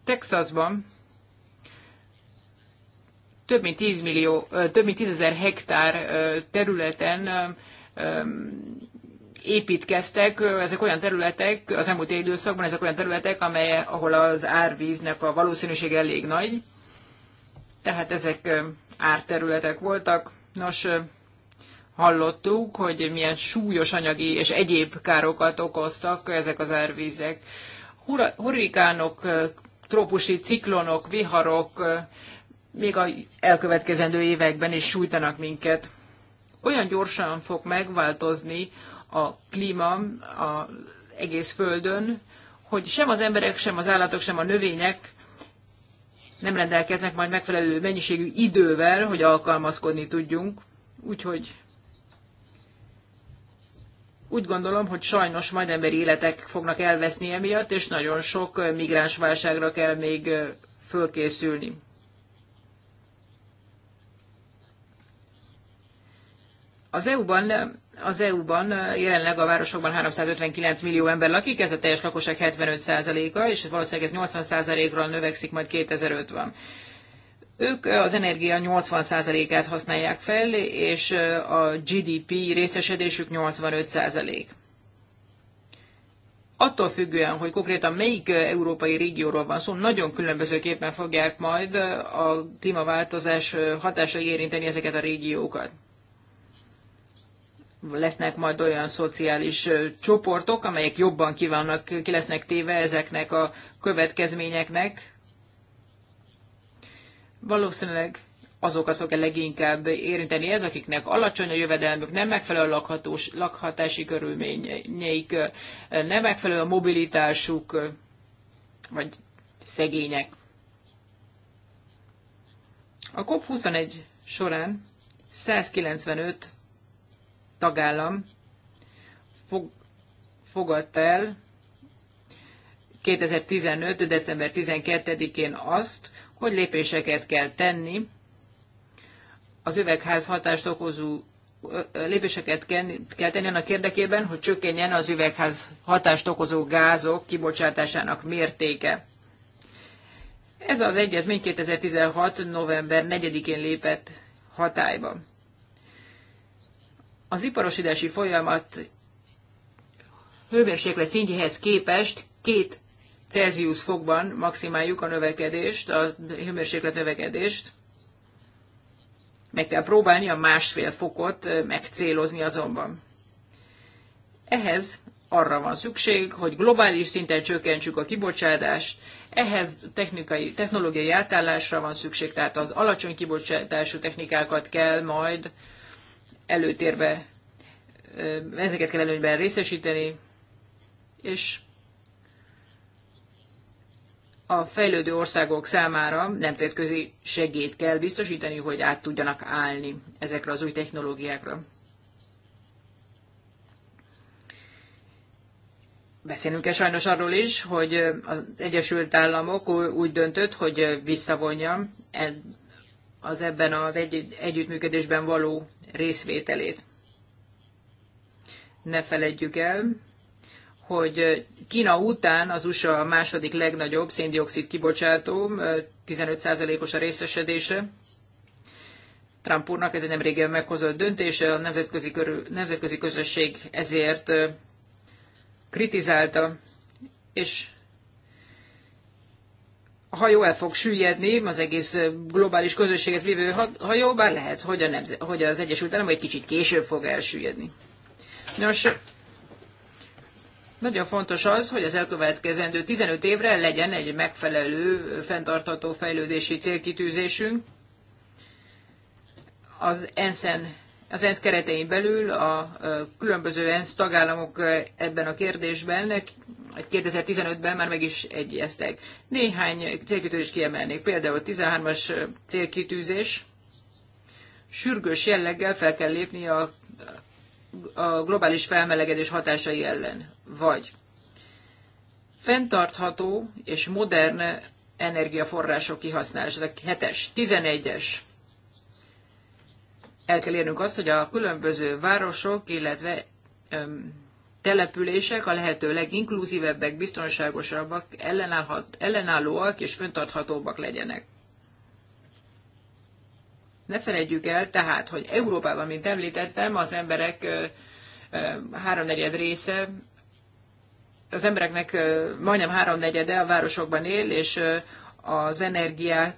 Texasban több mint 10 millió, több mint 10 hektár területen építkeztek, ezek olyan területek, az elmúlt időszakban ezek olyan területek, amely, ahol az árvíznek a valószínűség elég nagy, tehát ezek árterületek voltak. Nos, hallottuk, hogy milyen súlyos anyagi és egyéb károkat okoztak ezek az árvízek. Hurrikánok, trópusi ciklonok, viharok még a elkövetkezendő években is sújtanak minket. Olyan gyorsan fog megváltozni a klíma az egész Földön, hogy sem az emberek, sem az állatok, sem a növények nem rendelkeznek majd megfelelő mennyiségű idővel, hogy alkalmazkodni tudjunk. Úgyhogy úgy gondolom, hogy sajnos majd emberi életek fognak elveszni emiatt, és nagyon sok migráns válságra kell még fölkészülni. Az EU-ban az EU-ban jelenleg a városokban 359 millió ember lakik, ez a teljes lakosság 75%-a, és valószínűleg ez 80 ról növekszik majd 2050. Ők az energia 80%-át használják fel, és a GDP részesedésük 85%. Attól függően, hogy konkrétan melyik európai régióról van szó, nagyon különbözőképpen fogják majd a klímaváltozás hatásai érinteni ezeket a régiókat lesznek majd olyan szociális csoportok, amelyek jobban kívánnak, ki lesznek téve ezeknek a következményeknek. Valószínűleg azokat fogja leginkább érinteni ez, akiknek alacsony a jövedelmük, nem megfelelő lakhatós, lakhatási körülményeik, nem megfelelő a mobilitásuk, vagy szegények. A COP21 során 195 tagállam fog, fogadta el 2015. december 12-én azt, hogy lépéseket kell tenni az üvegház hatást okozó lépéseket kell tenni annak érdekében, hogy csökkenjen az üvegház hatást okozó gázok kibocsátásának mértéke. Ez az egyezmény 2016. november 4-én lépett hatályba az iparosítási folyamat hőmérséklet szintjéhez képest két Celsius fokban maximáljuk a növekedést, a hőmérséklet növekedést. Meg kell próbálni a másfél fokot megcélozni azonban. Ehhez arra van szükség, hogy globális szinten csökkentsük a kibocsátást, ehhez technikai, technológiai átállásra van szükség, tehát az alacsony kibocsátású technikákat kell majd előtérbe, ezeket kell előnyben részesíteni, és a fejlődő országok számára nemzetközi segét kell biztosítani, hogy át tudjanak állni ezekre az új technológiákra. Beszélnünk e sajnos arról is, hogy az Egyesült Államok úgy döntött, hogy visszavonja e- az ebben az egy, együttműködésben való részvételét. Ne feledjük el, hogy Kína után az USA a második legnagyobb széndiokszid kibocsátó, 15%-os a részesedése. Trump úrnak ez egy régen meghozott döntése, a nemzetközi, körül, nemzetközi közösség ezért kritizálta, és a hajó el fog süllyedni, az egész globális közösséget vívő hajó, bár lehet, hogy, a nemze, hogy az Egyesült Államok egy kicsit később fog elsüllyedni. Nos, nagyon fontos az, hogy az elkövetkezendő 15 évre legyen egy megfelelő, fenntartható fejlődési célkitűzésünk. Az ensz az ENSZ keretein belül a különböző ENSZ tagállamok ebben a kérdésben 2015-ben már meg is egyeztek. Néhány célkitűzést kiemelnék, például a 13-as célkitűzés, sürgős jelleggel fel kell lépni a, a globális felmelegedés hatásai ellen, vagy fenntartható és modern energiaforrások kihasználása, ez a 7-es, 11-es el kell érnünk azt, hogy a különböző városok, illetve öm, települések a lehető leginkluzívebbek, biztonságosabbak, ellenállóak és föntarthatóbbak legyenek. Ne felejtjük el tehát, hogy Európában, mint említettem, az emberek háromnegyed része, az embereknek majdnem háromnegyede a városokban él, és az energiák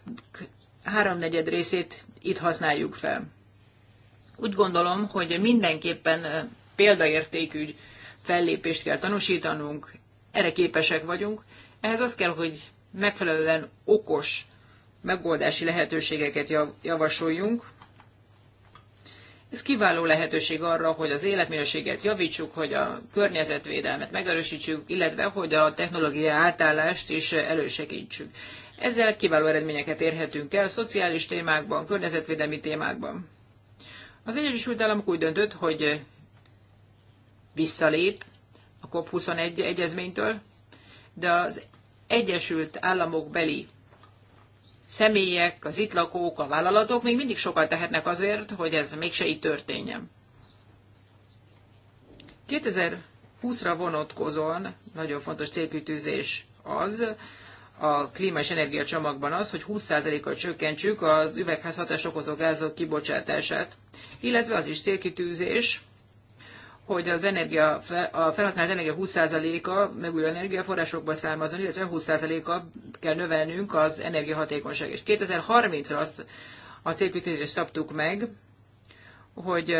háromnegyed részét itt használjuk fel. Úgy gondolom, hogy mindenképpen példaértékű fellépést kell tanúsítanunk, erre képesek vagyunk. Ehhez az kell, hogy megfelelően okos megoldási lehetőségeket javasoljunk. Ez kiváló lehetőség arra, hogy az életminőséget javítsuk, hogy a környezetvédelmet megerősítsük, illetve hogy a technológia átállást is elősegítsük. Ezzel kiváló eredményeket érhetünk el szociális témákban, környezetvédelmi témákban. Az Egyesült Államok úgy döntött, hogy eh, visszalép a COP21 egyezménytől, de az Egyesült Államok beli személyek, az itt lakók, a vállalatok még mindig sokat tehetnek azért, hogy ez mégse így történjen. 2020-ra vonatkozóan nagyon fontos célkütőzés az, a klíma és energia csomagban az, hogy 20%-kal csökkentsük az üvegházhatás okozó gázok kibocsátását, illetve az is célkitűzés, hogy az energia, a felhasznált energia 20%-a megújuló energiaforrásokba származon, illetve 20%-a kell növelnünk az energiahatékonyság. És 2030-ra azt a célkitűzést szabtuk meg, hogy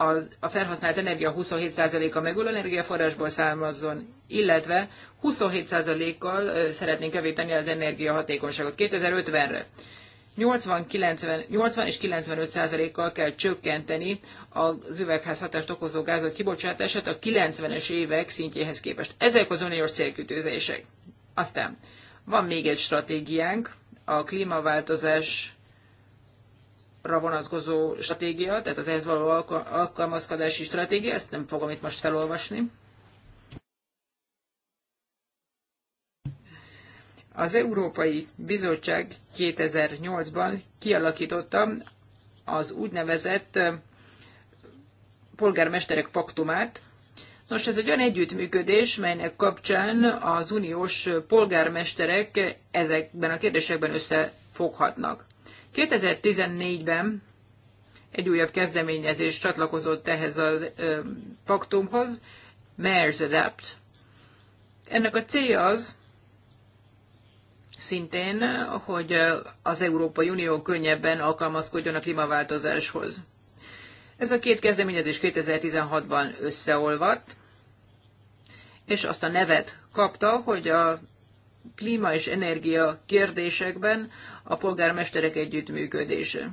az, a felhasznált energia 27%-a megújuló energiaforrásból származzon, illetve 27%-kal szeretnénk javítani az energiahatékonyságot 2050-re. 80, 90, 80 és 95 kal kell csökkenteni az üvegházhatást okozó gázok kibocsátását a 90-es évek szintjéhez képest. Ezek az uniós célkütőzések. Aztán van még egy stratégiánk, a klímaváltozás vonatkozó stratégia, tehát az ehhez való alkalmazkodási stratégia, ezt nem fogom itt most felolvasni. Az Európai Bizottság 2008-ban kialakította az úgynevezett polgármesterek paktumát. Nos, ez egy olyan együttműködés, melynek kapcsán az uniós polgármesterek ezekben a kérdésekben összefoghatnak. 2014-ben egy újabb kezdeményezés csatlakozott ehhez a ö, paktumhoz, MERS Adapt. Ennek a célja az, szintén, hogy az Európai Unió könnyebben alkalmazkodjon a klímaváltozáshoz. Ez a két kezdeményezés 2016-ban összeolvadt, és azt a nevet kapta, hogy a klíma és energia kérdésekben a polgármesterek együttműködése.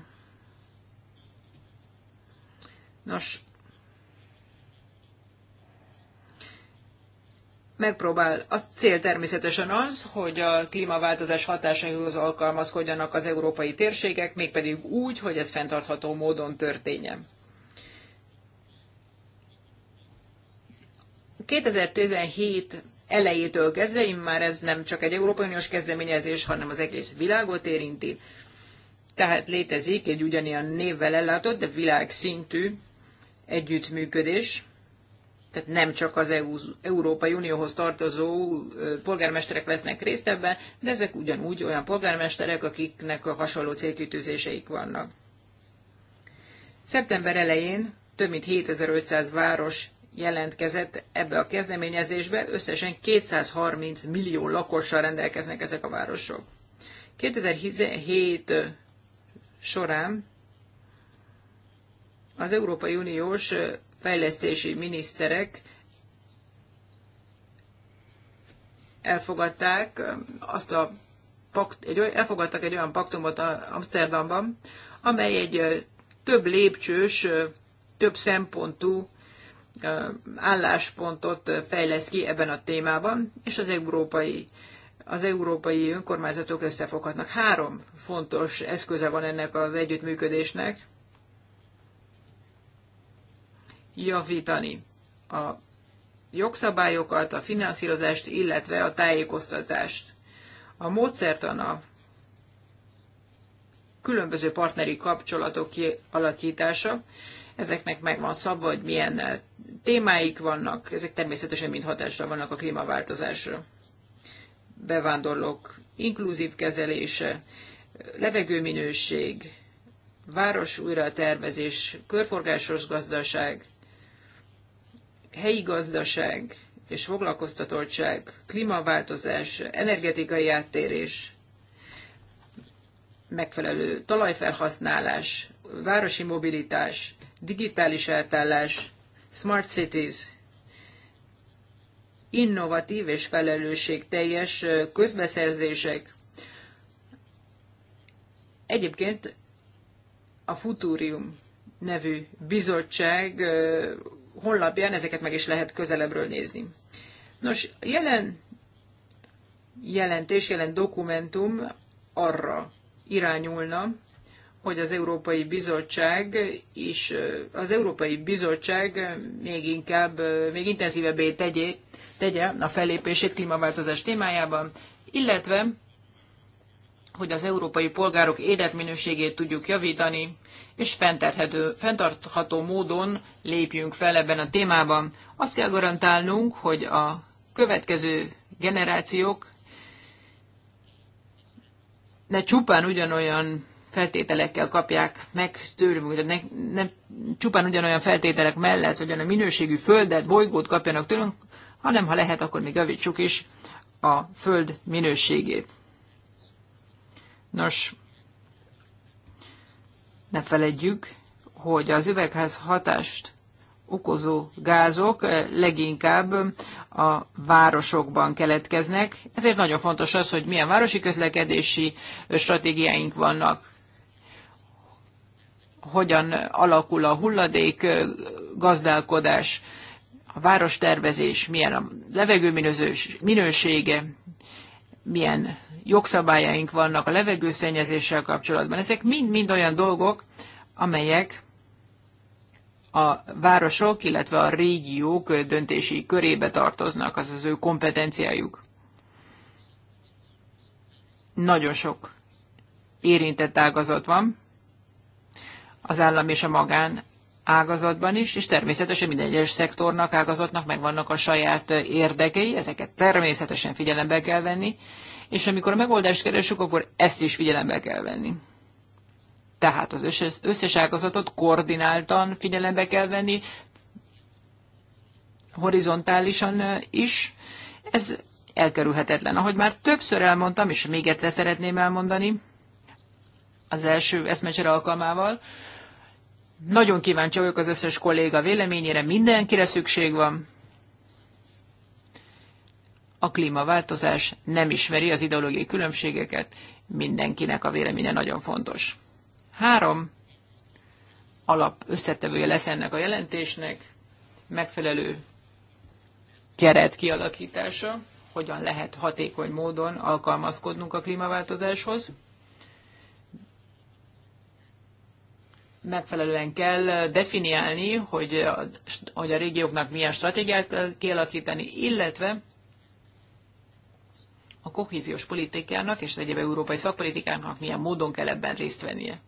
Nos, megpróbál. A cél természetesen az, hogy a klímaváltozás hatásaihoz alkalmazkodjanak az európai térségek, mégpedig úgy, hogy ez fenntartható módon történjen. 2017 elejétől kezdve, már ez nem csak egy Európai Uniós kezdeményezés, hanem az egész világot érinti. Tehát létezik egy ugyanilyen névvel ellátott, de világszintű együttműködés, tehát nem csak az EU, Európai Unióhoz tartozó polgármesterek vesznek részt ebben, de ezek ugyanúgy olyan polgármesterek, akiknek a hasonló célkütőzéseik vannak. Szeptember elején több mint 7500 város jelentkezett ebbe a kezdeményezésbe, összesen 230 millió lakossal rendelkeznek ezek a városok. 2017 során az Európai Uniós fejlesztési miniszterek elfogadták azt a pakt, egy, elfogadtak egy olyan paktumot Amsterdamban, amely egy több lépcsős, több szempontú álláspontot fejlesz ki ebben a témában, és az európai az európai önkormányzatok összefoghatnak. Három fontos eszköze van ennek az együttműködésnek. Javítani a jogszabályokat, a finanszírozást, illetve a tájékoztatást. A módszertan a különböző partneri kapcsolatok kialakítása, Ezeknek megvan szabva, hogy milyen eh, témáik vannak, ezek természetesen mind hatásra vannak a klímaváltozásra. Bevándorlók inkluzív kezelése, levegőminőség, város tervezés, körforgásos gazdaság, helyi gazdaság és foglalkoztatottság, klímaváltozás, energetikai áttérés, megfelelő talajfelhasználás, városi mobilitás, digitális eltállás, smart cities, innovatív és felelősségteljes közbeszerzések. Egyébként a Futurium nevű bizottság honlapján ezeket meg is lehet közelebbről nézni. Nos, jelen jelentés, jelen dokumentum arra irányulna, hogy az Európai Bizottság is, az Európai Bizottság még inkább, még intenzívebbé tegye, tegye a fellépését klímaváltozás témájában, illetve hogy az európai polgárok életminőségét tudjuk javítani, és fenntartható, módon lépjünk fel ebben a témában. Azt kell garantálnunk, hogy a következő generációk ne csupán ugyanolyan feltételekkel kapják meg tőlünk, hogy ne, nem csupán ugyanolyan feltételek mellett, hogy a minőségű földet, bolygót kapjanak tőlünk, hanem ha lehet, akkor még javítsuk is a föld minőségét. Nos, ne feledjük, hogy az üvegház hatást okozó gázok eh, leginkább a városokban keletkeznek, ezért nagyon fontos az, hogy milyen városi közlekedési eh, stratégiáink vannak hogyan alakul a hulladék gazdálkodás, a várostervezés, milyen a levegő minősége, milyen jogszabályaink vannak a levegőszennyezéssel kapcsolatban. Ezek mind-mind olyan dolgok, amelyek a városok, illetve a régiók döntési körébe tartoznak, az az ő kompetenciájuk. Nagyon sok érintett ágazat van, az állam és a magán ágazatban is, és természetesen minden egyes szektornak, ágazatnak megvannak a saját érdekei, ezeket természetesen figyelembe kell venni, és amikor a megoldást keresünk, akkor ezt is figyelembe kell venni. Tehát az összes, összes ágazatot koordináltan figyelembe kell venni, horizontálisan is. Ez elkerülhetetlen. Ahogy már többször elmondtam, és még egyszer szeretném elmondani, az első eszmecsere alkalmával, nagyon kíváncsi vagyok az összes kolléga véleményére, mindenkire szükség van. A klímaváltozás nem ismeri az ideológiai különbségeket, mindenkinek a véleménye nagyon fontos. Három alap összetevője lesz ennek a jelentésnek, megfelelő keret kialakítása, hogyan lehet hatékony módon alkalmazkodnunk a klímaváltozáshoz, megfelelően kell definiálni, hogy a, hogy a régióknak milyen stratégiát kell kialakítani, illetve a kohéziós politikának és egyéb európai szakpolitikának milyen módon kell ebben részt vennie.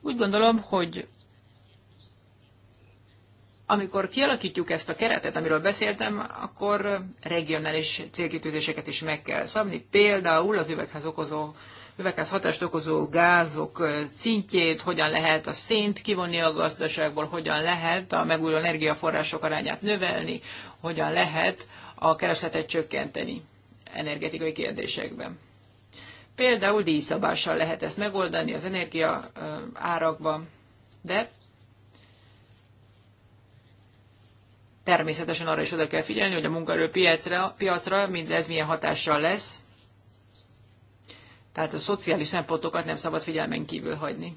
Úgy gondolom, hogy amikor kialakítjuk ezt a keretet, amiről beszéltem, akkor regionális célkitűzéseket is meg kell szabni, például az üveghez okozó üvegházhatást okozó gázok szintjét, hogyan lehet a szént kivonni a gazdaságból, hogyan lehet a megújuló energiaforrások arányát növelni, hogyan lehet a keresletet csökkenteni energetikai kérdésekben. Például díjszabással lehet ezt megoldani az energia árakban, de természetesen arra is oda kell figyelni, hogy a munkaerőpiacra piacra mindez milyen hatással lesz, tehát a szociális szempontokat nem szabad figyelmen kívül hagyni.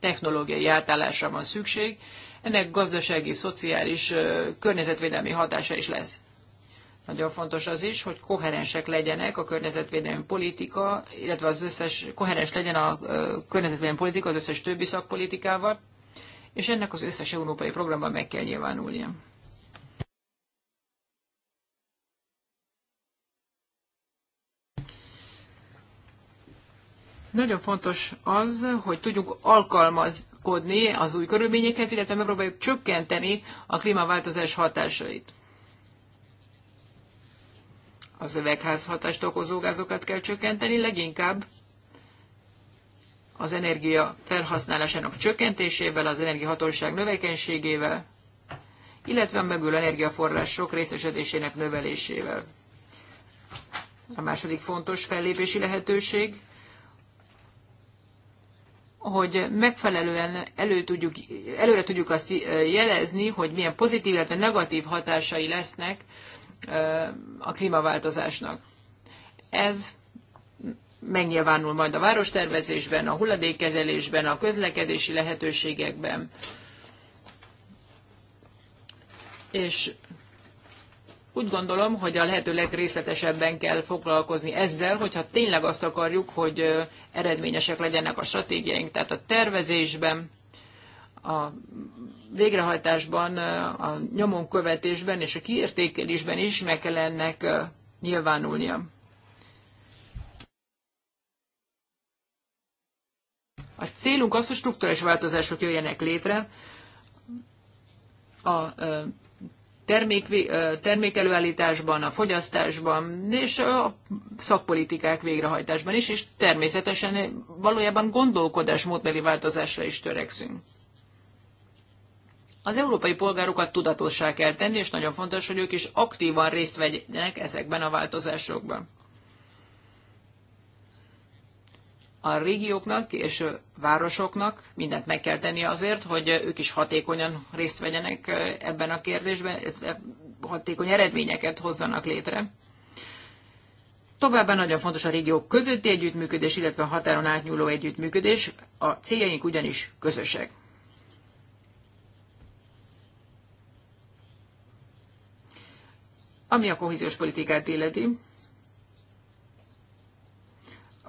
Technológiai átállásra van szükség, ennek gazdasági, szociális, környezetvédelmi hatása is lesz. Nagyon fontos az is, hogy koherensek legyenek a környezetvédelmi politika, illetve az összes, koherens legyen a környezetvédelmi politika az összes többi szakpolitikával, és ennek az összes európai programban meg kell nyilvánulnia. Nagyon fontos az, hogy tudjuk alkalmazkodni az új körülményekhez, illetve megpróbáljuk csökkenteni a klímaváltozás hatásait. Az hatást okozó gázokat kell csökkenteni, leginkább az energia felhasználásának csökkentésével, az energiahatóság növekenységével, illetve a megülő energiaforrások részesedésének növelésével. A második fontos fellépési lehetőség hogy megfelelően elő tudjuk, előre tudjuk azt eh, jelezni, hogy milyen pozitív, illetve negatív hatásai lesznek eh, a klímaváltozásnak. Ez megnyilvánul majd a várostervezésben, a hulladékkezelésben, a közlekedési lehetőségekben. És úgy gondolom, hogy a lehető legrészletesebben kell foglalkozni ezzel, hogyha tényleg azt akarjuk, hogy eredményesek legyenek a stratégiaink. tehát a tervezésben, a végrehajtásban, a nyomon követésben és a kiértékelésben is meg kell ennek nyilvánulnia. A célunk az, hogy struktúrális változások jöjjenek létre a termék, termékelőállításban, a fogyasztásban és a szakpolitikák végrehajtásban is, és természetesen valójában gondolkodásmódbeli változásra is törekszünk. Az európai polgárokat tudatossá kell tenni, és nagyon fontos, hogy ők is aktívan részt vegyenek ezekben a változásokban. a régióknak és városoknak mindent meg kell tenni azért, hogy ők is hatékonyan részt vegyenek ebben a kérdésben, hatékony eredményeket hozzanak létre. Továbbá nagyon fontos a régiók közötti együttműködés, illetve a határon átnyúló együttműködés, a céljaink ugyanis közösek. Ami a kohéziós politikát illeti,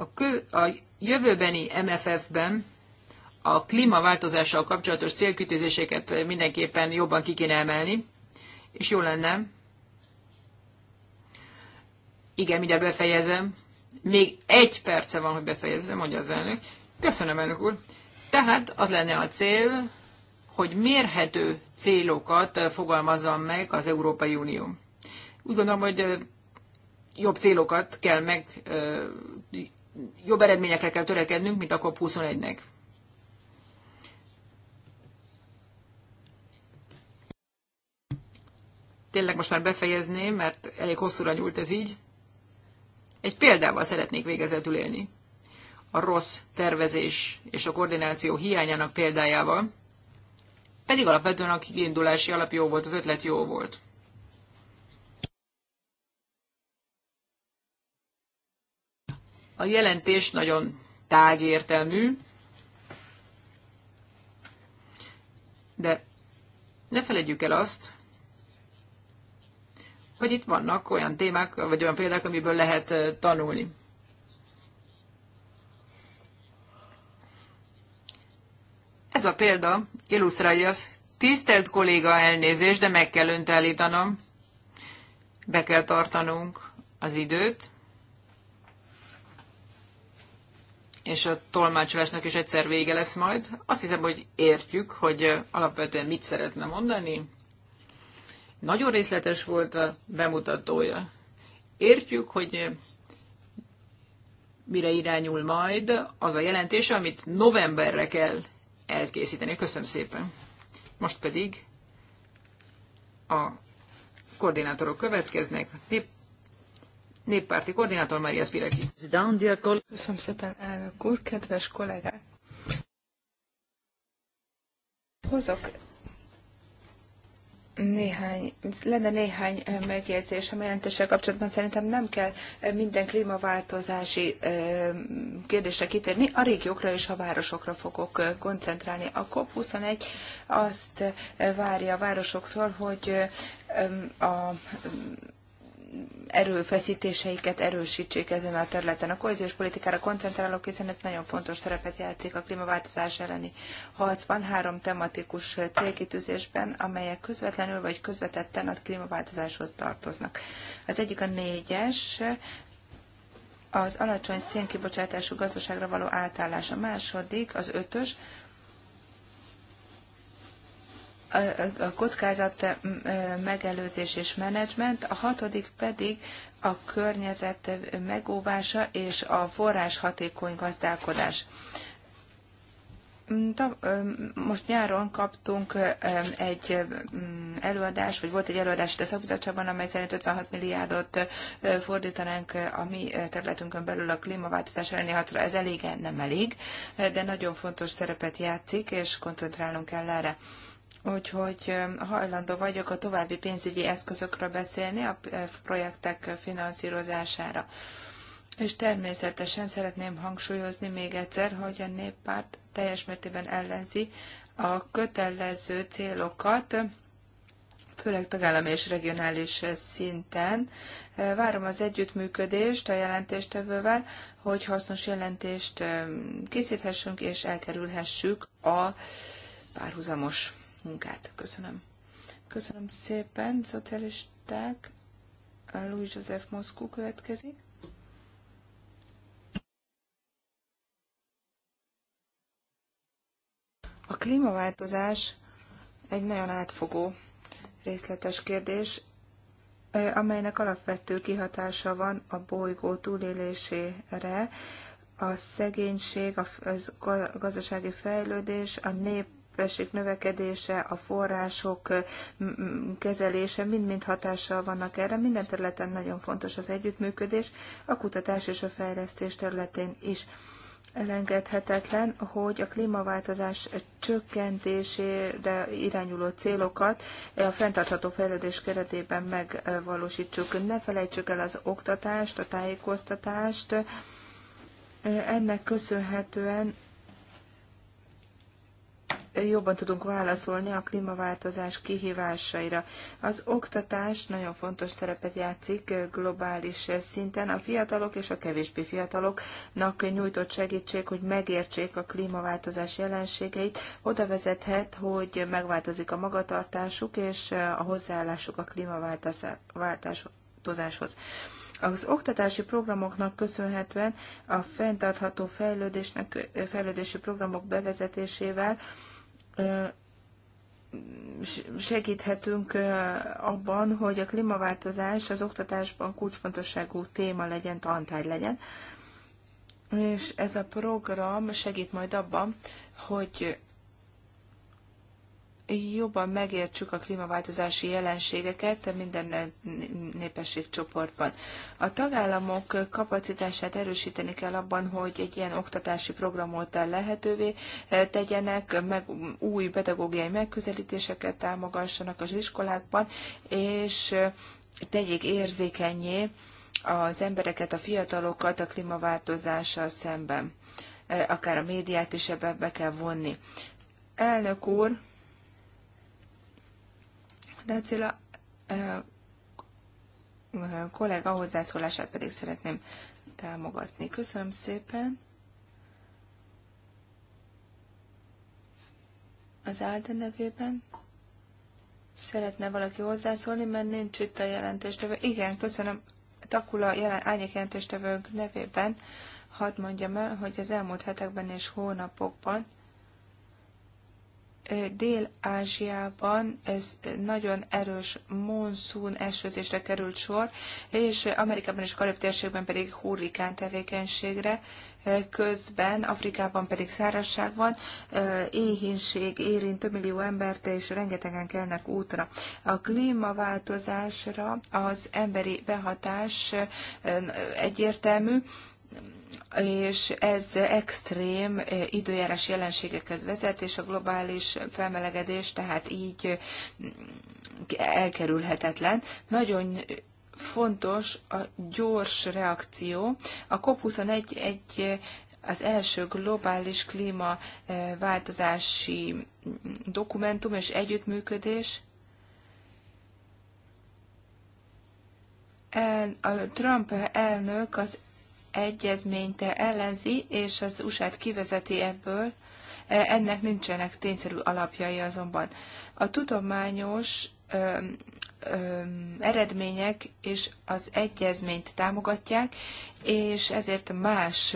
a, kö, a jövőbeni MFF-ben a klímaváltozással kapcsolatos célkütőzéseket mindenképpen jobban ki kéne emelni, és jó lenne. Igen, mindjárt befejezem. Még egy perce van, hogy befejezzem, mondja az elnök. Köszönöm, elnök úr. Tehát az lenne a cél, hogy mérhető célokat fogalmazzon meg az Európai Unió. Úgy gondolom, hogy jobb célokat kell meg jobb eredményekre kell törekednünk, mint a COP21-nek. Tényleg most már befejezném, mert elég hosszúra nyúlt ez így. Egy példával szeretnék végezetül élni. A rossz tervezés és a koordináció hiányának példájával, pedig alapvetően a kiindulási alap jó volt, az ötlet jó volt. A jelentés nagyon tágértelmű, de ne felejtjük el azt, hogy itt vannak olyan témák, vagy olyan példák, amiből lehet tanulni. Ez a példa illusztrálja az tisztelt kolléga elnézést, de meg kell önt állítanom. Be kell tartanunk az időt. és a tolmácsolásnak is egyszer vége lesz majd. Azt hiszem, hogy értjük, hogy alapvetően mit szeretne mondani. Nagyon részletes volt a bemutatója. Értjük, hogy mire irányul majd az a jelentés, amit novemberre kell elkészíteni. Köszönöm szépen. Most pedig a koordinátorok következnek. Nép néppárti koordinátor Mária Spireki. Köszönöm szépen, elnök úr, kedves kollégák! Hozok néhány, lenne néhány eh, megjegyzés a jelentéssel kapcsolatban. Szerintem nem kell eh, minden klímaváltozási eh, kérdésre kitérni. A régiókra és a városokra fogok koncentrálni. A COP21 azt várja a városoktól, hogy a erőfeszítéseiket erősítsék ezen a területen. A kohéziós politikára koncentrálok, hiszen ez nagyon fontos szerepet játszik a klímaváltozás elleni harcban, három tematikus célkitűzésben, amelyek közvetlenül vagy közvetetten a klímaváltozáshoz tartoznak. Az egyik a négyes, az alacsony szénkibocsátású gazdaságra való átállás. A második, az ötös, a kockázat megelőzés és menedzsment, a hatodik pedig a környezet megóvása és a forrás hatékony gazdálkodás. Mm, most nyáron kaptunk egy mm, előadás, vagy volt egy előadás itt a szakbizottságban, amely szerint 56 milliárdot fordítanánk a mi területünkön belül a klímaváltozás elleni hatra. Ez elég, nem elég, de nagyon fontos szerepet játszik, és koncentrálnunk kell erre. Úgyhogy hajlandó vagyok a további pénzügyi eszközökről beszélni a eh, projektek finanszírozására. És természetesen szeretném hangsúlyozni még egyszer, hogy a néppárt teljes mértében ellenzi a kötelező célokat, főleg tagállami és regionális szinten. Eh, várom az együttműködést a jelentéstevővel, hogy hasznos jelentést készíthessünk és elkerülhessük a párhuzamos munkát. Köszönöm. Köszönöm szépen, szocialisták. Louis Joseph Moszkó következik. A klímaváltozás egy nagyon átfogó, részletes kérdés, amelynek alapvető kihatása van a bolygó túlélésére, a szegénység, a gazdasági fejlődés, a nép népesség növekedése, a források kezelése mind-mind hatással vannak erre. Minden területen nagyon fontos az együttműködés, a kutatás és a fejlesztés területén is. Elengedhetetlen, hogy a klímaváltozás csökkentésére irányuló célokat a fenntartható fejlődés keretében megvalósítsuk. Ne felejtsük el az oktatást, a tájékoztatást. Ennek köszönhetően jobban tudunk válaszolni a klímaváltozás kihívásaira. Az oktatás nagyon fontos szerepet játszik globális szinten. A fiatalok és a kevésbé fiataloknak nyújtott segítség, hogy megértsék a klímaváltozás jelenségeit, oda vezethet, hogy megváltozik a magatartásuk és a hozzáállásuk a klímaváltozáshoz. Az oktatási programoknak köszönhetően a fenntartható fejlődésnek, fejlődési programok bevezetésével segíthetünk abban, hogy a klímaváltozás az oktatásban kulcsfontosságú téma legyen, tantárgy legyen. És ez a program segít majd abban, hogy jobban megértsük a klímaváltozási jelenségeket minden népességcsoportban. A tagállamok kapacitását erősíteni kell abban, hogy egy ilyen oktatási programot lehetővé tegyenek, meg új pedagógiai megközelítéseket támogassanak az iskolákban, és tegyék érzékenyé az embereket, a fiatalokat a klímaváltozással szemben. Akár a médiát is ebbe be kell vonni. Elnök úr, de a kollega hozzászólását pedig szeretném támogatni. Köszönöm szépen. Az Álda nevében szeretne valaki hozzászólni, mert nincs itt a jelentéstevő. Igen, köszönöm. Takula jelen, árnyék jelentéstevők nevében hadd mondjam el, hogy az elmúlt hetekben és hónapokban Dél-Ázsiában ez nagyon erős monszún esőzésre került sor, és Amerikában és Karib térségben pedig hurrikán tevékenységre, közben Afrikában pedig szárazság van, éhínség érint több millió embert, és rengetegen kelnek útra. A klímaváltozásra az emberi behatás egyértelmű, és ez extrém eh, időjárás jelenségekhez vezet, és a globális felmelegedés tehát így mm, elkerülhetetlen. Nagyon fontos a gyors reakció. A COP21 egy az első globális klímaváltozási mm, dokumentum és együttműködés. a Trump elnök az egyezményt ellenzi, és az USA-t kivezeti ebből, e, ennek nincsenek tényszerű alapjai azonban. A tudományos öm, öm, eredmények és az egyezményt támogatják, és ezért más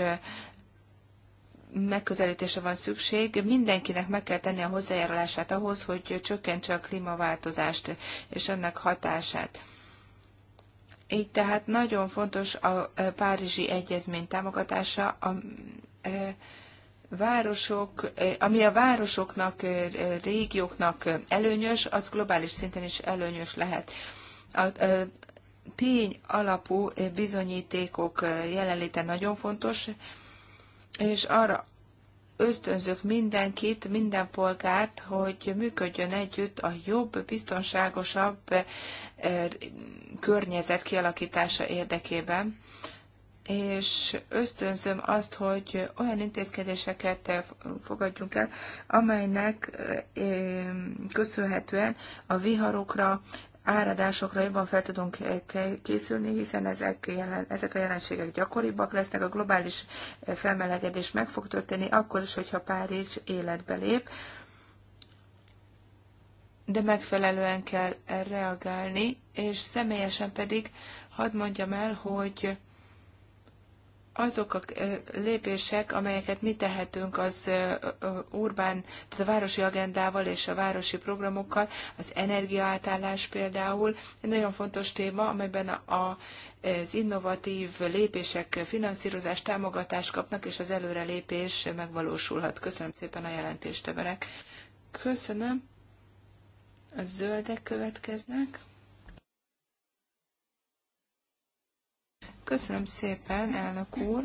megközelítése van szükség. Mindenkinek meg kell tenni a hozzájárulását ahhoz, hogy csökkentse a klímaváltozást és annak hatását. Így tehát nagyon fontos a Párizsi Egyezmény támogatása, a városok, ami a városoknak, régióknak előnyös, az globális szinten is előnyös lehet. A, tény alapú bizonyítékok jelenléte nagyon fontos, és arra ösztönzök mindenkit, minden polgárt, hogy működjön együtt a jobb, biztonságosabb eh, környezet kialakítása érdekében, és ösztönzöm azt, hogy olyan intézkedéseket eh, fogadjunk el, amelynek eh, köszönhetően a viharokra, áradásokra jobban fel tudunk eh, készülni, hiszen ezek, jelen, ezek a jelenségek gyakoribbak lesznek, a globális eh, felmelegedés meg fog történni, akkor is, hogyha Párizs életbe lép, de megfelelően kell reagálni, és személyesen pedig hadd mondjam el, hogy azok a lépések, amelyeket mi tehetünk az urbán, tehát a városi agendával és a városi programokkal, az energiaátállás például, egy nagyon fontos téma, amelyben a, az innovatív lépések finanszírozás, támogatást kapnak, és az előrelépés megvalósulhat. Köszönöm szépen a jelentést, Köszönöm. A zöldek következnek. Köszönöm szépen, elnök úr.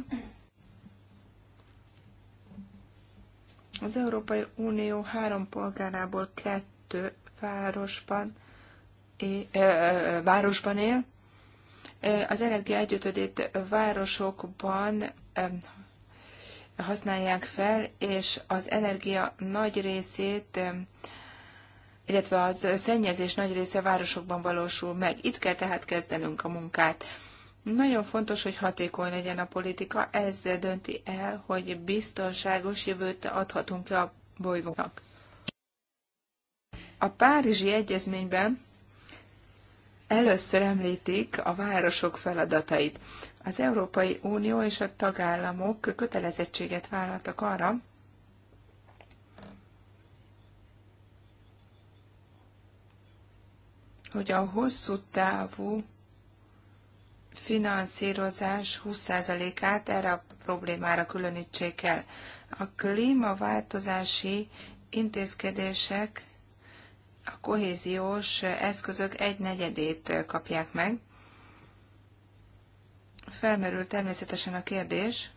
Az Európai Unió három polgárából kettő városban, é, ö, városban él. Az energia egyötödét városokban ö, használják fel, és az energia nagy részét illetve az szennyezés nagy része városokban valósul meg. Itt kell tehát kezdenünk a munkát. Nagyon fontos, hogy hatékony legyen a politika, ez dönti el, hogy biztonságos jövőt adhatunk ki a bolygónak. A Párizsi Egyezményben először említik a városok feladatait. Az Európai Unió és a tagállamok kötelezettséget vállaltak arra, hogy a hosszú távú finanszírozás 20%-át erre a problémára különítsék el. A klímaváltozási intézkedések a kohéziós eszközök egy negyedét kapják meg. Felmerül természetesen a kérdés,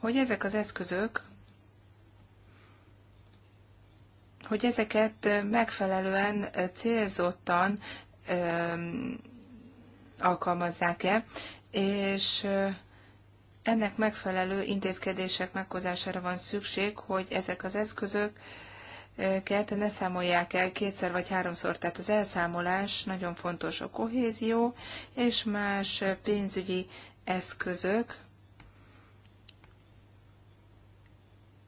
hogy ezek az eszközök, hogy ezeket megfelelően célzottan alkalmazzák-e, és ennek megfelelő intézkedések meghozására van szükség, hogy ezek az eszközök kell, ne számolják el kétszer vagy háromszor, tehát az elszámolás nagyon fontos a kohézió és más pénzügyi eszközök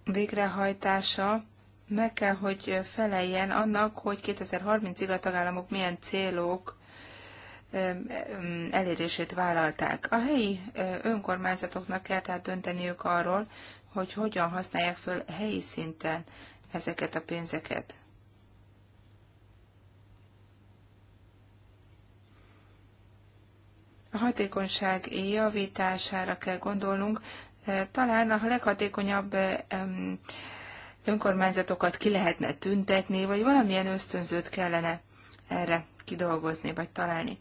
végrehajtása meg kell, hogy feleljen annak, hogy 2030-ig a tagállamok milyen célok elérését vállalták. A helyi önkormányzatoknak kell tehát dönteniük arról, hogy hogyan használják föl helyi szinten ezeket a pénzeket. A hatékonyság javítására kell gondolnunk. E, talán a leghatékonyabb e, önkormányzatokat ki lehetne tüntetni, vagy valamilyen ösztönzőt kellene erre kidolgozni vagy találni.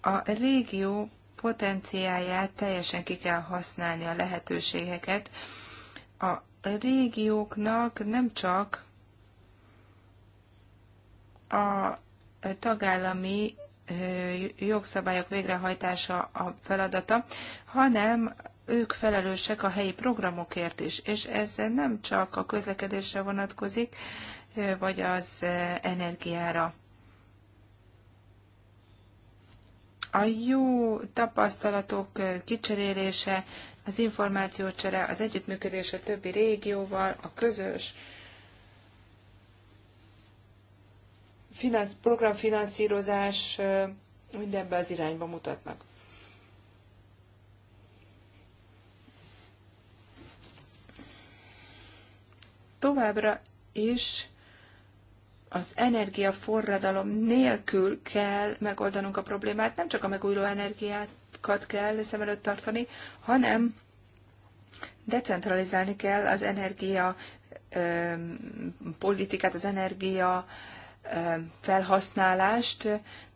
A régió potenciáját teljesen ki kell használni a lehetőségeket. A régióknak nem csak a tagállami jogszabályok végrehajtása a feladata, hanem ők felelősek a helyi programokért is, és ez nem csak a közlekedésre vonatkozik, vagy az energiára A jó tapasztalatok kicserélése, az információcsere, az együttműködés a többi régióval, a közös finansz, programfinanszírozás mindenbe az irányba mutatnak. Továbbra is az energiaforradalom nélkül kell megoldanunk a problémát, nem csak a megújuló energiákat kell szem előtt tartani, hanem decentralizálni kell az energia ö, politikát, az energia ö, felhasználást,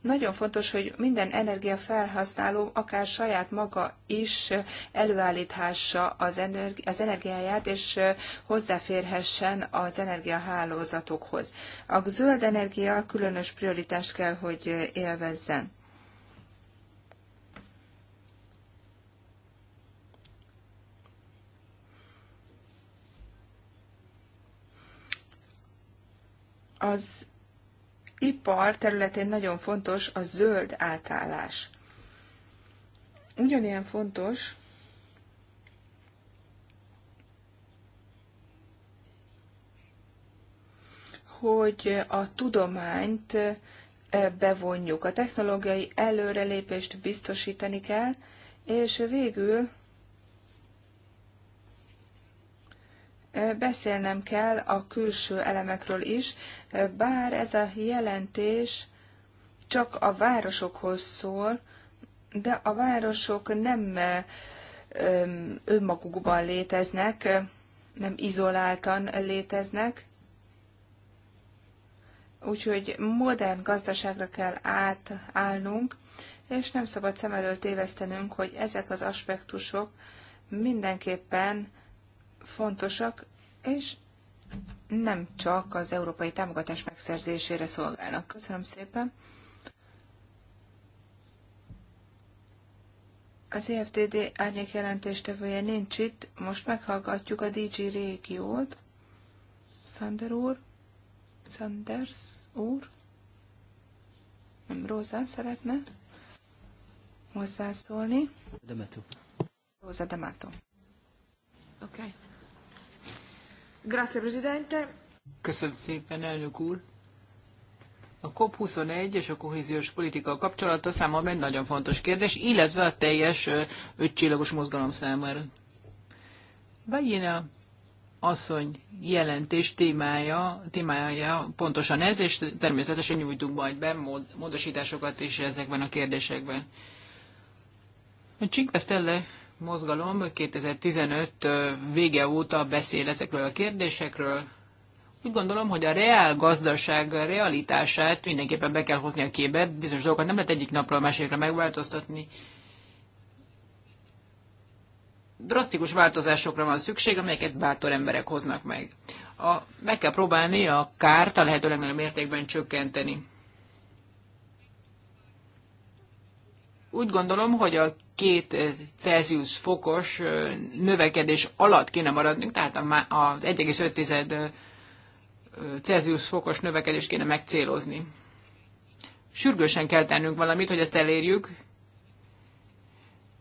nagyon fontos, hogy minden energiafelhasználó, akár saját maga is előállíthassa az, energi- az energiáját, és hozzáférhessen az energiahálózatokhoz. A zöld energia különös prioritást kell, hogy élvezzen. az ipar területén nagyon fontos a zöld átállás. Ugyanilyen fontos, hogy a tudományt e, bevonjuk. A technológiai előrelépést biztosítani kell, és végül beszélnem kell a külső elemekről is, bár ez a jelentés csak a városokhoz szól, de a városok nem önmagukban léteznek, nem izoláltan léteznek, úgyhogy modern gazdaságra kell átállnunk, és nem szabad szem előtt évesztenünk, hogy ezek az aspektusok mindenképpen fontosak, és nem csak az európai támogatás megszerzésére szolgálnak. Köszönöm szépen. Az EFTD árnyék jelentéstevője nincs itt, most meghallgatjuk a DG régiót. Sander úr, Sanders úr, nem Róza szeretne hozzászólni. Demato. Róza Demato. Oké. Okay. Köszönöm szépen, elnök úr. A COP21 és a kohéziós politika kapcsolata számomra egy nagyon fontos kérdés, illetve a teljes ötcsillagos mozgalom számára. Bajina asszony jelentés témája, témája pontosan ez, és természetesen nyújtunk majd be mód, módosításokat is ezekben a kérdésekben. A Csinkvesztelle mozgalom 2015 vége óta beszél ezekről a kérdésekről. Úgy gondolom, hogy a reál gazdaság realitását mindenképpen be kell hozni a képbe. Bizonyos dolgokat nem lehet egyik napról a másikra megváltoztatni. Drasztikus változásokra van szükség, amelyeket bátor emberek hoznak meg. A, meg kell próbálni a kárt a lehető legnagyobb mértékben csökkenteni. Úgy gondolom, hogy a két Celsius fokos növekedés alatt kéne maradnunk, tehát az 1,5 Celsius fokos növekedést kéne megcélozni. Sürgősen kell tennünk valamit, hogy ezt elérjük.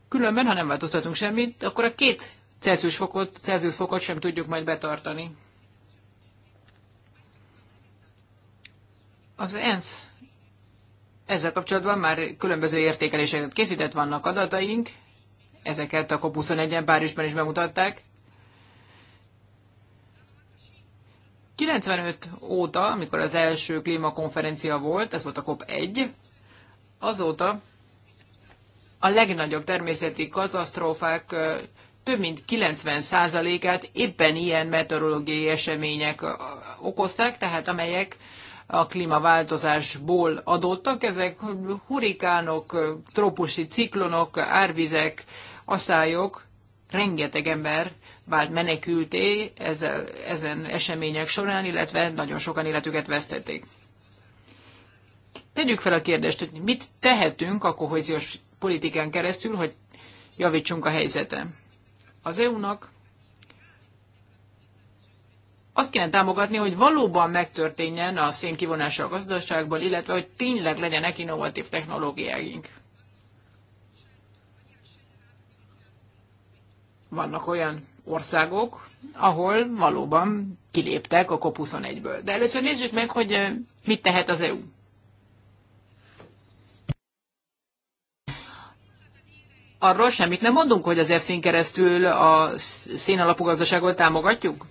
Különben, ha nem változtatunk semmit, akkor a két Celsius fokot, Celsius fokot sem tudjuk majd betartani. Az ENSZ ezzel kapcsolatban már különböző értékeléseket készített, vannak adataink, ezeket a COP21-en Párizsban is bemutatták. 95 óta, amikor az első klímakonferencia volt, ez volt a COP1, azóta a legnagyobb természeti katasztrófák több mint 90%-át éppen ilyen meteorológiai események okozták, tehát amelyek a klímaváltozásból adottak. Ezek hurikánok, trópusi ciklonok, árvizek, aszályok, rengeteg ember vált menekülté ezen események során, illetve nagyon sokan életüket vesztették. Tegyük fel a kérdést, hogy mit tehetünk a kohéziós politikán keresztül, hogy javítsunk a helyzeten. Az EU-nak azt kéne támogatni, hogy valóban megtörténjen a szén kivonása a gazdaságból, illetve hogy tényleg legyenek innovatív technológiáink. Vannak olyan országok, ahol valóban kiléptek a COP21-ből. De először nézzük meg, hogy eh, mit tehet az EU. Arról semmit nem mondunk, hogy az EFSZ-n keresztül a szénalapú gazdaságot támogatjuk?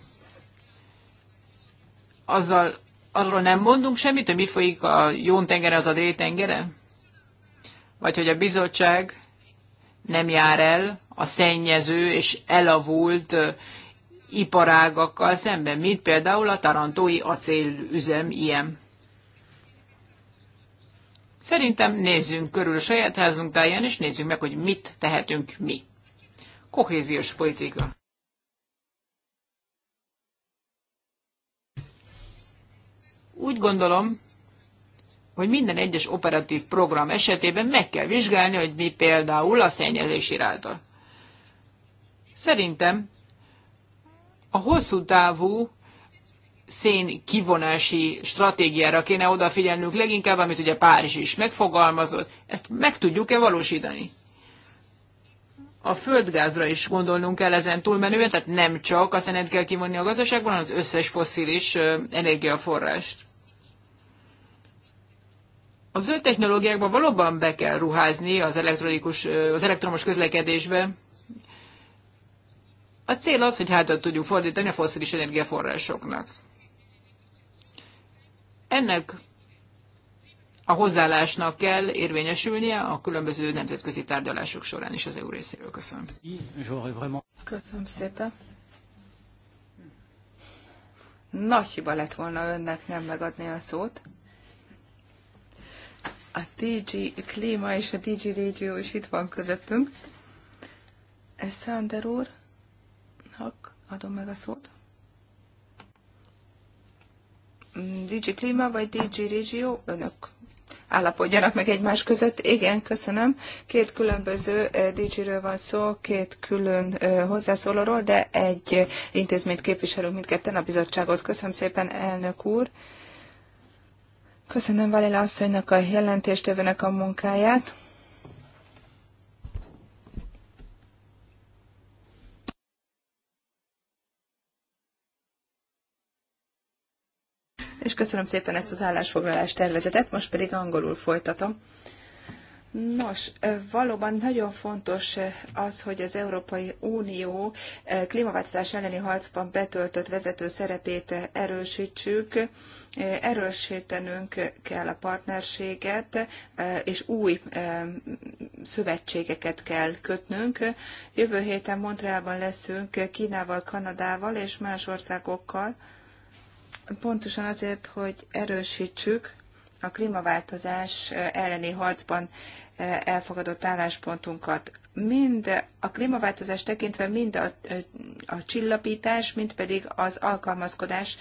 azzal, arról nem mondunk semmit, hogy mi folyik a Jón tengere, az a Dél tengere? Vagy hogy a bizottság nem jár el a szennyező és elavult iparágakkal szemben, mint például a tarantói acélüzem ilyen. Szerintem nézzünk körül a saját házunk táján, és nézzük meg, hogy mit tehetünk mi. Kohéziós politika. Úgy gondolom, hogy minden egyes operatív program esetében meg kell vizsgálni, hogy mi például a szennyezés iráltal. Szerintem a hosszú távú szén kivonási stratégiára kéne odafigyelnünk leginkább, amit ugye Párizs is megfogalmazott. Ezt meg tudjuk-e valósítani? A földgázra is gondolnunk kell ezen túlmenően, tehát nem csak a szenet kell kivonni a gazdaságban, hanem az összes foszilis energiaforrást. A zöld technológiákban valóban be kell ruházni az, elektronikus, az elektromos közlekedésbe. A cél az, hogy hátat tudjuk fordítani a foszilis energiaforrásoknak. Ennek a hozzáállásnak kell érvényesülnie a különböző nemzetközi tárgyalások során is az EU részéről. Köszönöm. Köszönöm szépen. Nagy hiba lett volna önnek nem megadni a szót a DG Klíma és a DG Régió is itt van közöttünk. Szánder úrnak adom meg a szót. DG Klíma vagy DG Régió, önök állapodjanak meg egymás között. Igen, köszönöm. Két különböző eh, DG-ről van szó, két külön eh, hozzászólóról, de egy intézményt képviselünk mindketten a bizottságot. Köszönöm szépen, elnök úr. Köszönöm Valila asszonynak a jelentéstevőnek a munkáját. És köszönöm szépen ezt az állásfoglalás tervezetet, most pedig angolul folytatom. Nos, valóban nagyon fontos az, hogy az Európai Unió klímaváltozás elleni harcban betöltött vezető szerepét erősítsük. Erősítenünk kell a partnerséget, és új szövetségeket kell kötnünk. Jövő héten Montrealban leszünk Kínával, Kanadával és más országokkal, pontosan azért, hogy erősítsük a klímaváltozás eh, elleni harcban eh, elfogadott álláspontunkat. Mind a klímaváltozás tekintve mind a, eh, a csillapítás, mind pedig az alkalmazkodás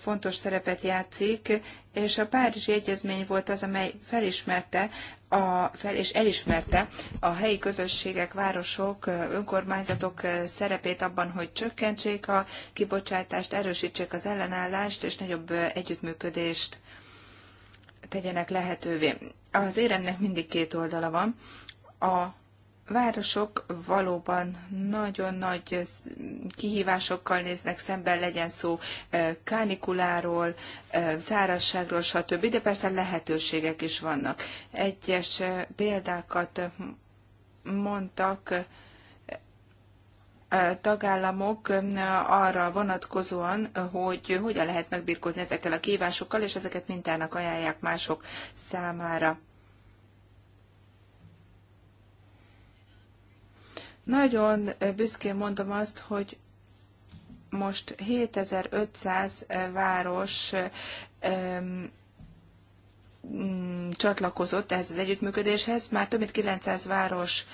fontos szerepet játszik, és a Párizsi Egyezmény volt az, amely felismerte, a, fel, és elismerte a helyi közösségek, városok, önkormányzatok szerepét abban, hogy csökkentsék a kibocsátást, erősítsék az ellenállást és nagyobb együttműködést tegyenek lehetővé. Az éremnek mindig két oldala van. A városok valóban nagyon nagy kihívásokkal néznek szemben, legyen szó kánikuláról, szárazságról, stb. De persze lehetőségek is vannak. Egyes példákat mondtak, tagállamok eh, arra vonatkozóan, hogy hogyan lehet megbirkózni ezekkel a kívásokkal, és ezeket mintának ajánlják mások számára. Nagyon büszkén mondom azt, hogy most 7500 eh, város mm, csatlakozott ehhez az együttműködéshez, már több mint 900 város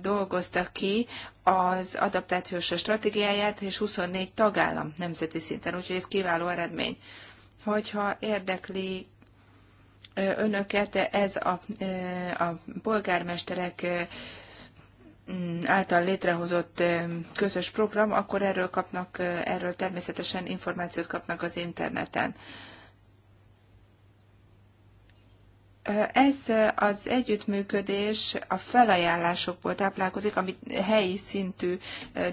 dolgozta ki az adaptációs stratégiáját, és 24 tagállam nemzeti szinten, úgyhogy ez kiváló eredmény. Hogyha érdekli önöket, ez a, a polgármesterek által létrehozott közös program, akkor erről kapnak, erről természetesen információt kapnak az interneten. Ez az együttműködés a felajánlásokból táplálkozik, amit helyi szintű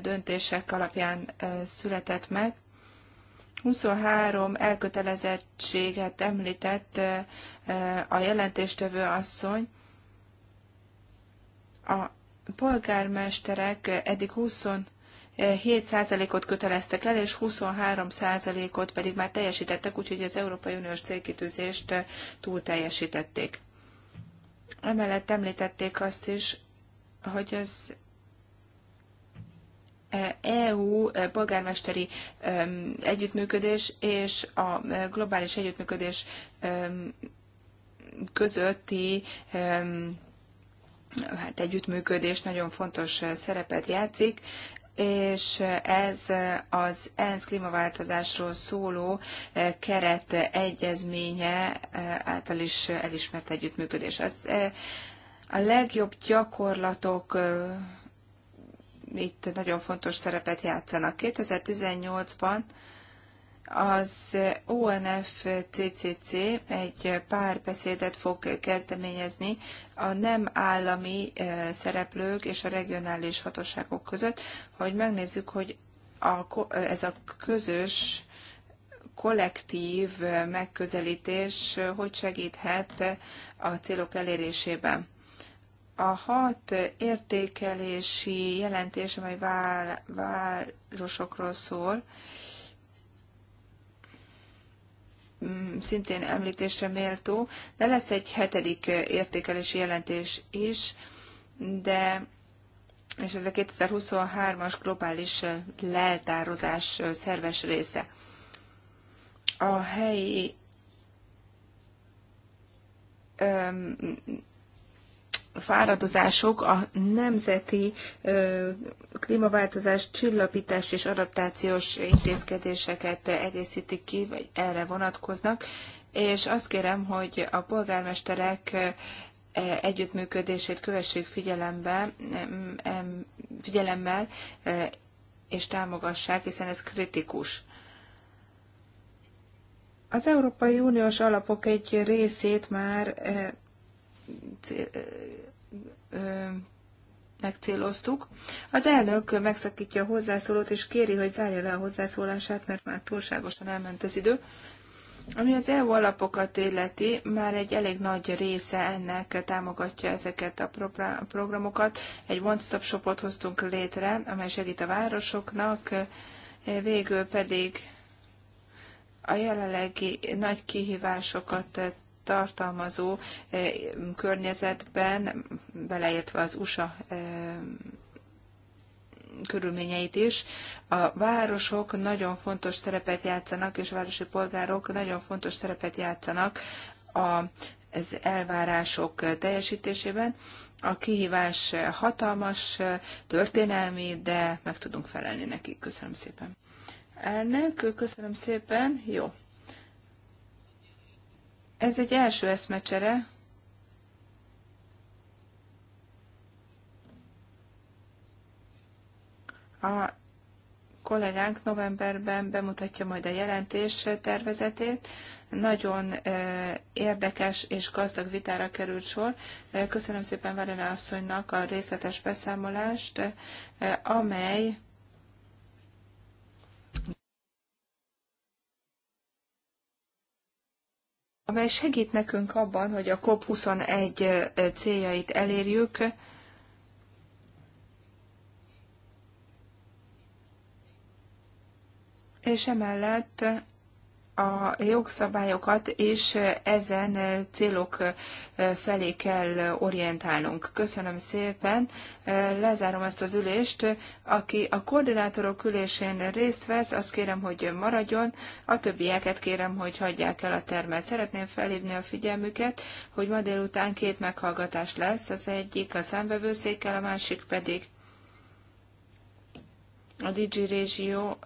döntések alapján született meg. 23 elkötelezettséget említett a jelentéstevő asszony. A polgármesterek eddig 20 7%-ot köteleztek el, és 23%-ot pedig már teljesítettek, úgyhogy az Európai Uniós célkitűzést eh, túl teljesítették. Emellett említették azt is, hogy az EU eh, e eh, polgármesteri együttműködés és a globális együttműködés közötti hát együttműködés nagyon fontos szerepet játszik és ez az ENSZ klímaváltozásról szóló eh, keret egyezménye eh, által is elismert együttműködés. Az eh, a legjobb gyakorlatok itt nagyon fontos szerepet játszanak. 2018-ban az UNFCCC egy pár beszédet fog kezdeményezni a nem állami eh, szereplők és a regionális hatóságok között, hogy megnézzük, hogy a, ez a közös kollektív megközelítés hogy segíthet a célok elérésében. A hat értékelési jelentés, amely városokról szól, Mm, szintén említésre méltó, de lesz egy hetedik értékelési jelentés is, de és ez a 2023-as globális leltározás szerves része. A helyi fáradozások a nemzeti klímaváltozás, csillapítás és adaptációs intézkedéseket egészítik ki, vagy erre vonatkoznak, és azt kérem, hogy a polgármesterek együttműködését kövessék figyelembe, figyelemmel, és támogassák, hiszen ez kritikus. Az Európai Uniós alapok egy részét már megcéloztuk. Az elnök megszakítja a hozzászólót, és kéri, hogy zárja le a hozzászólását, mert már túlságosan elment az idő. Ami az EU alapokat illeti, már egy elég nagy része ennek támogatja ezeket a programokat. Egy one-stop shopot hoztunk létre, amely segít a városoknak, e, végül pedig a jelenlegi nagy kihívásokat tartalmazó eh, környezetben, beleértve az USA eh, körülményeit is. A városok nagyon fontos szerepet játszanak, és városi polgárok nagyon fontos szerepet játszanak az elvárások teljesítésében. A kihívás hatalmas, történelmi, de meg tudunk felelni neki. Köszönöm szépen. Elnök, köszönöm szépen. Jó. Ez egy első eszmecsere. A kollégánk novemberben bemutatja majd a jelentés tervezetét. Nagyon érdekes és gazdag vitára került sor. Köszönöm szépen Varela asszonynak a részletes beszámolást, amely amely segít nekünk abban, hogy a COP21 eh, céljait elérjük, és emellett a jogszabályokat, és ezen célok felé kell orientálnunk. Köszönöm szépen, lezárom ezt az ülést. Aki a koordinátorok ülésén részt vesz, azt kérem, hogy maradjon, a többieket kérem, hogy hagyják el a termet. Szeretném felhívni a figyelmüket, hogy ma délután két meghallgatás lesz, az egyik a számbevőszékkel, a másik pedig a Digi Régió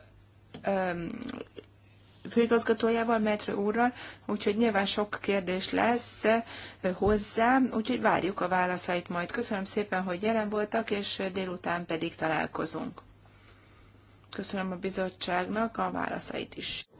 főigazgatójával, Metre úrral, úgyhogy nyilván sok kérdés lesz eh, hozzá, úgyhogy várjuk a válaszait majd. Köszönöm szépen, hogy jelen voltak, és délután pedig találkozunk. Köszönöm a bizottságnak a válaszait is.